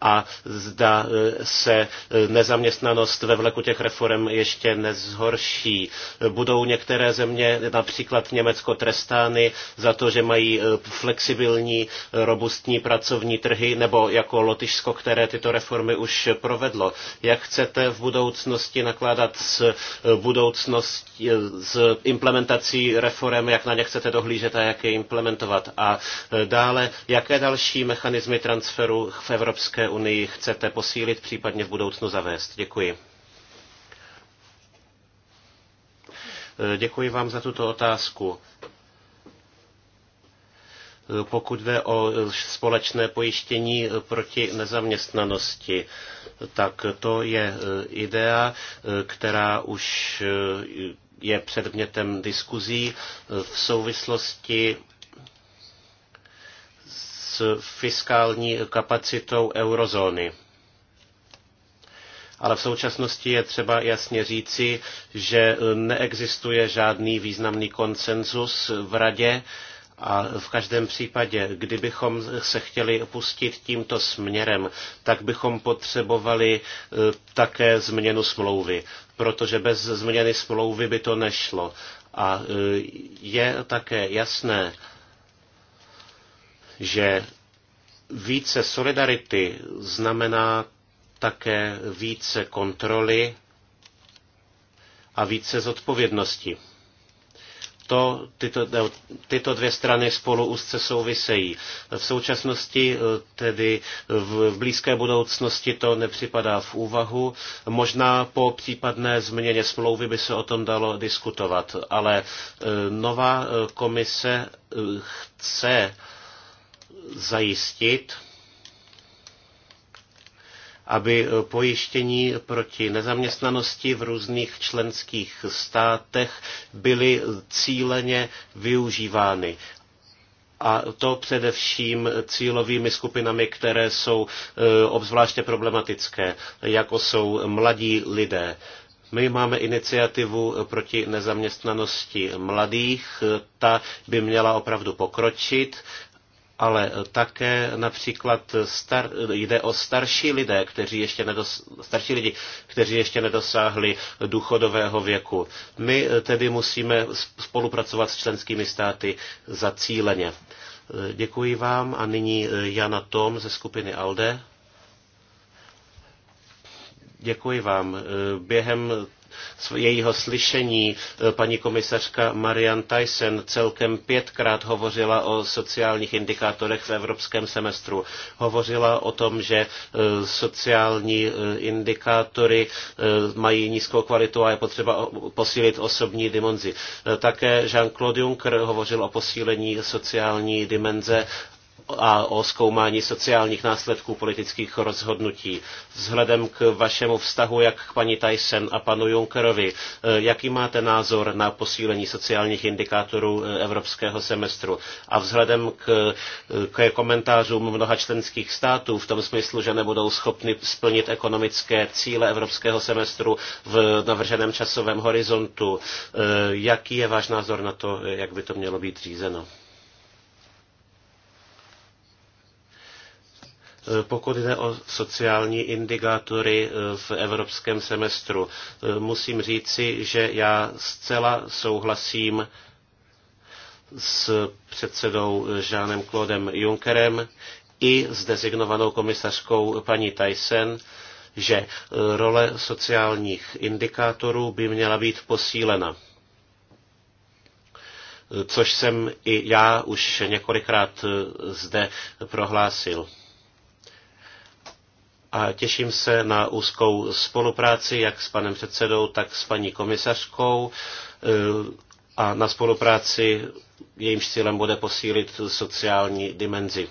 B: a zda e, se e, nezaměstnanost ve vleku těch reform ještě nezhorší. Budou některé země, například Německo, trestány za to, že mají e, flexibilní, robustní pracovní trhy, nebo jako Lotyšsko, které tyto reformy už provedlo. Jak chcete v budoucnosti nakládat s budoucností, s implementací reform, jak na ně chcete dohlížet a jak je implementovat? A dále, jaké další mechanismy transferu v Evropské unii chcete posílit, případně v budoucnu zavést? Děkuji. Eh, děkuji vám za tuto otázku. Eh, pokud jde o eh, společné pojištění proti nezaměstnanosti, tak to je idea, která už je předmětem diskuzí v souvislosti fiskální kapacitou eurozóny. Ale v současnosti je třeba jasně říci, že neexistuje žádný významný konsenzus v radě, a v každém případě, kdybychom se chtěli pustit tímto směrem, tak bychom potřebovali eh, také změnu smlouvy, protože bez změny smlouvy by to nešlo. A eh, je také jasné, že více solidarity znamená také více kontroly a více zodpovědnosti. To, tyto, tyto dvě strany spolu úzce souvisejí. V současnosti, eh, tedy v, v blízké budoucnosti, to nepřipadá v úvahu. Možná po případné změně smlouvy by se o tom dalo diskutovat, ale eh, nová eh, komise chce zajistit, aby pojištění proti nezaměstnanosti v různých členských státech byly cíleně využívány. A to především cílovými skupinami, které jsou eh, obzvláště problematické, jako jsou mladí lidé. My máme iniciativu proti nezaměstnanosti mladých, ta by měla opravdu pokročit ale také například star, jde o starší lidé, kteří ještě nedos, starší lidi, kteří ještě nedosáhli důchodového věku. My tedy musíme spolupracovat s členskými státy zacíleně. Děkuji vám a nyní Jana Tom ze skupiny ALDE. Děkuji vám. Během jejího slyšení eh, paní komisařka Marian Tyson celkem pětkrát hovořila o sociálních indikátorech v evropském semestru. Hovořila o tom, že eh, sociální eh, indikátory mají nízkou kvalitu a je potřeba posílit osobní dimenzi. Také Jean-Claude Juncker hovořil o posílení sociální dimenze a o zkoumání sociálních následků politických rozhodnutí. Vzhledem k vašemu vztahu jak k paní Tyson a panu Junckerovi, eh, jaký máte názor na posílení sociálních indikátorů eh, evropského semestru? A vzhledem k, eh, k komentářům mnoha členských států v tom smyslu, že nebudou schopni splnit ekonomické cíle evropského semestru v navrženém časovém horizontu, jaký je váš názor na to, jak by to mělo být řízeno? Eh, pokud jde o sociální indikátory eh, v evropském semestru, eh, musím říci, že já zcela souhlasím s předsedou Žánem Claudem Junckerem i s designovanou komisařkou paní Tyson, že role sociálních indikátorů by měla být posílena. Což jsem i já už několikrát zde prohlásil a těším se na úzkou spolupráci jak s panem předsedou, tak s paní komisařkou eh, a na spolupráci jejímž cílem bude posílit sociální dimenzi.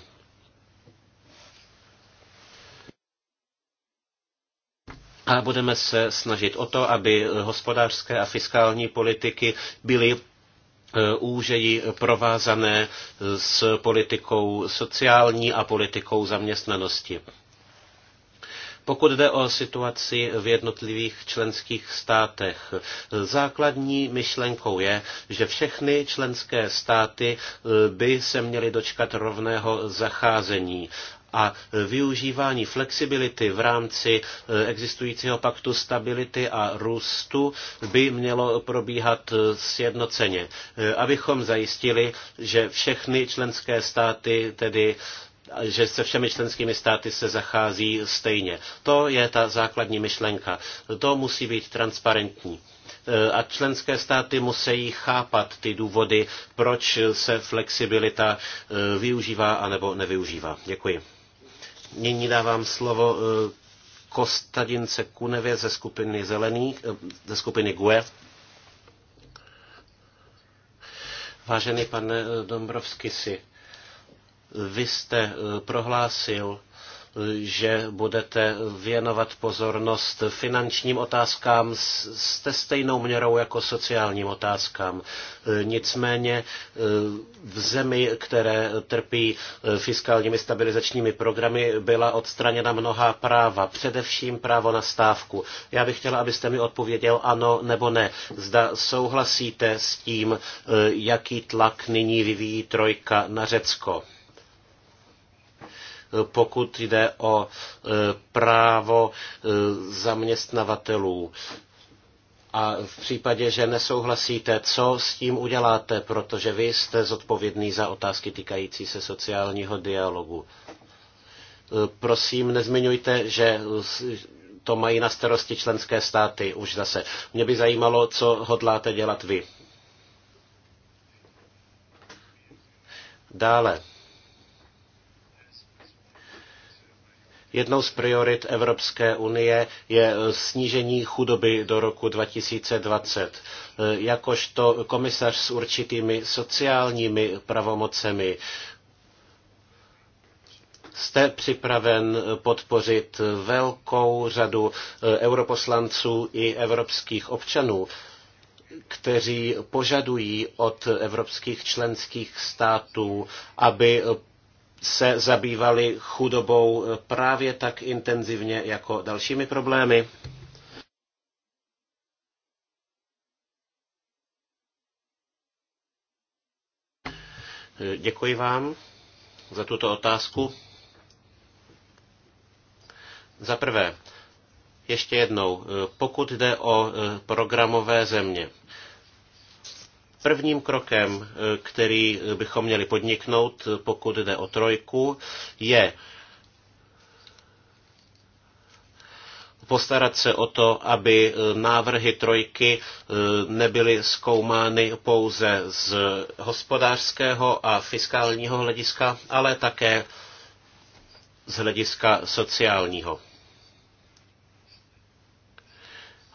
B: A budeme se snažit o to, aby hospodářské a fiskální politiky byly eh, úžeji provázané s politikou sociální a politikou zaměstnanosti. Pokud jde o situaci v jednotlivých členských státech, základní myšlenkou je, že všechny členské státy eh, by se měly dočkat rovného zacházení a využívání flexibility v rámci eh, existujícího paktu stability a růstu by mělo probíhat eh, sjednoceně, abychom zajistili, že všechny členské státy tedy že se všemi členskými státy se zachází stejně. To je ta základní myšlenka. To musí být transparentní e, a členské státy musí chápat ty důvody, proč se flexibilita e, využívá anebo nevyužívá. Děkuji. Nyní dávám slovo e, Kostadince Kunevě ze skupiny Zelených, ze skupiny GUE. Vážený pane Dombrovský si vy jste eh, prohlásil, eh, že budete věnovat pozornost finančním otázkám se stejnou měrou jako sociálním otázkám. Eh, nicméně v zemi, které trpí fiskálními stabilizačními programy, byla odstraněna mnohá práva, především právo na stávku. Já bych chtěla, abyste mi odpověděl ano nebo ne. Zda souhlasíte s tím, jaký tlak nyní vyvíjí trojka na Řecko? pokud jde o e, právo e, zaměstnavatelů. A v případě, že nesouhlasíte, co s tím uděláte, protože vy jste zodpovědný za otázky týkající se sociálního dialogu. E, prosím, nezmiňujte, že to mají na starosti členské státy už zase. Mě by zajímalo, co hodláte dělat vy. Dále. Jednou z priorit Evropské unie je eh, snížení chudoby do roku 2020. Eh, jakožto komisař s určitými sociálními pravomocemi jste připraven podpořit velkou řadu eh, europoslanců i evropských občanů, kteří požadují od evropských členských států, aby se zabývali chudobou právě tak intenzivně jako dalšími problémy? Děkuji vám za tuto otázku. Za prvé, ještě jednou, pokud jde o programové země, Prvním krokem, eh, který bychom měli podniknout, pokud jde o trojku, je postarat se o to, aby eh, návrhy trojky eh, nebyly zkoumány pouze z hospodářského a fiskálního hlediska, ale také z hlediska sociálního.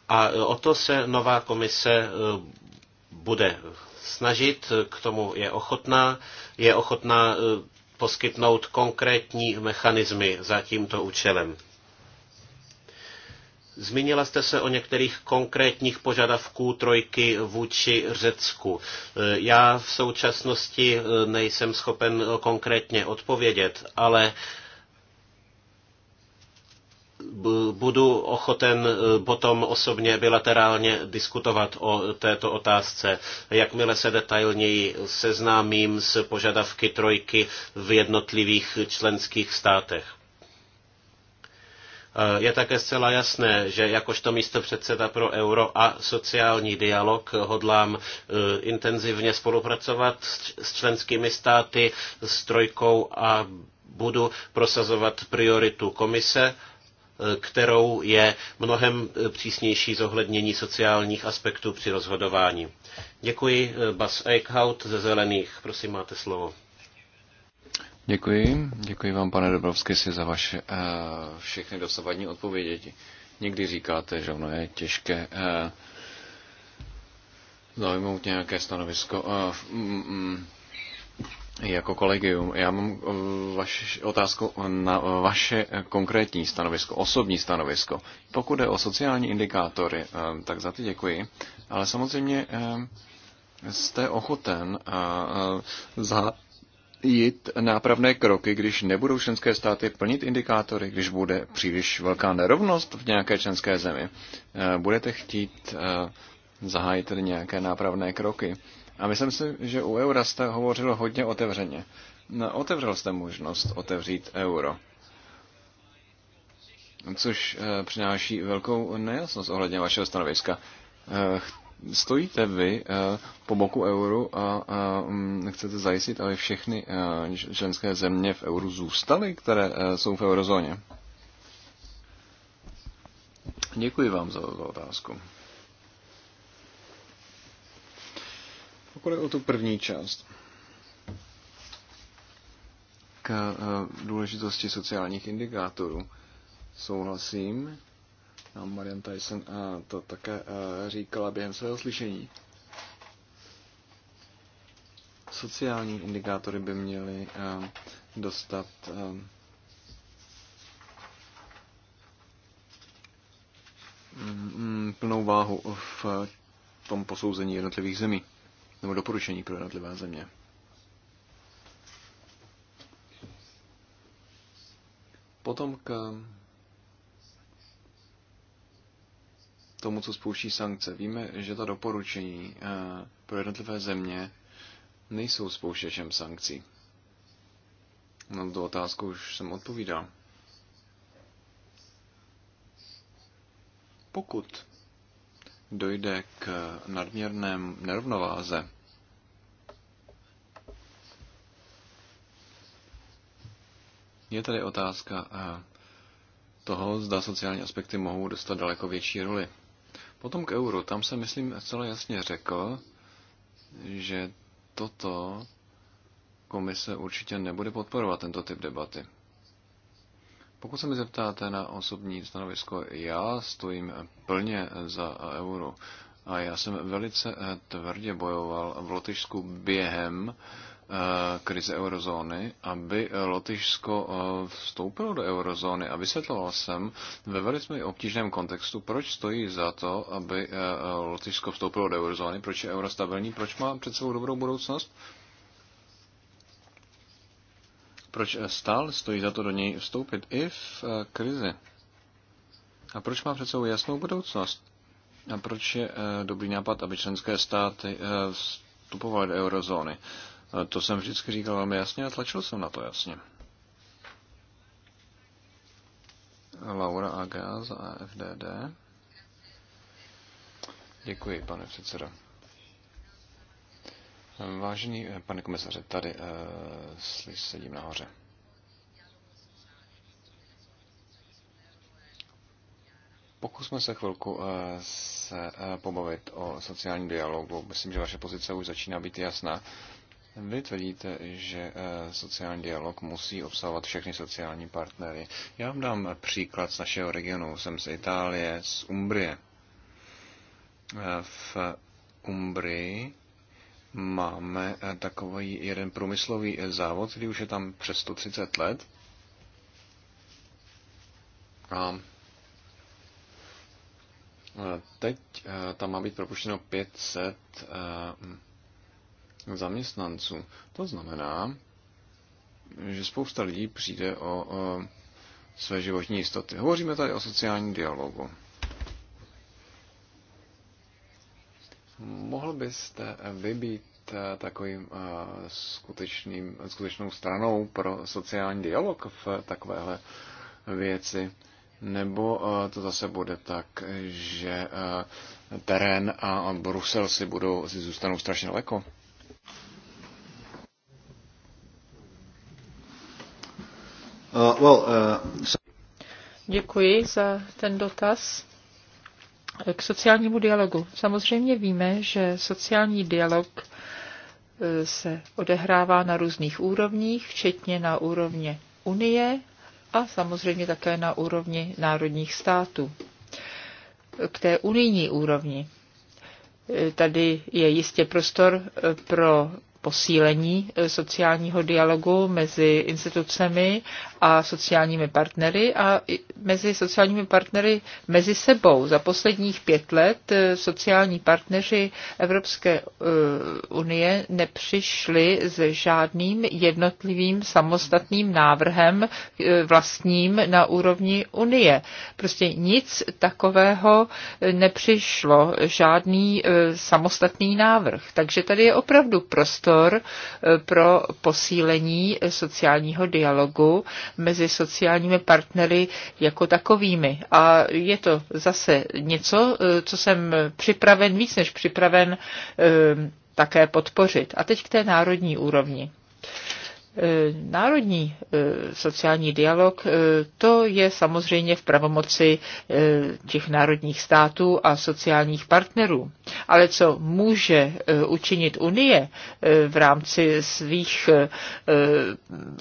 B: A o to se nová komise bude snažit, k tomu je ochotná, je ochotná eh, poskytnout konkrétní mechanismy za tímto účelem. Zmínila jste se o některých konkrétních požadavků trojky vůči Řecku. Eh, já v současnosti eh, nejsem schopen konkrétně odpovědět, ale budu ochoten e, potom osobně bilaterálně diskutovat o této otázce. Jakmile se detailněji seznámím s požadavky trojky v jednotlivých členských státech. E, je také zcela jasné, že jakožto místo předseda pro euro a sociální dialog hodlám e, intenzivně spolupracovat s členskými státy, s trojkou a budu prosazovat prioritu komise kterou je mnohem eh, přísnější zohlednění sociálních aspektů při rozhodování. Děkuji, eh, Bas Eichhout ze Zelených. Prosím, máte slovo.
C: Děkuji. Děkuji vám, pane Dobrovsky, si za vaše uh, všechny dosavadní odpovědi. Někdy říkáte, že ono je těžké uh, zaujmout nějaké stanovisko. Uh, mm, mm jako kolegium. Já mám eh, vaši, otázku na eh, vaše konkrétní stanovisko, osobní stanovisko. Pokud je o sociální indikátory, eh, tak za ty děkuji, ale samozřejmě jste ochoten za jít nápravné kroky, když nebudou členské státy plnit indikátory, když bude příliš velká nerovnost v nějaké členské zemi. Budete chtít zahájit tedy nějaké nápravné kroky. A myslím si, že u eura jste hovořil hodně otevřeně. No, otevřel jste možnost otevřít euro, což eh, přináší velkou nejasnost ohledně vašeho stanoviska. Eh, stojíte vy eh, po boku euru a mm, chcete zajistit, aby všechny členské země v euru zůstaly, které jsou v eurozóně? Děkuji vám za otázku. Pokud je o tu první část, k eh, důležitosti sociálních indikátorů souhlasím. A Marian Tyson eh, to také eh, říkala během svého slyšení. Sociální indikátory by měly dostat mm, mm, plnou váhu v tom posouzení jednotlivých zemí nebo doporučení pro jednotlivé země. Potom k tomu, co spouští sankce. Víme, že ta doporučení eh, pro jednotlivé země nejsou spouštěčem sankcí. Na tu otázku už jsem odpovídal. Pokud dojde k nadměrném nerovnováze Je tady otázka eh, toho, zda sociální aspekty mohou dostat daleko větší roli. Potom k euru. Tam se, myslím, celé jasně řekl, že toto komise určitě nebude podporovat tento typ debaty. Pokud se mi zeptáte na osobní stanovisko, já stojím plně za euro. A já jsem velice eh, tvrdě bojoval v Lotyšsku během Eh, krize eurozóny, aby eh, Lotyšsko eh, vstoupilo do eurozóny. A vysvětloval jsem ve velice obtížném kontextu, proč stojí za to, aby Lotyšsko vstoupilo do eurozóny, proč je euro stabilní, proč má před sebou dobrou budoucnost, proč stál stojí za to do něj vstoupit i v krizi. A proč má před sebou jasnou budoucnost? A proč je dobrý nápad, aby členské státy vstupovaly do eurozóny? To jsem vždycky říkal velmi jasně a tlačil jsem na to jasně. Laura Aga za AFDD. Děkuji, pane předsedo. Vážený eh, pane komisaře, tady uh, sedím nahoře. Pokusme se chvilku eh, se pobavit o sociálním dialogu. Myslím, že vaše pozice už začíná být jasná. Vy tvrdíte, že eh, sociální dialog musí obsahovat všechny sociální partnery. Já vám dám příklad z našeho regionu. Jsem z Itálie, z Umbrie. Eh, v Umbrii máme eh, takový jeden průmyslový závod, který už je tam přes 130 let. A teď tam má být propuštěno 500 zaměstnanců. To znamená, že spousta lidí přijde o, o své životní jistoty. Hovoříme tady o sociálním dialogu. Mohl byste vybít eh, takovým eh, skutečným, skutečnou stranou pro sociální dialog v takovéhle věci? Nebo eh, to zase bude tak, že terén a Brusel si budou si zůstanou strašně daleko? Uh, well, uh, so...
A: Děkuji za ten dotaz. K sociálnímu dialogu. Samozřejmě víme, že sociální dialog uh, se odehrává na různých úrovních, včetně na úrovně Unie a samozřejmě také na úrovni národních států. K té unijní úrovni Tady je jistě prostor eh, pro posílení eh, sociálního dialogu mezi institucemi a sociálními partnery a mezi sociálními partnery mezi sebou. Za posledních pět let eh, sociální partneři Evropské eh, unie nepřišli s žádným jednotlivým samostatným návrhem vlastním na úrovni unie. Prostě nic takového nepřišlo, žádný samostatný návrh. Takže tady je opravdu prostor prostor eh, pro posílení sociálního dialogu mezi sociálními partnery jako takovými. A je to zase něco, eh, co jsem připraven, víc než připraven eh, také podpořit. A teď k té národní úrovni. E, národní e, sociální dialog, e, to je samozřejmě v pravomoci těch národních států a sociálních partnerů. Ale co může učinit Unie v rámci svých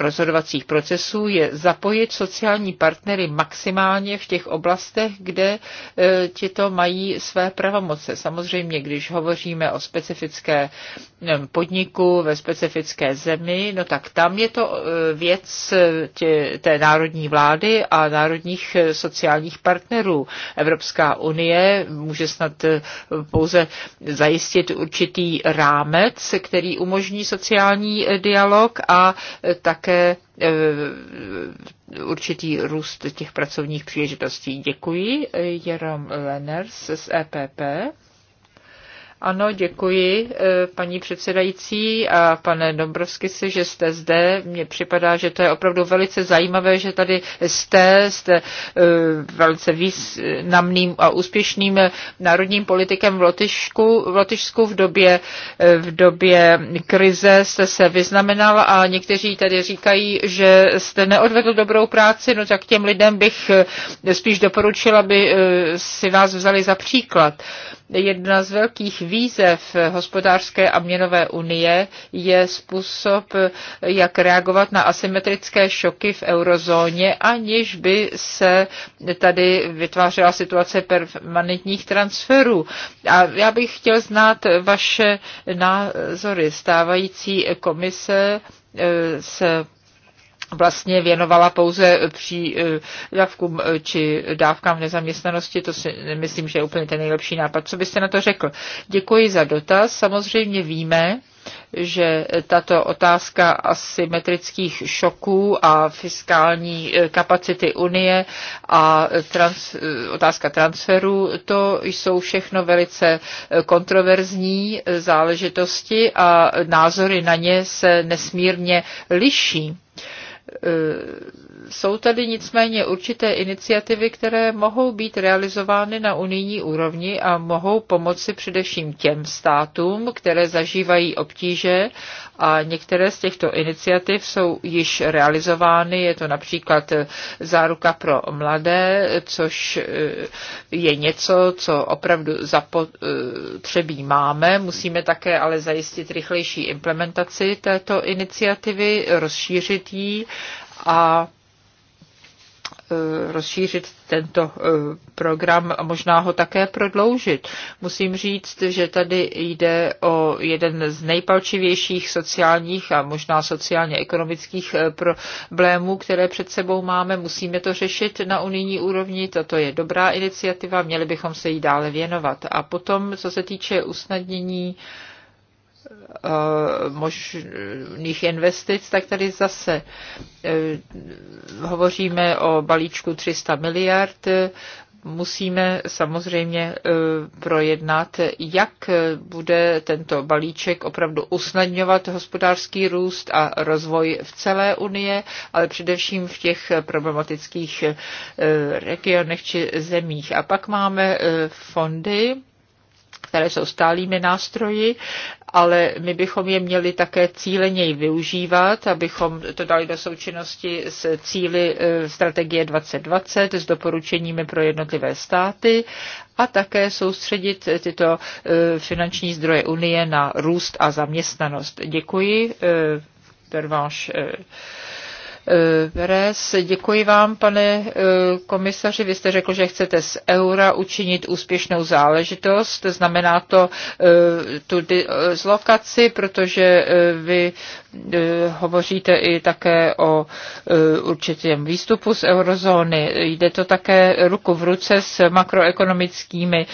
A: rozhodovacích procesů, je zapojit sociální partnery maximálně v těch oblastech, kde tito mají své pravomoce. Samozřejmě, když hovoříme o specifické podniku ve specifické zemi, no tak tam tam je to eh, věc eh, tě, té národní vlády a národních eh, sociálních partnerů. Evropská unie může snad pouze zajistit určitý rámec, který umožní sociální dialog a také určitý růst těch pracovních příležitostí. Děkuji. Jerome Lenners z EPP. Ano, děkuji, eh, paní předsedající a pane Dombrovsky si, že jste zde. Mně připadá, že to je opravdu velice zajímavé, že tady jste, jste eh, velice významným a úspěšným národním politikem v Lotyšku, v Lotyšsku v době, eh, v době krize jste se vyznamenal a někteří tady říkají, že jste neodvedl dobrou práci, no tak těm lidem bych spíš doporučil, aby si vás vzali za příklad. Jedna z velkých výzev hospodářské a měnové unie je způsob, jak reagovat na asymetrické šoky v eurozóně, aniž by se tady vytvářela situace permanentních transferů. A já bych chtěl znát vaše názory. Stávající komise eh, se vlastně věnovala pouze dávkům eh, či dávkám v nezaměstnanosti, to si myslím, že je úplně ten nejlepší nápad. Co byste na to řekl? Děkuji za dotaz. Samozřejmě víme, že tato otázka asymetrických šoků a fiskální eh, kapacity Unie a trans, eh, otázka transferu, to jsou všechno velice kontroverzní záležitosti a názory na ně se nesmírně liší. Eh, jsou tady nicméně určité iniciativy, které mohou být realizovány na unijní úrovni a mohou pomoci především těm státům, které zažívají obtíže a některé z těchto iniciativ jsou již realizovány. Je to například eh, záruka pro mladé, což eh, je něco, co opravdu zapotřebí máme. Musíme také ale zajistit rychlejší implementaci této iniciativy, rozšířit ji a e, rozšířit tento e, program a možná ho také prodloužit. Musím říct, že tady jde o jeden z nejpalčivějších sociálních a možná sociálně-ekonomických e, problémů, které před sebou máme. Musíme to řešit na unijní úrovni, toto je dobrá iniciativa, měli bychom se jí dále věnovat. A potom, co se týče usnadnění, uh, Eh, možných investic, tak tady zase eh, hovoříme o balíčku 300 miliard, musíme samozřejmě eh, projednat, jak bude tento balíček opravdu usnadňovat hospodářský růst a rozvoj v celé Unie, ale především v těch problematických regionech či zemích. A pak máme fondy, které jsou stálými nástroji, ale my bychom je měli také cíleněji využívat, abychom to dali do součinnosti s cíly e, strategie 2020, s doporučeními pro jednotlivé státy a také soustředit tyto e, finanční zdroje Unie na růst a zaměstnanost. Děkuji. E, Pervanche Vres, eh, Děkuji vám, pane eh, komisaři. Vy jste řekl, že chcete z eura učinit úspěšnou záležitost. Znamená to eh, tu zlokaci, protože vy hovoříte i také o určitém výstupu z eurozóny. Jde to také ruku v ruce s makroekonomickými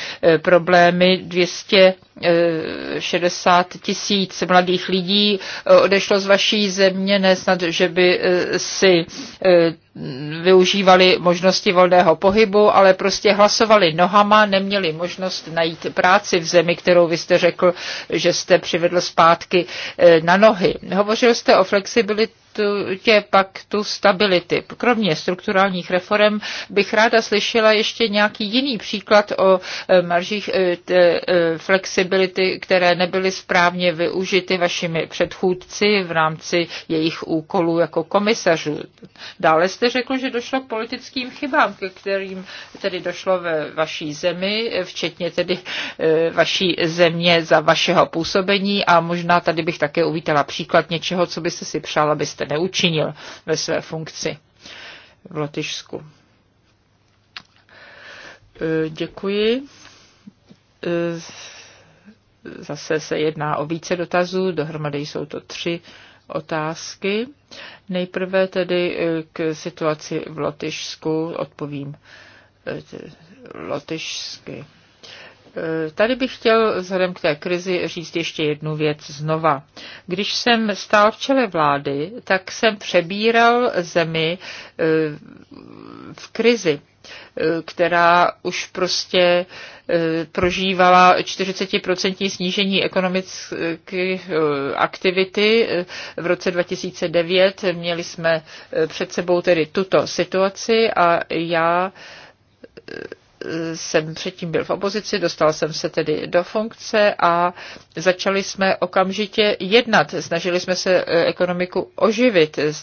A: problémy. 200 60 eh, tisíc mladých lidí eh, odešlo z vaší země, ne snad, že by eh, si využívali možnosti volného pohybu, ale prostě hlasovali nohama, neměli možnost najít práci v zemi, kterou vy jste řekl, že jste přivedl zpátky na nohy. Hovořil jste o flexibilitě tě pak tu stability. Kromě strukturálních reform bych ráda slyšela ještě nějaký jiný příklad o eh, maržích eh, eh, flexibility, které nebyly správně využity vašimi předchůdci v rámci jejich úkolů jako komisařů. Dále jste řekl, že došlo k politickým chybám, ke kterým tedy došlo ve vaší zemi, včetně tedy vaší země za vašeho působení a možná tady bych také uvítala příklad něčeho, co byste si přál, abyste neučinil ve své funkci v Lotyšsku. E, děkuji. E, zase se jedná o více dotazů, dohromady jsou to tři otázky. Nejprve tedy e, k situaci v Lotyšsku odpovím lotyšsky. Eh, tady bych chtěl vzhledem k té krizi říct ještě jednu věc znova. Když jsem stál v čele vlády, tak jsem přebíral zemi eh, v krizi eh, která už prostě prožívala 40% snížení ekonomické aktivity v roce 2009. Měli jsme před sebou tedy tuto situaci a já jsem předtím byl v opozici, dostal jsem se tedy do funkce a začali jsme okamžitě jednat. Snažili jsme se eh, ekonomiku oživit. Eh,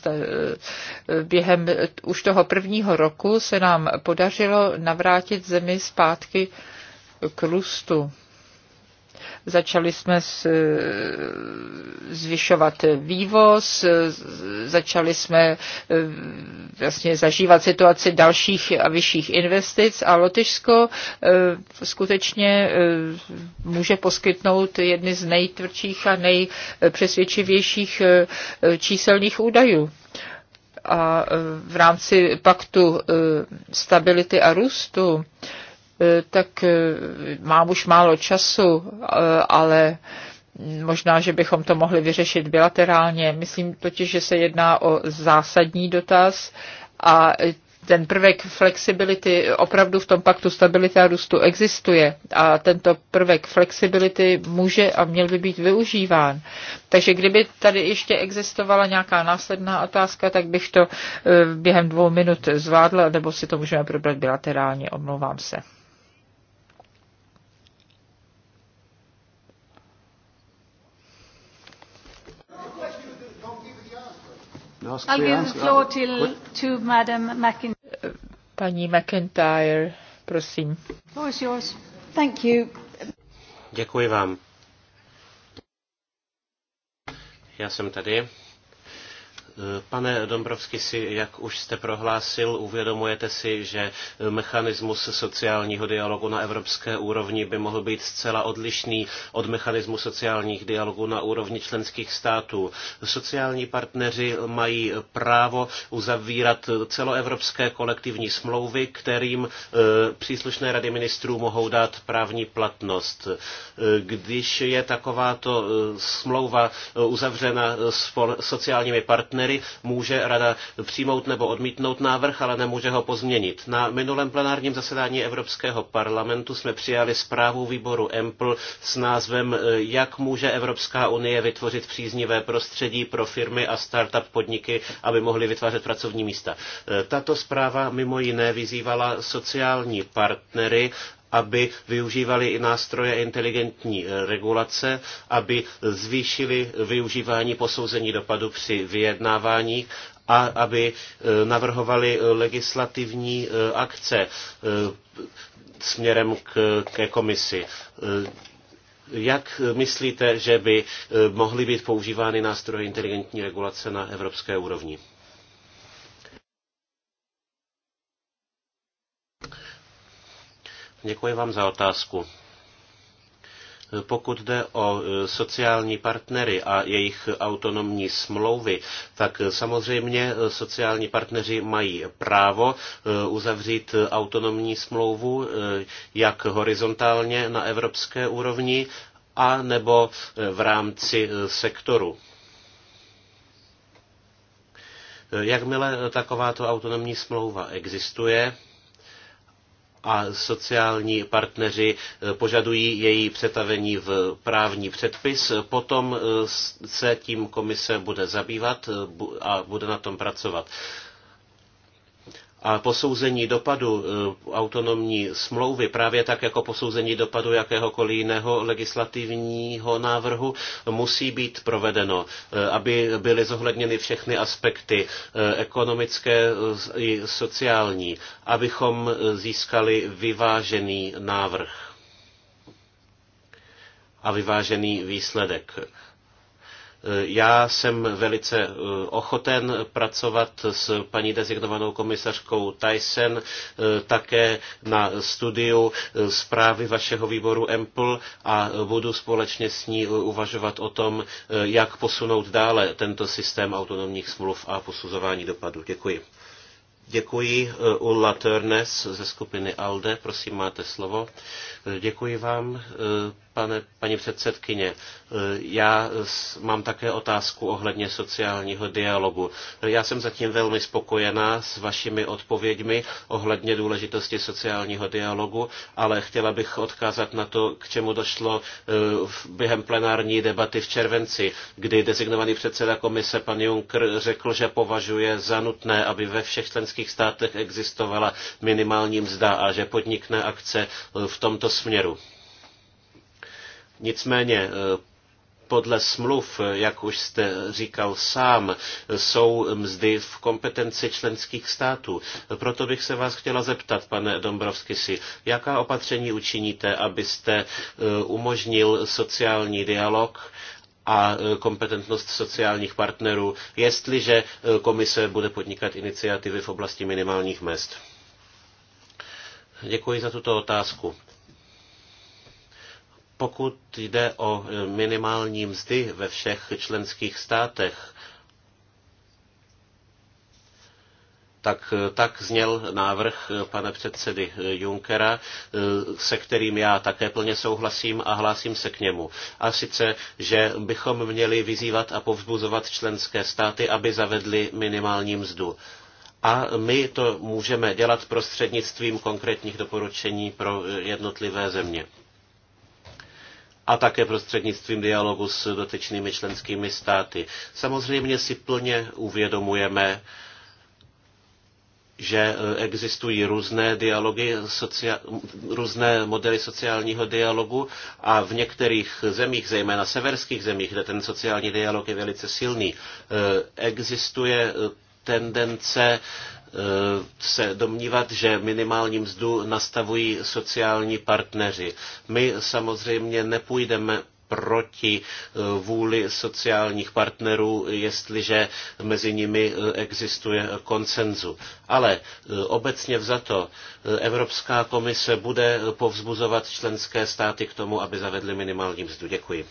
A: během už toho prvního roku se nám podařilo navrátit zemi zpátky k růstu. Začali jsme s, eh, zvyšovat vývoz, eh, začali jsme eh, vlastně zažívat situaci dalších a vyšších investic a Lotyšsko skutečně může poskytnout jedny z nejtvrdších a nejpřesvědčivějších číselných údajů a v rámci paktu stability a růstu Eh, tak eh, mám už málo času, eh, ale možná, že bychom to mohli vyřešit bilaterálně. Myslím totiž, že se jedná o zásadní dotaz a ten prvek flexibility opravdu v tom paktu stability a růstu existuje a tento prvek flexibility může a měl by být využíván. Takže kdyby tady ještě existovala nějaká následná otázka, tak bych to během dvou minut zvládla, nebo si to můžeme probrat bilaterálně, omlouvám se. Paní McIntyre, prosím.
B: Děkuji vám. Já jsem tady. Pane Dombrovsky, si, jak už jste prohlásil, uvědomujete si, že mechanismus sociálního dialogu na evropské úrovni by mohl být zcela odlišný od mechanismu sociálních dialogů na úrovni členských států. Sociální partneři mají právo uzavírat celoevropské kolektivní smlouvy, kterým eh, příslušné rady ministrů mohou dát právní platnost. Eh, když je takováto eh, smlouva uzavřena s sociálními partnery, partnery, může rada přijmout nebo odmítnout návrh, ale nemůže ho pozměnit. Na minulém plenárním zasedání Evropského parlamentu jsme přijali zprávu výboru EMPL s názvem eh, Jak může Evropská unie vytvořit příznivé prostředí pro firmy a startup podniky, aby mohly vytvářet pracovní místa. Eh, tato zpráva mimo jiné vyzývala sociální partnery, aby využívali i nástroje inteligentní eh, regulace, aby zvýšili využívání posouzení dopadu při vyjednávání a aby eh, navrhovali eh, legislativní akce směrem k, ke komisi. Jak myslíte, že by mohly být používány nástroje inteligentní regulace na evropské úrovni? Děkuji vám za otázku. Pokud jde o e, sociální partnery a jejich autonomní smlouvy, tak e, samozřejmě e, sociální partneři mají právo uzavřít autonomní smlouvu jak horizontálně na evropské úrovni, a nebo v rámci sektoru. Jakmile takováto autonomní smlouva existuje, a sociální partneři eh, požadují její přetavení v právní předpis. Potom eh, se tím komise bude zabývat eh, a bude na tom pracovat. A posouzení dopadu e, autonomní smlouvy, právě tak jako posouzení dopadu jakéhokoliv jiného legislativního návrhu, musí být provedeno, e, aby byly zohledněny všechny aspekty e, ekonomické i sociální, abychom získali vyvážený návrh a vyvážený výsledek. Já jsem velice eh, ochoten pracovat s paní designovanou komisařkou Tyson eh, také na studiu eh, zprávy vašeho výboru EMPL a budu společně s ní uvažovat o tom, jak posunout dále tento systém autonomních smluv a posuzování dopadu. Děkuji. Děkuji Ulla Törnes ze skupiny ALDE, prosím máte slovo. Děkuji vám, pane, paní předsedkyně. Já mám také otázku ohledně sociálního dialogu. Já jsem zatím velmi spokojená s vašimi odpověďmi ohledně důležitosti sociálního dialogu, ale chtěla bych odkázat na to, k čemu došlo eh, během plenární debaty v červenci, kdy designovaný předseda komise pan Juncker řekl, že považuje za nutné, aby ve všech členských státech existovala minimální mzda a že podnikne akce eh, v tomto směru. Nicméně eh, podle smluv, jak už jste říkal sám, jsou mzdy v kompetenci členských států. Proto bych se vás chtěla zeptat, pane si, jaká opatření učiníte, abyste eh, umožnil sociální dialog a eh, kompetentnost sociálních partnerů, jestliže komise bude podnikat iniciativy v oblasti minimálních mest? Děkuji za tuto otázku. Pokud jde o e, minimální mzdy ve všech členských státech, tak, e, tak zněl návrh e, pana předsedy Junckera, se kterým já také plně souhlasím a hlásím se k němu. A sice, že bychom měli vyzývat a povzbuzovat členské státy, aby zavedli minimální mzdu. A my to můžeme dělat prostřednictvím konkrétních doporučení pro jednotlivé země a také prostřednictvím dialogu s dotečnými členskými státy. Samozřejmě si plně uvědomujeme, že e, existují různé dialogy, socia- různé modely sociálního dialogu a v některých zemích, zejména severských zemích, kde ten sociální dialog je velice silný, e, existuje e, tendence Eh, se domnívat, že minimální mzdu nastavují sociální partneři. My samozřejmě nepůjdeme proti eh, vůli sociálních partnerů, jestliže mezi nimi eh, existuje konsenzu. Ale obecně vzato Evropská komise bude povzbuzovat členské státy k tomu, aby zavedly minimální mzdu. Děkuji.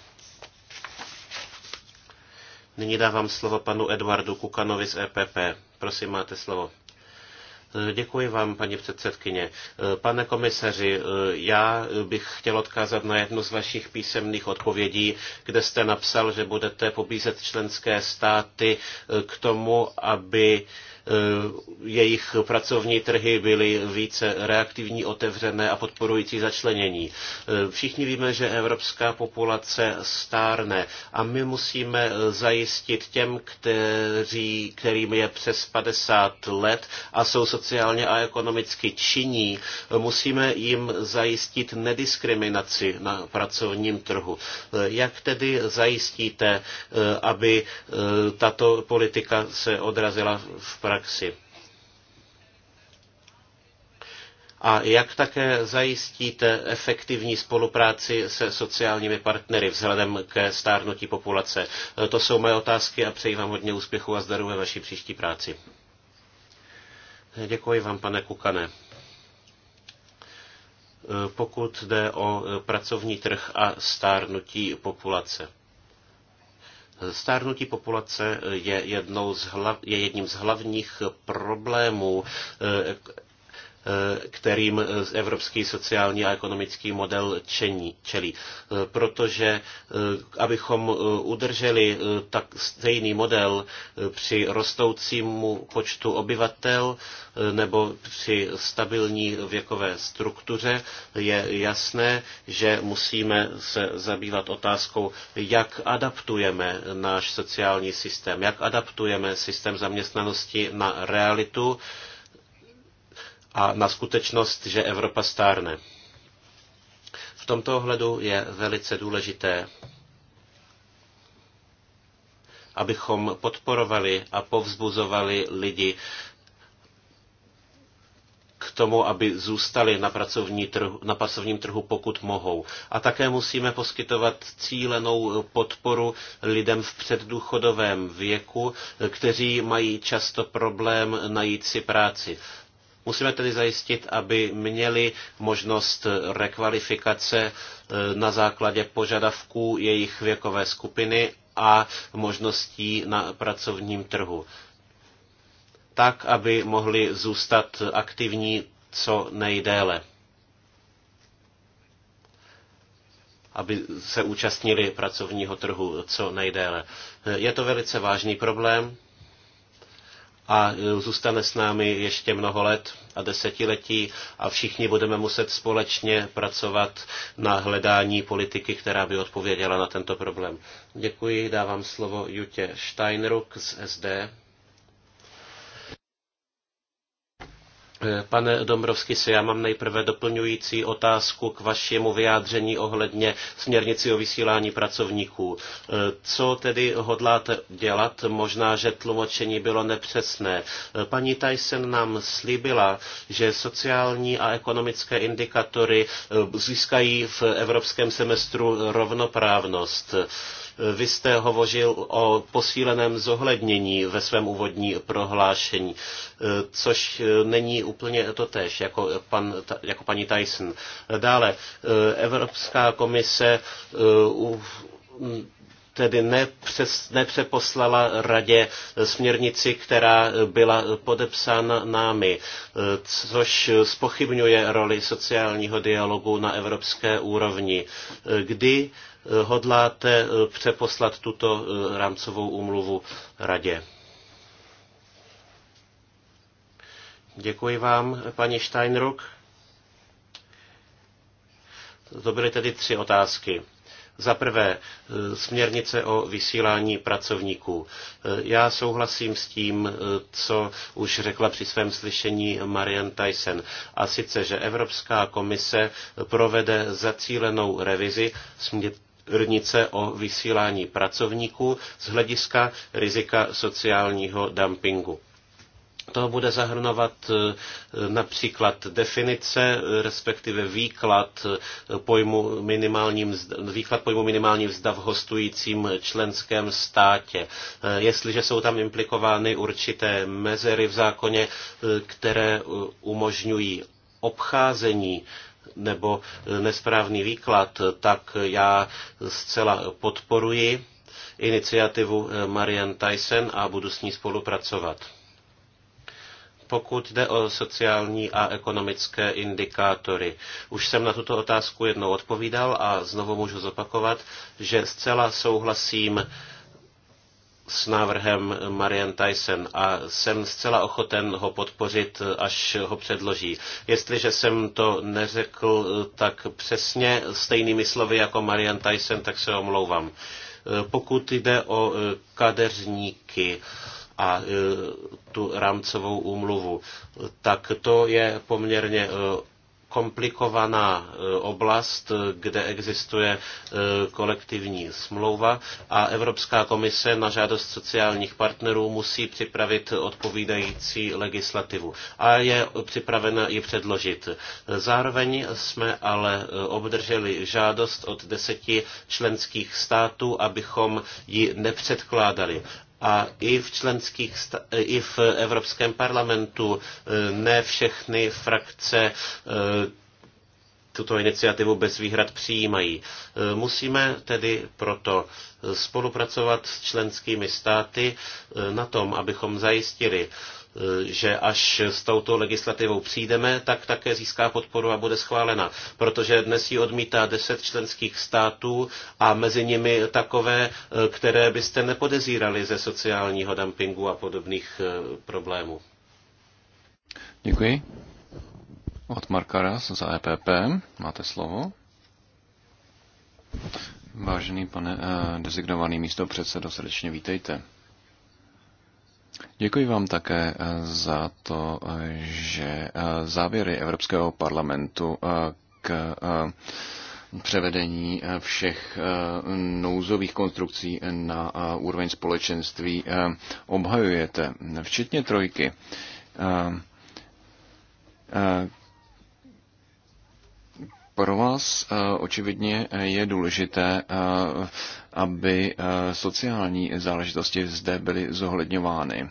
B: Nyní dávám slovo panu Eduardu Kukanovi z EPP. Prosím, máte slovo. Děkuji vám, paní předsedkyně. Pane komisaři, já bych chtěl odkázat na jednu z vašich písemných odpovědí, kde jste napsal, že budete pobízet členské státy k tomu, aby Eh, jejich pracovní trhy byly více reaktivní, otevřené a podporující začlenění. Eh, všichni víme, že evropská populace stárne a my musíme eh, zajistit těm, kteří, kterým je přes 50 let a jsou sociálně a ekonomicky činní, musíme jim zajistit nediskriminaci na pracovním trhu. Jak tedy zajistíte, aby tato politika se odrazila v práci? praxi. A jak také zajistíte efektivní spolupráci se sociálními partnery vzhledem ke stárnutí populace? To jsou moje otázky a přeji vám hodně úspěchu a zdaru ve vaší příští práci. Děkuji vám, pane Kukane. Pokud jde o pracovní trh a stárnutí populace. Stárnutí populace je, jednou z hlav, je jedním z hlavních problémů eh, kterým evropský sociální a ekonomický model čení, čelí. Protože eh, abychom eh, udrželi eh, tak stejný model při rostoucímu počtu obyvatel nebo při stabilní věkové struktuře, je jasné, že musíme se zabývat otázkou, jak adaptujeme náš sociální systém, jak adaptujeme systém zaměstnanosti na realitu, a na skutečnost, že Evropa stárne. V tomto ohledu je velice důležité, abychom podporovali a povzbuzovali lidi k tomu, aby zůstali na, pracovní trhu, na pracovním trhu, pokud mohou. A také musíme poskytovat cílenou podporu lidem v předdůchodovém věku, kteří mají často problém najít si práci. Musíme tedy zajistit, aby měli možnost rekvalifikace e, na základě požadavků jejich věkové skupiny a možností na pracovním trhu. Tak, aby mohli zůstat aktivní co nejdéle. aby se účastnili pracovního trhu co nejdéle. Je to velice vážný problém a e, zůstane s námi ještě mnoho let a desetiletí a všichni budeme muset společně pracovat na hledání politiky, která by odpověděla na tento problém. Děkuji, dávám slovo Jutě Steinruck z SD. Pane Dombrovský, já mám nejprve doplňující otázku k vašemu vyjádření ohledně směrnici o vysílání pracovníků. E, co tedy hodláte dělat? Možná, že tlumočení bylo nepřesné. E, paní Tyson nám slíbila, že sociální a ekonomické indikatory e, získají v evropském semestru rovnoprávnost. Vy jste hovořil o posíleném zohlednění ve svém úvodní prohlášení, e, což e, není úplně to tež, jako, pan, jako paní Tyson. Dále, e, Evropská komise tedy nepřes, nepřeposlala radě směrnici, která byla podepsána námi, což spochybňuje roli sociálního dialogu na evropské úrovni. Kdy hodláte eh, přeposlat tuto eh, rámcovou úmluvu radě? Děkuji vám, paní Steinruck. To byly tedy tři otázky. Za prvé, eh, směrnice o vysílání pracovníků. Já souhlasím s tím, co už řekla při svém slyšení Marian Tyson. A sice, že Evropská komise provede zacílenou revizi směrnice o vysílání pracovníků z hlediska rizika sociálního dumpingu. To bude zahrnovat e, například definice, respektive výklad pojmu minimální mzda, výklad pojmu minimální mzda v hostujícím členském státě. E, jestliže jsou tam implikovány určité mezery v zákoně, e, které umožňují obcházení nebo nesprávný výklad, tak já zcela podporuji iniciativu eh, Marian Tyson a budu s ní spolupracovat. Pokud jde o sociální a ekonomické indikátory, už jsem na tuto otázku jednou odpovídal a znovu můžu zopakovat, že zcela souhlasím s návrhem Marian Tyson a jsem zcela ochoten ho podpořit, až ho předloží. Jestliže jsem to neřekl eh, tak přesně stejnými slovy jako Marian Tyson, tak se omlouvám. Eh, pokud jde o eh, kadeřníky, a tu rámcovou úmluvu. Tak to je poměrně komplikovaná eh, oblast, eh, kde existuje eh, kolektivní smlouva a Evropská komise na žádost sociálních partnerů musí připravit odpovídající legislativu a je připravena ji předložit. Zároveň jsme ale obdrželi žádost od deseti členských států, abychom ji nepředkládali. A i v, členských, i v Evropském parlamentu e, ne všechny frakce e, tuto iniciativu bez výhrad přijímají. E, musíme tedy proto spolupracovat s členskými státy na tom, abychom zajistili, že až s touto legislativou přijdeme, tak také získá podporu a bude schválena. Protože dnes ji odmítá deset členských států a mezi nimi takové, eh, které byste nepodezírali ze sociálního dumpingu a podobných eh, problémů.
C: Děkuji. Od Markara za EPP. Máte slovo. Vážený pane eh, designovaný místo předsedo, srdečně vítejte. Děkuji vám také eh, za to, eh, že eh, závěry Evropského parlamentu k převedení všech nouzových konstrukcí na úroveň společenství obhajujete, včetně trojky pro vás eh, očividně eh, je důležité, eh, aby sociální záležitosti zde byly zohledňovány.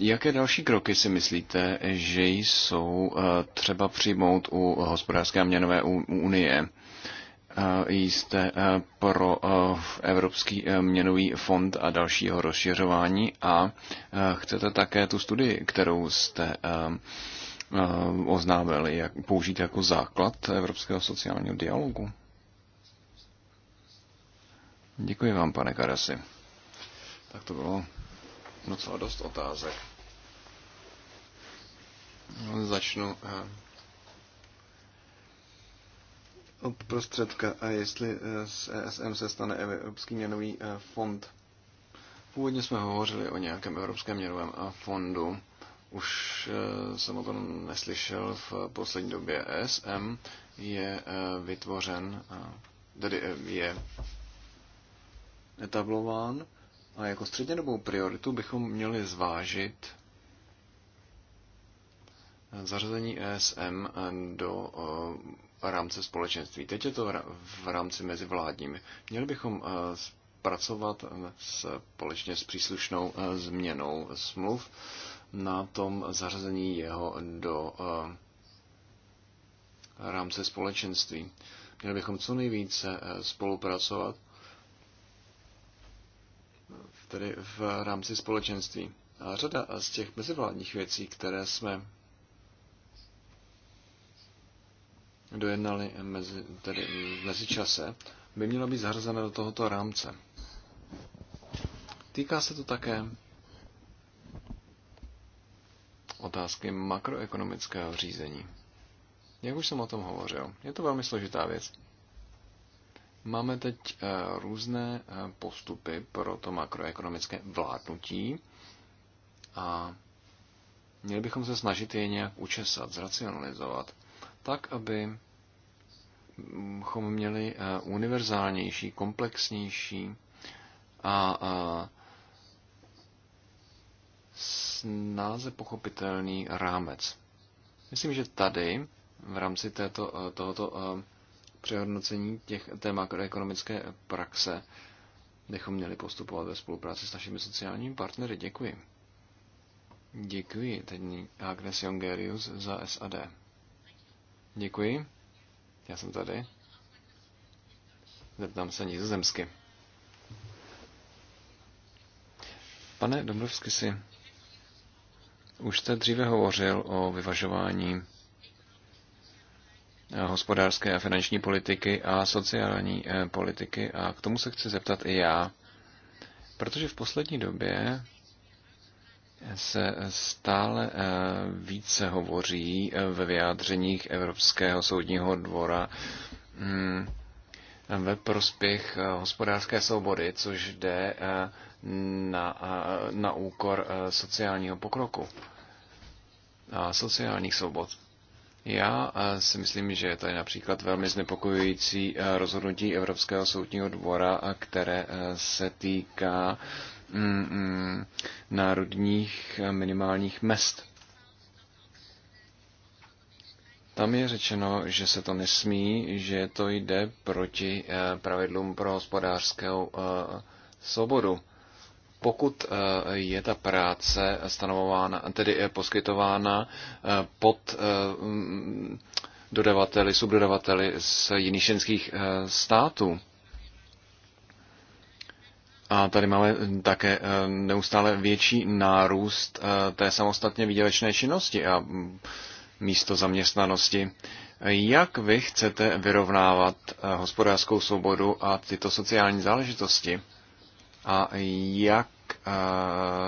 C: Jaké další kroky si myslíte, že jsou třeba přijmout u hospodářské a měnové unie? Jste pro Evropský měnový fond a dalšího rozšiřování a chcete také tu studii, kterou jste Eh, oznámili, jak použít jako základ evropského sociálního dialogu? Děkuji vám, pane Karasi. Tak to bylo docela dost otázek. Začnu eh, od prostředka a jestli z eh, ESM se stane Evropský měnový fond. Původně jsme hovořili o nějakém Evropském měnovém fondu už eh, jsem o tom neslyšel v poslední době. SM je eh, vytvořen, eh, tedy je etablován a jako střednědobou prioritu bychom měli zvážit zařazení ESM do rámce společenství. Teď je to v rámci mezivládním. Měli bychom pracovat společně s příslušnou změnou smluv na tom zařazení jeho do eh, rámce společenství. Měli bychom co nejvíce eh, spolupracovat tedy v rámci společenství. A řada z těch mezivládních věcí, které jsme dojednali mezi, tedy v mezičase, by měla být zařazena do tohoto rámce. Týká se to také otázky makroekonomického řízení. Jak už jsem o tom hovořil, je to velmi složitá věc. Máme teď eh, různé eh, postupy pro to makroekonomické vládnutí a měli bychom se snažit je nějak učesat, zracionalizovat, tak, aby bychom měli eh, univerzálnější, komplexnější a snáze pochopitelný rámec. Myslím, že tady v rámci této, eh, tohoto eh, přehodnocení těch, té makroekonomické praxe bychom měli postupovat ve spolupráci s našimi sociálními partnery. Děkuji. Děkuji, teď Agnes Jongerius za SAD. Děkuji. Já jsem tady. Zeptám se nizozemsky. Pane Dombrovsky si, už jste dříve hovořil o vyvažování hospodářské a finanční politiky a sociální eh, politiky a k tomu se chci zeptat i já, protože v poslední době se stále eh, více hovoří eh, ve vyjádřeních Evropského soudního dvora mm, ve prospěch hospodářské svobody, což jde na, na úkor eh, sociálního pokroku a sociálních svobod. Já eh, si myslím, že je tady například velmi znepokojující eh, rozhodnutí Evropského soudního dvora, které se týká mm, mm, národních minimálních mest. Tam je řečeno, že se to nesmí, že to jde proti pravidlům pro hospodářskou svobodu pokud eh, je ta práce stanovována, tedy eh, poskytována eh, pod mm, dodavateli, subdodavateli z jiných členských států. A tady máme hm, také neustále větší nárůst té samostatně výdělečné činnosti a hm, místo zaměstnanosti. Jak vy chcete vyrovnávat hospodářskou svobodu a tyto sociální záležitosti? A jak eh,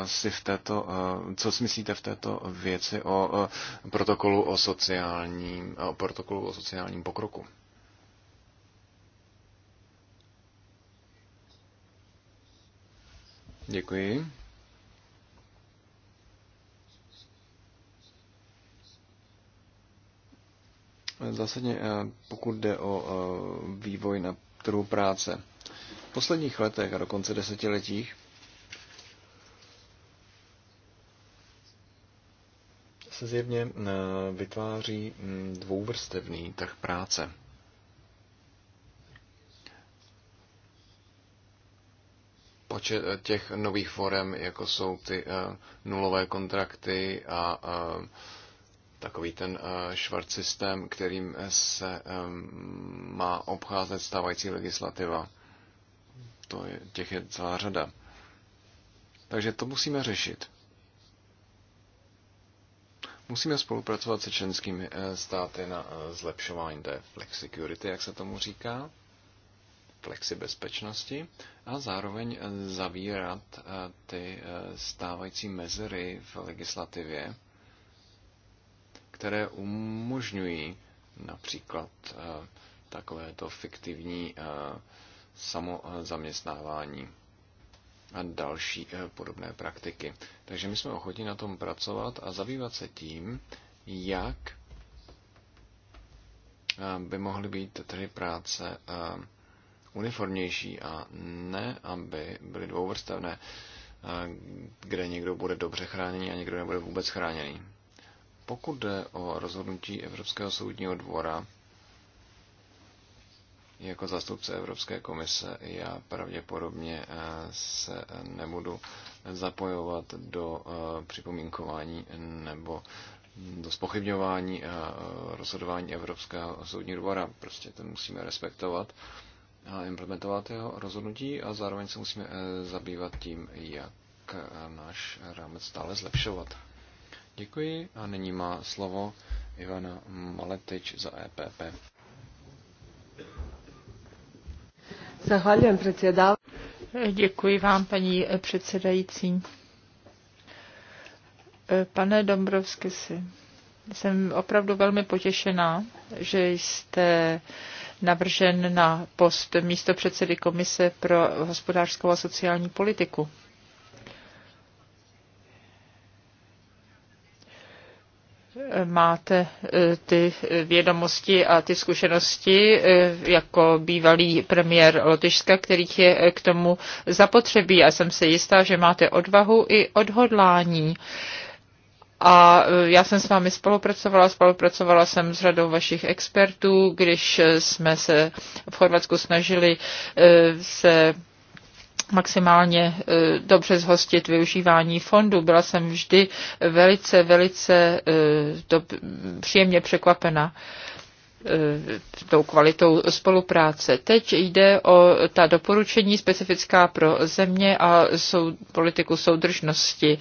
C: si v této, eh, co si myslíte v této věci o eh, protokolu o sociálním, o protokolu o sociálním pokroku? Děkuji. Zásadně pokud jde o vývoj na trhu práce, posledních letech a dokonce desetiletích se zjevně eh, vytváří hm, dvouvrstevný trh práce. počet eh, těch nových forem, jako jsou ty uh, nulové kontrakty a uh, takový ten uh, švart systém, kterým se um, má obcházet stávající legislativa to je, těch je celá řada. Takže to musíme řešit. Musíme spolupracovat se členskými eh, státy na eh, zlepšování té flexicurity, jak se tomu říká, flexi bezpečnosti, a zároveň eh, zavírat ty stávající mezery v legislativě, které umožňují například takovéto fiktivní samozaměstnávání a další eh, podobné praktiky. Takže my jsme ochotni na tom pracovat a zabývat se tím, jak eh, by mohly být tedy práce eh, uniformnější a ne, aby byly dvouvrstevné, kde někdo bude dobře chráněný a někdo nebude vůbec chráněný. Pokud jde o rozhodnutí Evropského soudního dvora, jako zástupce Evropské komise já pravděpodobně eh, se nebudu zapojovat do eh, připomínkování nebo do spochybňování eh, rozhodování Evropského soudního dvora. Prostě to musíme respektovat a implementovat jeho rozhodnutí a zároveň se musíme zabývat tím, jak náš rámec stále zlepšovat. Děkuji a nyní má slovo Ivana Maletič za EPP.
A: Zahvaljujem předsedá. Děkuji vám, paní předsedající. Pane Dombrovsky, jsem opravdu velmi potěšená, že jste navržen na post místo předsedy Komise pro hospodářskou a sociální politiku. máte e, ty vědomosti a ty zkušenosti e, jako bývalý premiér Lotyšska, kterých je k tomu zapotřebí. A jsem si jistá, že máte odvahu i odhodlání. A e, já jsem s vámi spolupracovala, spolupracovala jsem s řadou vašich expertů, když jsme se v Chorvatsku snažili se maximálně e, dobře zhostit využívání fondu. Byla jsem vždy velice, velice e, do, příjemně překvapena e, tou kvalitou spolupráce. Teď jde o ta doporučení specifická pro země a sou, politiku soudržnosti.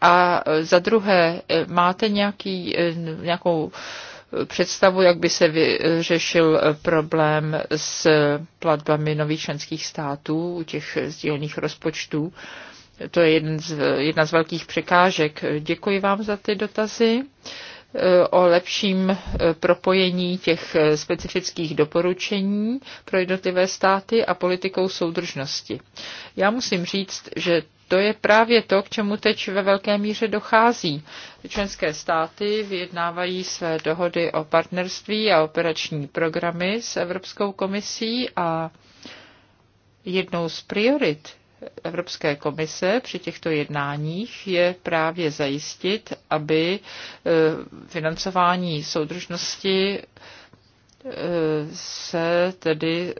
A: A za druhé, máte nějaký, nějakou představu, jak by se vyřešil problém s platbami nových členských států, u těch sdílených rozpočtů. To je jeden z, jedna z velkých překážek. Děkuji vám za ty dotazy o lepším propojení těch specifických doporučení pro jednotlivé státy a politikou soudržnosti. Já musím říct, že to je právě to, k čemu teď ve velké míře dochází. Členské státy vyjednávají své dohody o partnerství a operační programy s Evropskou komisí a jednou z priorit Evropské komise při těchto jednáních je právě zajistit, aby e, financování soudržnosti e, se tedy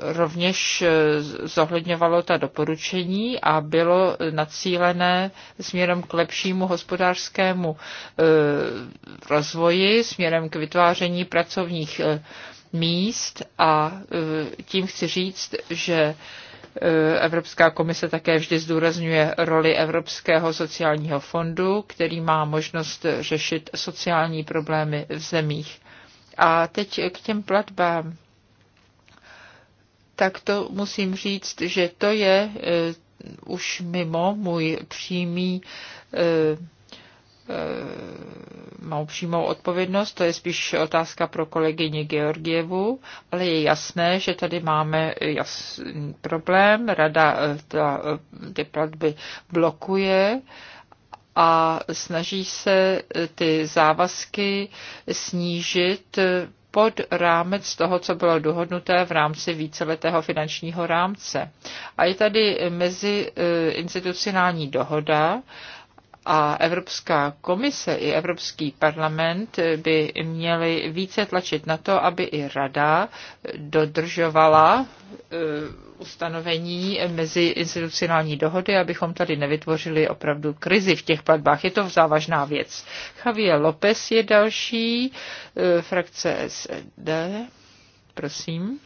A: rovněž eh, zohledňovalo ta doporučení a bylo nacílené směrem k lepšímu hospodářskému eh, rozvoji, směrem k vytváření pracovních eh, míst a tím chci říct, že Evropská komise také vždy zdůrazňuje roli Evropského sociálního fondu, který má možnost řešit sociální problémy v zemích. A teď k těm platbám tak to musím říct, že to je e, už mimo můj přímý e, e, mou přímou odpovědnost, to je spíš otázka pro kolegyni Georgievu, ale je jasné, že tady máme jasný problém, rada ta, ty platby blokuje a snaží se ty závazky snížit pod rámec toho, co bylo dohodnuté v rámci víceletého finančního rámce. A je tady mezi eh, institucionální dohoda a Evropská komise i Evropský parlament by měli více tlačit na to, aby i Rada dodržovala e, ustanovení mezi institucionální dohody, abychom tady nevytvořili opravdu krizi v těch platbách. Je to závažná věc. Javier López je další, e, frakce SD. Prosím.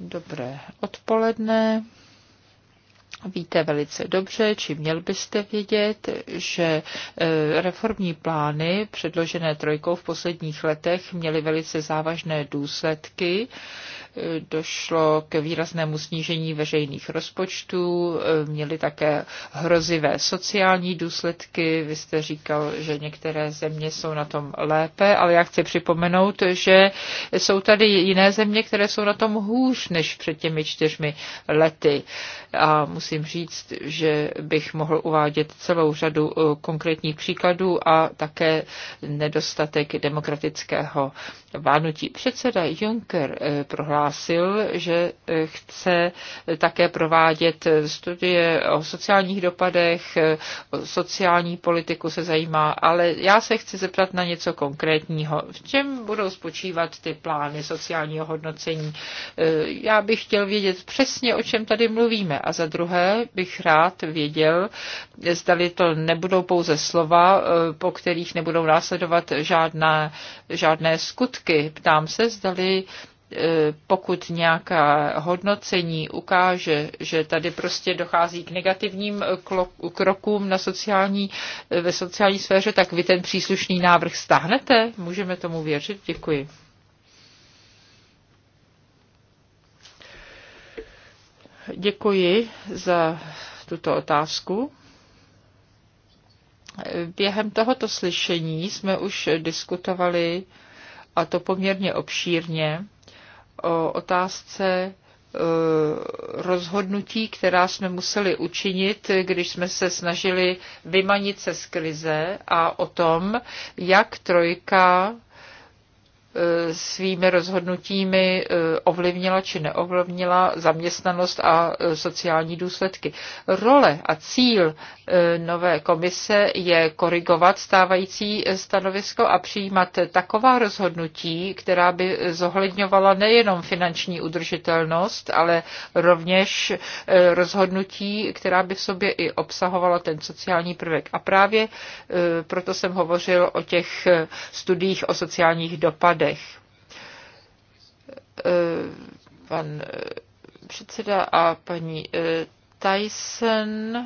A: Dobré odpoledne. Víte velice dobře, či měl byste vědět, že e, reformní plány předložené trojkou v posledních letech měly velice závažné důsledky došlo k výraznému snížení veřejných rozpočtů, měly také hrozivé sociální důsledky. Vy jste říkal, že některé země jsou na tom lépe, ale já chci připomenout, že jsou tady jiné země, které jsou na tom hůř než před těmi čtyřmi lety. A musím říct, že bych mohl uvádět celou řadu eh, konkrétních příkladů a také nedostatek demokratického vládnutí. Předseda Juncker eh, prohlásil, prohlásil, že eh, chce eh, také provádět eh, studie o sociálních dopadech, o sociální politiku se zajímá, ale já se chci zeptat na něco konkrétního. V čem budou spočívat ty plány sociálního hodnocení? Já bych chtěl vědět přesně, o čem tady mluvíme. A za druhé bych rád věděl, zdali to nebudou pouze slova, po kterých nebudou následovat žádné, žádné skutky. Ptám se, zdali E, pokud nějaká hodnocení ukáže, že tady prostě dochází k negativním krokům na sociální, e, ve sociální sféře, tak vy ten příslušný návrh stáhnete? Můžeme tomu věřit? Děkuji. Děkuji za tuto otázku. Během tohoto slyšení jsme už diskutovali, a to poměrně obšírně, o otázce e, rozhodnutí, která jsme museli učinit, když jsme se snažili vymanit se z krize a o tom, jak trojka E, svými rozhodnutími e, ovlivnila či neovlivnila zaměstnanost a e, sociální důsledky. Role a cíl nové komise je korigovat stávající stanovisko a přijímat taková rozhodnutí, která by zohledňovala nejenom finanční udržitelnost, ale rovněž rozhodnutí, která by v sobě i obsahovala ten sociální prvek. A právě proto jsem hovořil o těch studiích o sociálních dopadech hradech. Eh, pan eh, předseda a paní eh, Tyson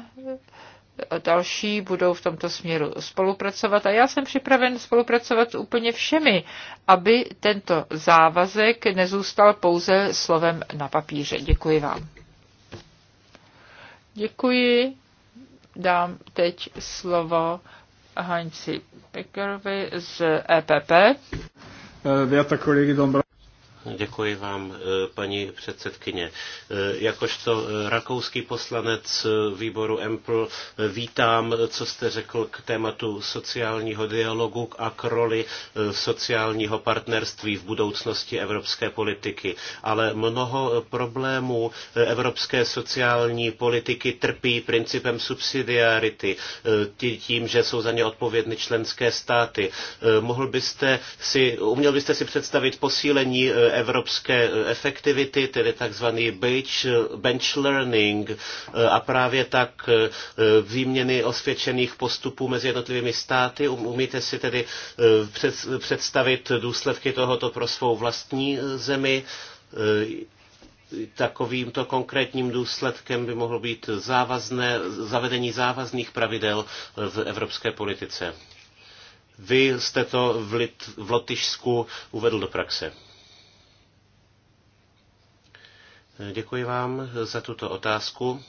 A: a další budou v tomto směru spolupracovat a já jsem připraven spolupracovat s úplně všemi, aby tento závazek nezůstal pouze slovem na papíře. Děkuji vám. Děkuji. Dám teď slovo Hanci Pekerovi z EPP
C: werter eh, Kollege Dombrovskis.
B: Děkuji vám, eh, paní předsedkyně. Eh, jakožto eh, rakouský poslanec výboru EMPL vítám, co jste řekl k tématu sociálního dialogu a k roli sociálního partnerství v budoucnosti evropské politiky. Ale mnoho problémů evropské sociální politiky trpí principem subsidiarity, tím, že jsou za ně odpovědny členské státy. Mohl byste si, uměl byste si představit posílení evropské efektivity, tedy takzvaný bench learning a právě tak eh, výměny osvědčených postupů mezi jednotlivými státy. Um, umíte si tedy eh, představit důsledky tohoto pro svou vlastní eh, zemi? takovýmto konkrétním důsledkem by mohlo být závazné, zavedení závazných pravidel v evropské politice. Vy jste to v, Lit, v Lotyšsku uvedl do praxe. Děkuji vám za tuto otázku.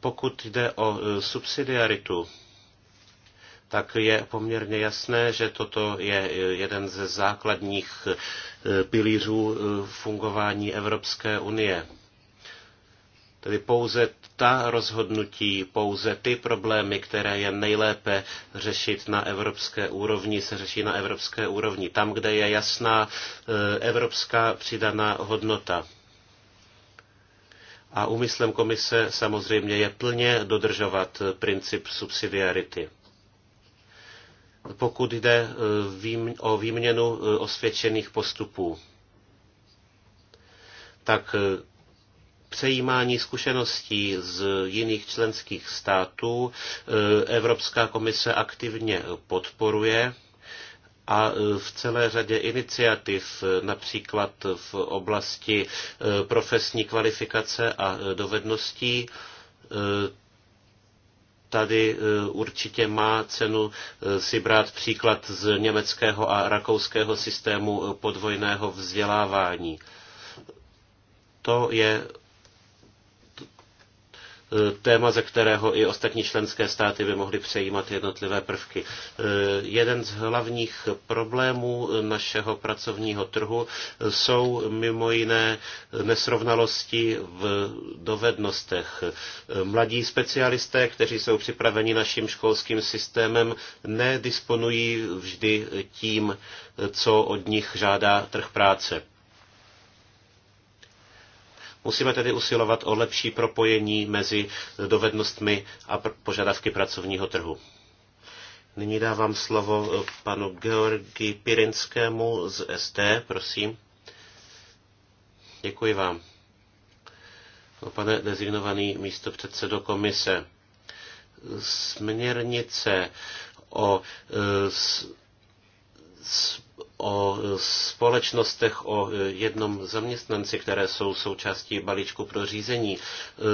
B: Pokud jde o e, subsidiaritu, tak je poměrně jasné, že toto je e, jeden ze základních e, pilířů fungování Evropské unie. Tedy pouze ta rozhodnutí, pouze ty problémy, které je nejlépe řešit na evropské úrovni, se řeší na evropské úrovni, tam, kde je jasná e, evropská přidaná hodnota. A úmyslem komise samozřejmě je plně dodržovat princip subsidiarity. Pokud jde e, o výměnu e, osvědčených postupů, tak přejímání zkušeností z jiných členských států eh, Evropská komise aktivně podporuje a eh, v celé řadě iniciativ, eh, například v oblasti profesní kvalifikace a dovedností, tady určitě má cenu si brát příklad z německého a rakouského systému podvojného vzdělávání. To je téma, ze kterého i ostatní členské státy by mohly přejímat jednotlivé prvky. Eh, jeden z hlavních problémů našeho pracovního trhu jsou mimo jiné nesrovnalosti v dovednostech. Mladí specialisté, kteří jsou připraveni naším školským systémem, nedisponují vždy tím, co od nich žádá trh práce. Musíme tedy usilovat o lepší propojení mezi dovednostmi a požadavky pracovního trhu. Nyní dávám slovo eh, panu Georgi Pirinskému z SD, prosím. Děkuji vám. No, pane dezignovaný místo předsedo komise, směrnice o eh, s, s o společnostech, o jednom zaměstnanci, které jsou součástí balíčku pro řízení,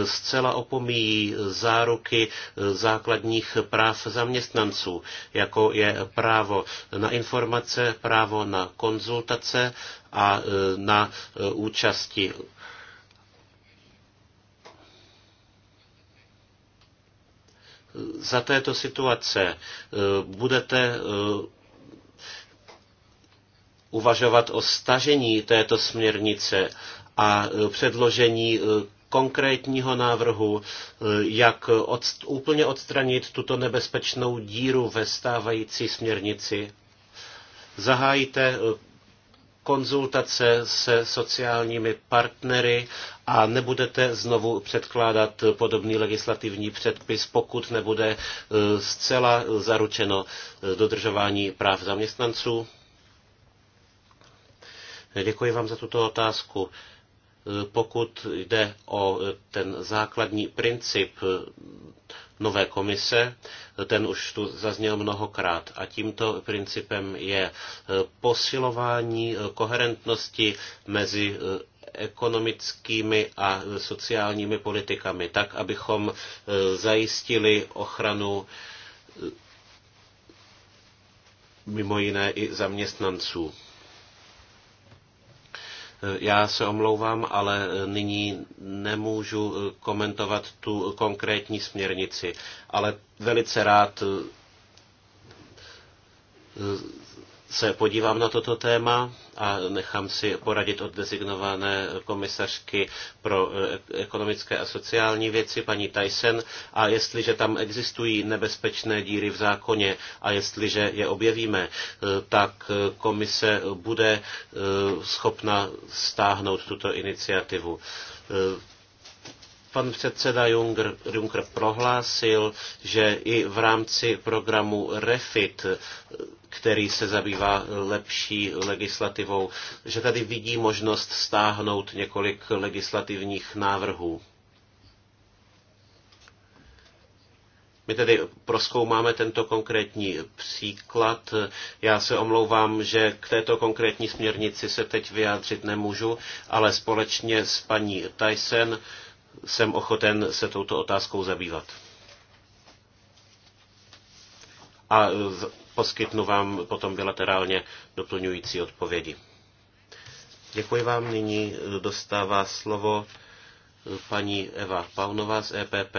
B: zcela opomíjí záruky základních práv zaměstnanců, jako je právo na informace, právo na konzultace a na účasti za této situace budete uvažovat o stažení této směrnice a e, předložení e, konkrétního návrhu, e, jak od, úplně odstranit tuto nebezpečnou díru ve stávající směrnici. Zahájíte konzultace se sociálními partnery a nebudete znovu předkládat podobný legislativní předpis, pokud nebude zcela zaručeno dodržování práv zaměstnanců. Děkuji vám za tuto otázku. Pokud jde o ten základní princip nové komise, ten už tu zazněl mnohokrát. A tímto principem je posilování koherentnosti mezi ekonomickými a sociálními politikami, tak abychom zajistili ochranu mimo jiné i zaměstnanců. Eh, já se omlouvám, ale eh, nyní nemůžu eh, komentovat tu konkrétní směrnici, ale velice rád se podívám na toto téma a nechám si poradit od designované komisařky pro eh, ekonomické a sociální věci, paní Tyson, a jestliže tam existují nebezpečné díry v zákoně a jestliže je objevíme, eh, tak eh, komise bude schopna stáhnout tuto iniciativu pan předseda Juncker, Juncker prohlásil, že i v rámci programu REFIT který se zabývá lepší legislativou, že tady vidí možnost stáhnout několik legislativních návrhů. My tedy proskoumáme tento konkrétní příklad. Já se omlouvám, že k této konkrétní směrnici se teď vyjádřit nemůžu, ale společně s paní Tyson jsem ochoten se touto otázkou zabývat. A poskytnu vám potom bilaterálně doplňující odpovědi. Děkuji vám. Nyní dostává slovo paní Eva Paunová z EPP.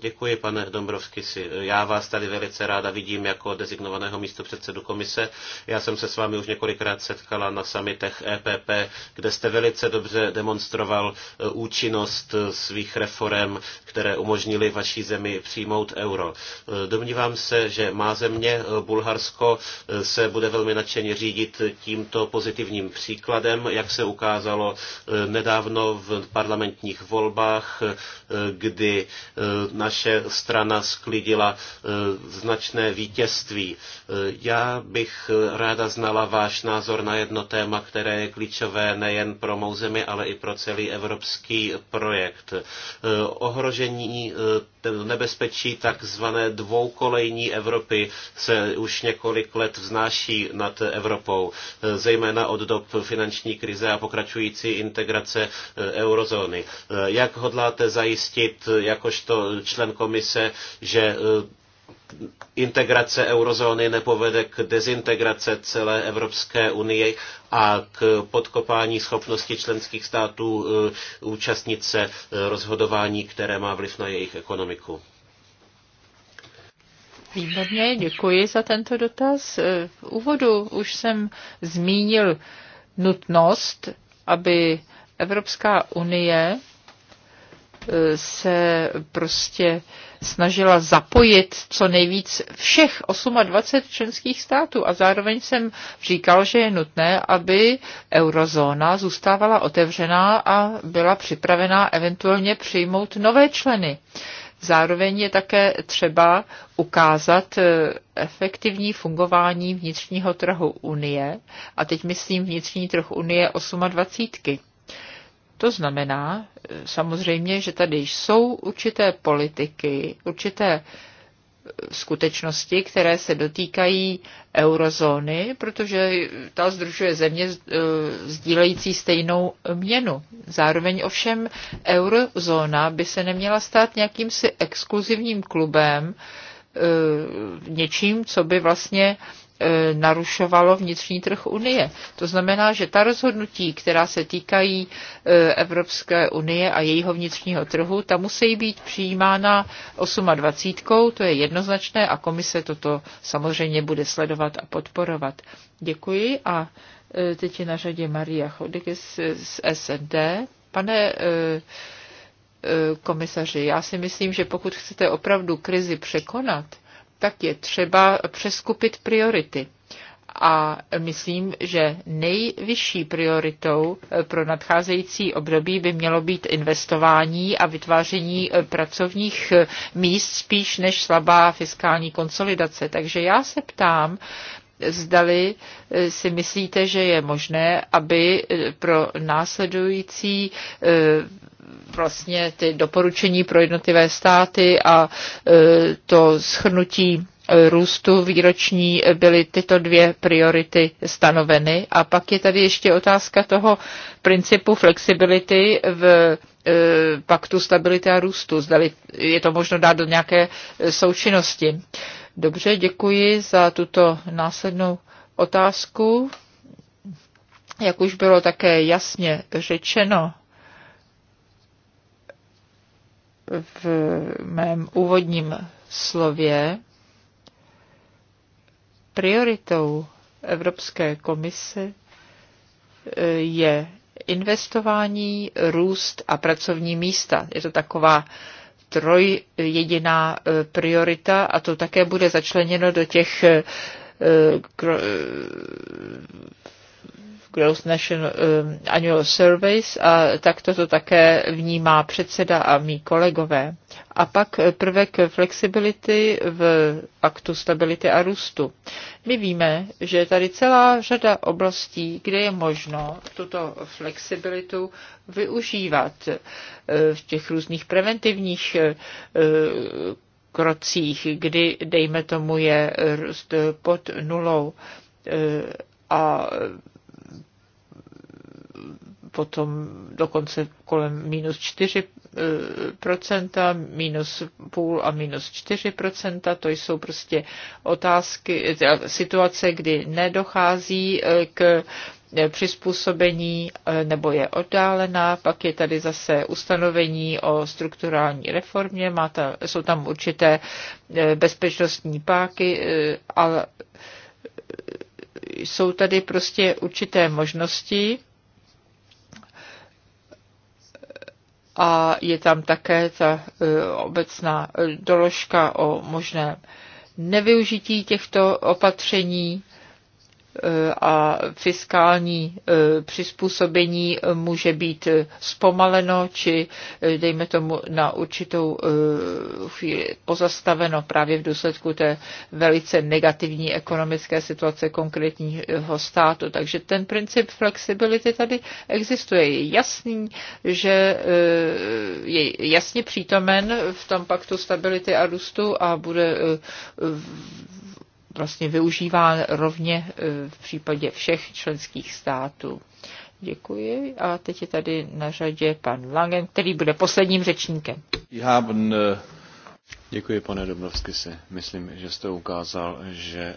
B: Děkuji, pane Dombrovsky. Já vás tady velice ráda vidím jako dezignovaného místopředsedu komise. Já jsem se s vámi už několikrát setkala na samitech EPP, kde jste velice dobře demonstroval eh, účinnost eh, svých reform, které umožnily vaší zemi přijmout euro. Eh, domnívám se, že má země Bulharsko se bude velmi nadšeně řídit tímto pozitivním příkladem, jak se ukázalo nedávno v parlamentních volbách, kdy na naše strana sklidila eh, značné vítězství. Eh, já bych eh, ráda znala váš názor na jedno téma, které je klíčové nejen pro mou zemi, ale i pro celý evropský projekt. Ohrožení nebezpečí takzvané dvoukolejní Evropy se už několik let vznáší nad Evropou, zejména od dob finanční krize a pokračující integrace eurozóny. Jak hodláte zajistit jakožto člen komise, že e, integrace eurozóny nepovede k dezintegrace celé Evropské unie a k podkopání schopnosti členských států e, účastnit se e, rozhodování, které má vliv na jejich ekonomiku.
A: Výborně, děkuji za tento dotaz. V úvodu už jsem zmínil nutnost, aby Evropská unie se prostě snažila zapojit co nejvíc všech 28 členských států a zároveň jsem říkal, že je nutné, aby eurozóna zůstávala otevřená a byla připravená eventuálně přijmout nové členy. Zároveň je také třeba ukázat eh, efektivní fungování vnitřního trhu Unie, a teď myslím vnitřní trh Unie 28. To znamená eh, samozřejmě, že tady jsou určité politiky, určité eh, skutečnosti, které se dotýkají eurozóny, protože ta združuje země eh, sdílející stejnou měnu. Zároveň ovšem eurozóna by se neměla stát nějakýmsi exkluzivním klubem, něčím, co by vlastně E, narušovalo vnitřní trh Unie. To znamená, že ta rozhodnutí, která se týkají e, Evropské unie a jejího vnitřního trhu, ta musí být přijímána 28, to je jednoznačné a komise toto samozřejmě bude sledovat a podporovat. Děkuji a e, teď je na řadě Maria Chodek z, z SND. Pane komisaři, já si myslím, že pokud chcete opravdu krizi překonat, tak je třeba přeskupit priority. A myslím, že nejvyšší prioritou pro nadcházející období by mělo být investování a vytváření pracovních míst spíš než slabá fiskální konsolidace. Takže já se ptám, zdali si myslíte, že je možné, aby pro následující eh, vlastně ty doporučení pro jednotlivé státy a e, to schrnutí e, růstu výroční byly tyto dvě priority stanoveny. A pak je tady ještě otázka toho principu flexibility v e, paktu stability a růstu. Zdali je to možno dát do nějaké součinnosti. Dobře, děkuji za tuto následnou otázku. Jak už bylo také jasně řečeno, v mém úvodním slově, prioritou Evropské komise eh, je investování, růst a pracovní místa. Je to taková troj jediná eh, priorita a to také bude začleněno do těch eh, Growth National um, Annual Surveys a tak to také vnímá předseda a mý kolegové. A pak eh, prvek flexibility v aktu stability a růstu. My víme, že je tady celá řada oblastí, kde je možno tuto flexibilitu využívat eh, v těch různých preventivních eh, krocích, kdy, dejme tomu, je růst pod nulou a potom dokonce kolem minus 4%, eh, minus půl a minus 4%. To jsou prostě otázky, eh, situace, kdy nedochází eh, k přizpůsobení nebo je oddálená. Pak je tady zase ustanovení o strukturální reformě, má ta, jsou tam určité bezpečnostní páky, ale jsou tady prostě určité možnosti, a je tam také ta e, obecná e, doložka o možném nevyužití těchto opatření a fiskální e, přizpůsobení může být zpomaleno či, e, dejme tomu, na určitou e, chvíli pozastaveno právě v důsledku té velice negativní ekonomické situace konkrétního státu. Takže ten princip flexibility tady existuje. Je jasný, že je jasně přítomen v tom paktu stability a růstu a bude vlastně využívá rovně e, v případě všech členských států. Děkuji. A teď je tady na řadě pan Langen, který bude posledním řečníkem.
C: Děkuji, pane Dobrovsky, si. Myslím, že jste ukázal, že eh,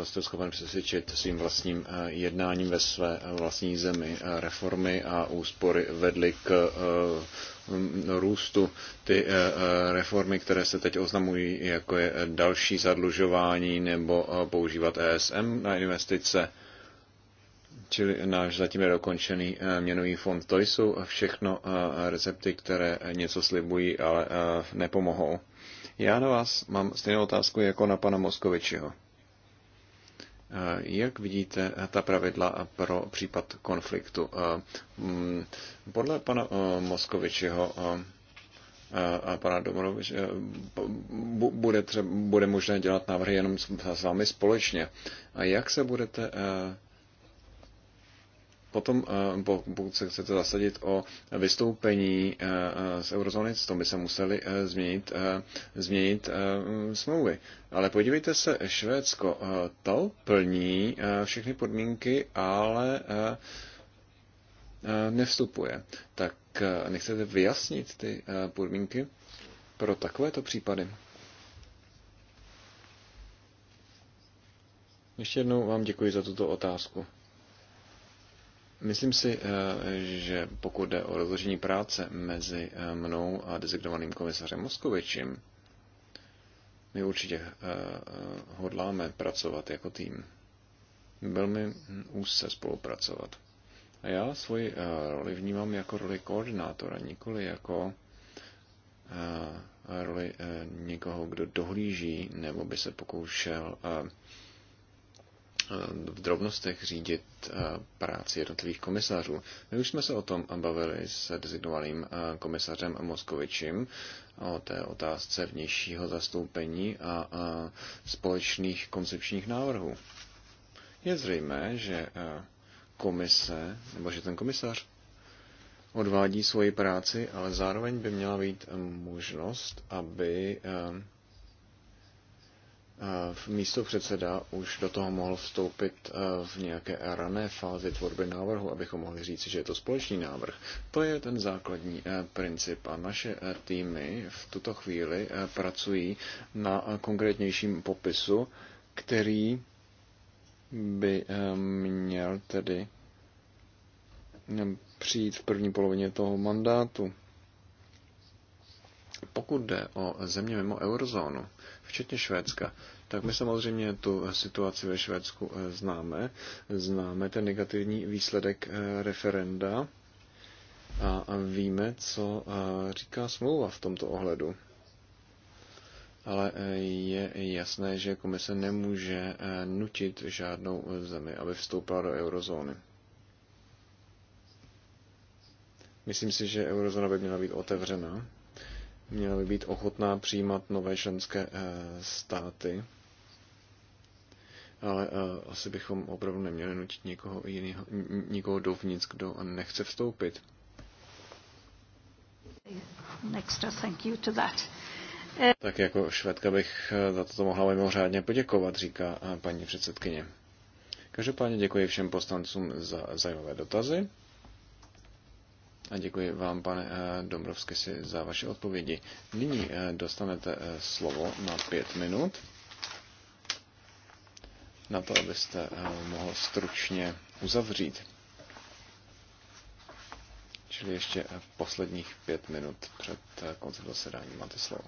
C: eh, jste schopen přesvědčit svým vlastním eh, jednáním ve své vlastní zemi. Reformy a úspory vedly k růstu. Ty reformy, které se teď oznamují, jako je další zadlužování nebo používat ESM na investice, čili náš zatím nedokončený eh, měnový fond. To jsou všechno eh, recepty, které něco slibují, ale eh, nepomohou. Já na vás mám stejnou otázku jako na pana Moskovičiho. Jak vidíte ta pravidla pro případ konfliktu? Mm, podle pana Moskovičiho a pana Domoroviče bude, bude možné dělat návrhy jenom s vámi společně. A jak se budete Potom, eh, pokud se chcete zasadit o vystoupení eh, eh, z eurozóny, tom by se museli změnit, změnit mm, smlouvy. Ale podívejte se, Švédsko to plní všechny podmínky, ale nevstupuje. Tak nechcete vyjasnit ty podmínky pro takovéto případy? Ještě jednou vám děkuji za tuto otázku. Myslím si, eh, že pokud jde o rozložení práce mezi eh, mnou a designovaným komisařem Moskovičem, my určitě eh, hodláme pracovat jako tým. Velmi hm, úzce spolupracovat. A já svoji roli vnímám jako roli koordinátora, nikoli jako roli někoho, kdo dohlíží nebo by se pokoušel Eh, v drobnostech řídit eh, práci jednotlivých komisařů. My už jsme se o tom bavili s designovaným eh, komisařem Moskovičem o té otázce vnějšího zastoupení a společných koncepčních návrhů. Je zřejmé, že komise, nebo že ten komisař odvádí svoji práci, ale zároveň by měla být možnost, aby Eh, místo předseda už do toho mohl vstoupit eh, v nějaké rané fázi tvorby návrhu, abychom mohli říct, že je to společný návrh. To je ten základní eh, princip a naše týmy v tuto chvíli pracují na konkrétnějším popisu, který by měl tedy přijít v první polovině toho mandátu. Pokud jde o země mimo eurozónu, včetně Švédska. Tak my samozřejmě tu situaci ve Švédsku eh, známe. Známe ten negativní výsledek eh, referenda a víme, co eh, říká smlouva v tomto ohledu. Ale je jasné, že komise nemůže nutit žádnou zemi, aby vstoupila do eurozóny. Myslím si, že eurozóna by měla být otevřena měla by být ochotná přijímat nové členské eh, státy. Ale eh, asi bychom opravdu neměli nutit někoho, jiného, nikoho dovnitř, kdo nechce vstoupit. Eh, tak jako švédka bych za to mohla mimořádně poděkovat, říká paní předsedkyně. Každopádně děkuji všem poslancům za zajímavé dotazy. A děkuji vám, pane eh, Dombrovsky, si za vaše odpovědi. Nyní eh, dostanete eh, slovo na pět minut na to, abyste mohl stručně uzavřít. Čili ještě posledních pět minut před koncem zasedání máte slovo.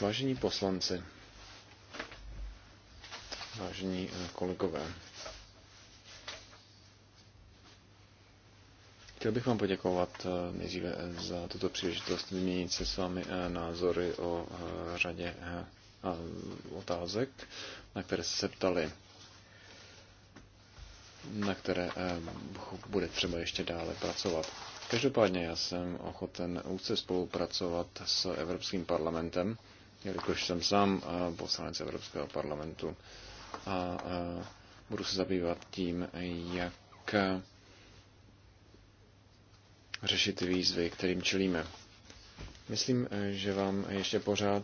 C: Vážení poslanci, vážení eh, kolegové. Chtěl bych vám poděkovat eh, nejdříve eh, za tuto příležitost vyměnit se s vámi názory o řadě otázek, na které jste se ptali, na které bude třeba ještě dále pracovat. Každopádně já jsem ochoten úzce spolupracovat s Evropským parlamentem, jelikož jsem sám poslanec Evropského parlamentu a budu se zabývat tím, jak řešit výzvy, kterým čelíme. Myslím, že vám ještě pořád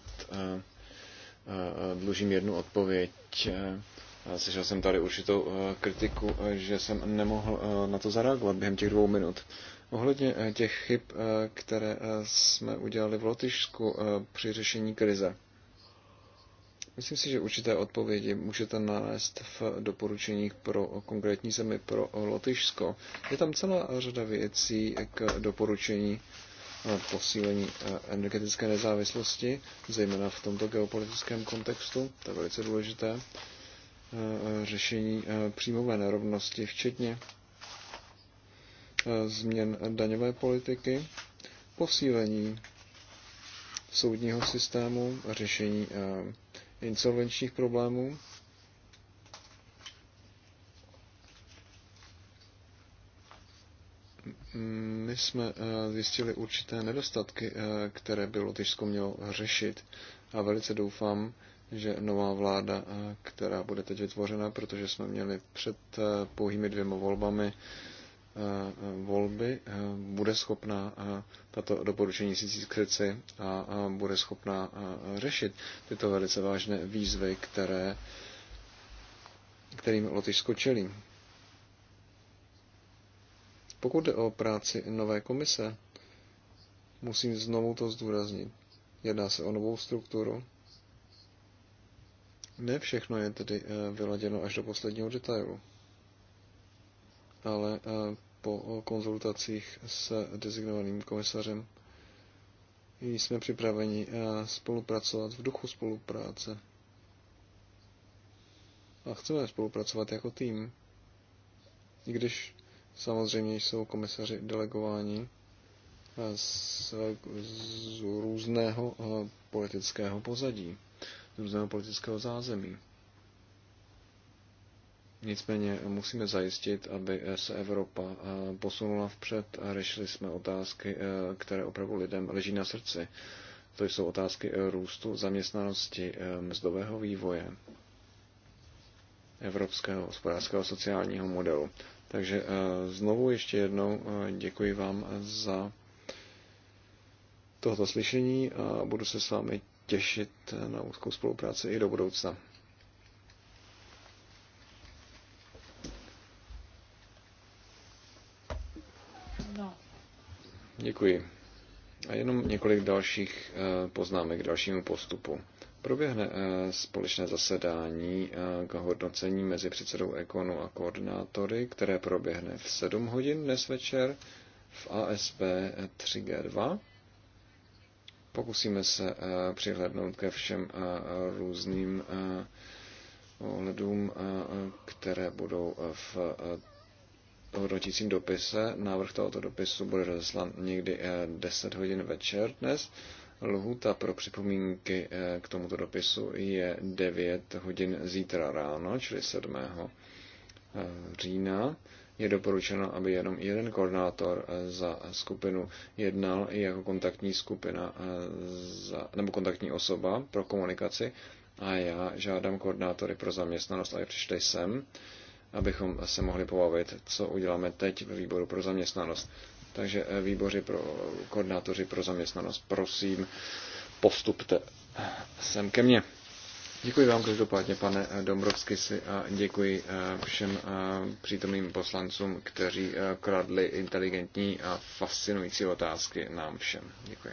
C: dlužím jednu odpověď. Slyšel jsem tady určitou kritiku, že jsem nemohl na to zareagovat během těch dvou minut. Ohledně e, těch chyb, e, které e, jsme udělali v Lotyšsku při řešení krize. Myslím si, že určité odpovědi můžete nalézt v doporučeních pro konkrétní zemi, pro Lotyšsko. Je tam celá řada věcí k doporučení eh, posílení eh, energetické nezávislosti, zejména v tomto geopolitickém kontextu, to je velice důležité, eh, řešení příjmové nerovnosti, včetně změn daňové politiky, posílení soudního systému, řešení insolvenčních problémů. My jsme eh, zjistili určité nedostatky, eh, které bylo Lotyšsko mělo řešit a velice doufám, že nová vláda, eh, která bude teď vytvořena, protože jsme měli před pouhými dvěma volbami, Eh, volby eh, bude schopna eh, tato doporučení si získat a bude schopna řešit tyto velice vážné výzvy, které, kterým Lotyšsko čelí. Pokud jde o práci nové komise, musím znovu to zdůraznit. Jedná se o novou strukturu. Ne všechno je tedy vyladěno až do posledního detailu ale eh, po eh, konzultacích s designovaným komisařem jsme připraveni eh, spolupracovat v duchu spolupráce. A chceme spolupracovat jako tým, když samozřejmě jsou komisaři delegováni z, z různého politického pozadí, z různého politického zázemí. Nicméně musíme zajistit, aby se Evropa eh, posunula vpřed a řešili jsme otázky, eh, které opravdu lidem leží na srdci. To jsou otázky eh, růstu, zaměstnanosti, mzdového vývoje, evropského hospodářského sociálního modelu. Takže znovu ještě jednou děkuji vám za tohoto slyšení a budu se s vámi těšit na úzkou spolupráci i do budoucna. Děkuji. A jenom několik dalších eh, poznámek k dalšímu postupu. Proběhne eh, společné zasedání eh, k hodnocení mezi předsedou Ekonu a koordinátory, které proběhne v 7 hodin dnes večer v ASP 3G2. Pokusíme se přihlednout ke všem různým ohledům, které budou v hodnotícím dopise. Návrh tohoto dopisu bude rozeslán někdy 10 eh, hodin večer dnes. Lhuta pro připomínky eh, k tomuto dopisu je 9 hodin zítra ráno, čili 7. Eh, října. Je doporučeno, aby jenom jeden koordinátor za skupinu jednal i jako kontaktní skupina za, nebo kontaktní osoba pro komunikaci a já žádám koordinátory pro zaměstnanost, aby přišli sem abychom se mohli pobavit, co uděláme teď ve výboru pro zaměstnanost. Takže eh, výboři pro, koordinátoři pro zaměstnanost, prosím, postupte sem ke mně. Děkuji vám každopádně, pane eh, Dombrovsky, a děkuji eh, všem přítomným poslancům, kteří kradli inteligentní a fascinující otázky nám všem. Děkuji.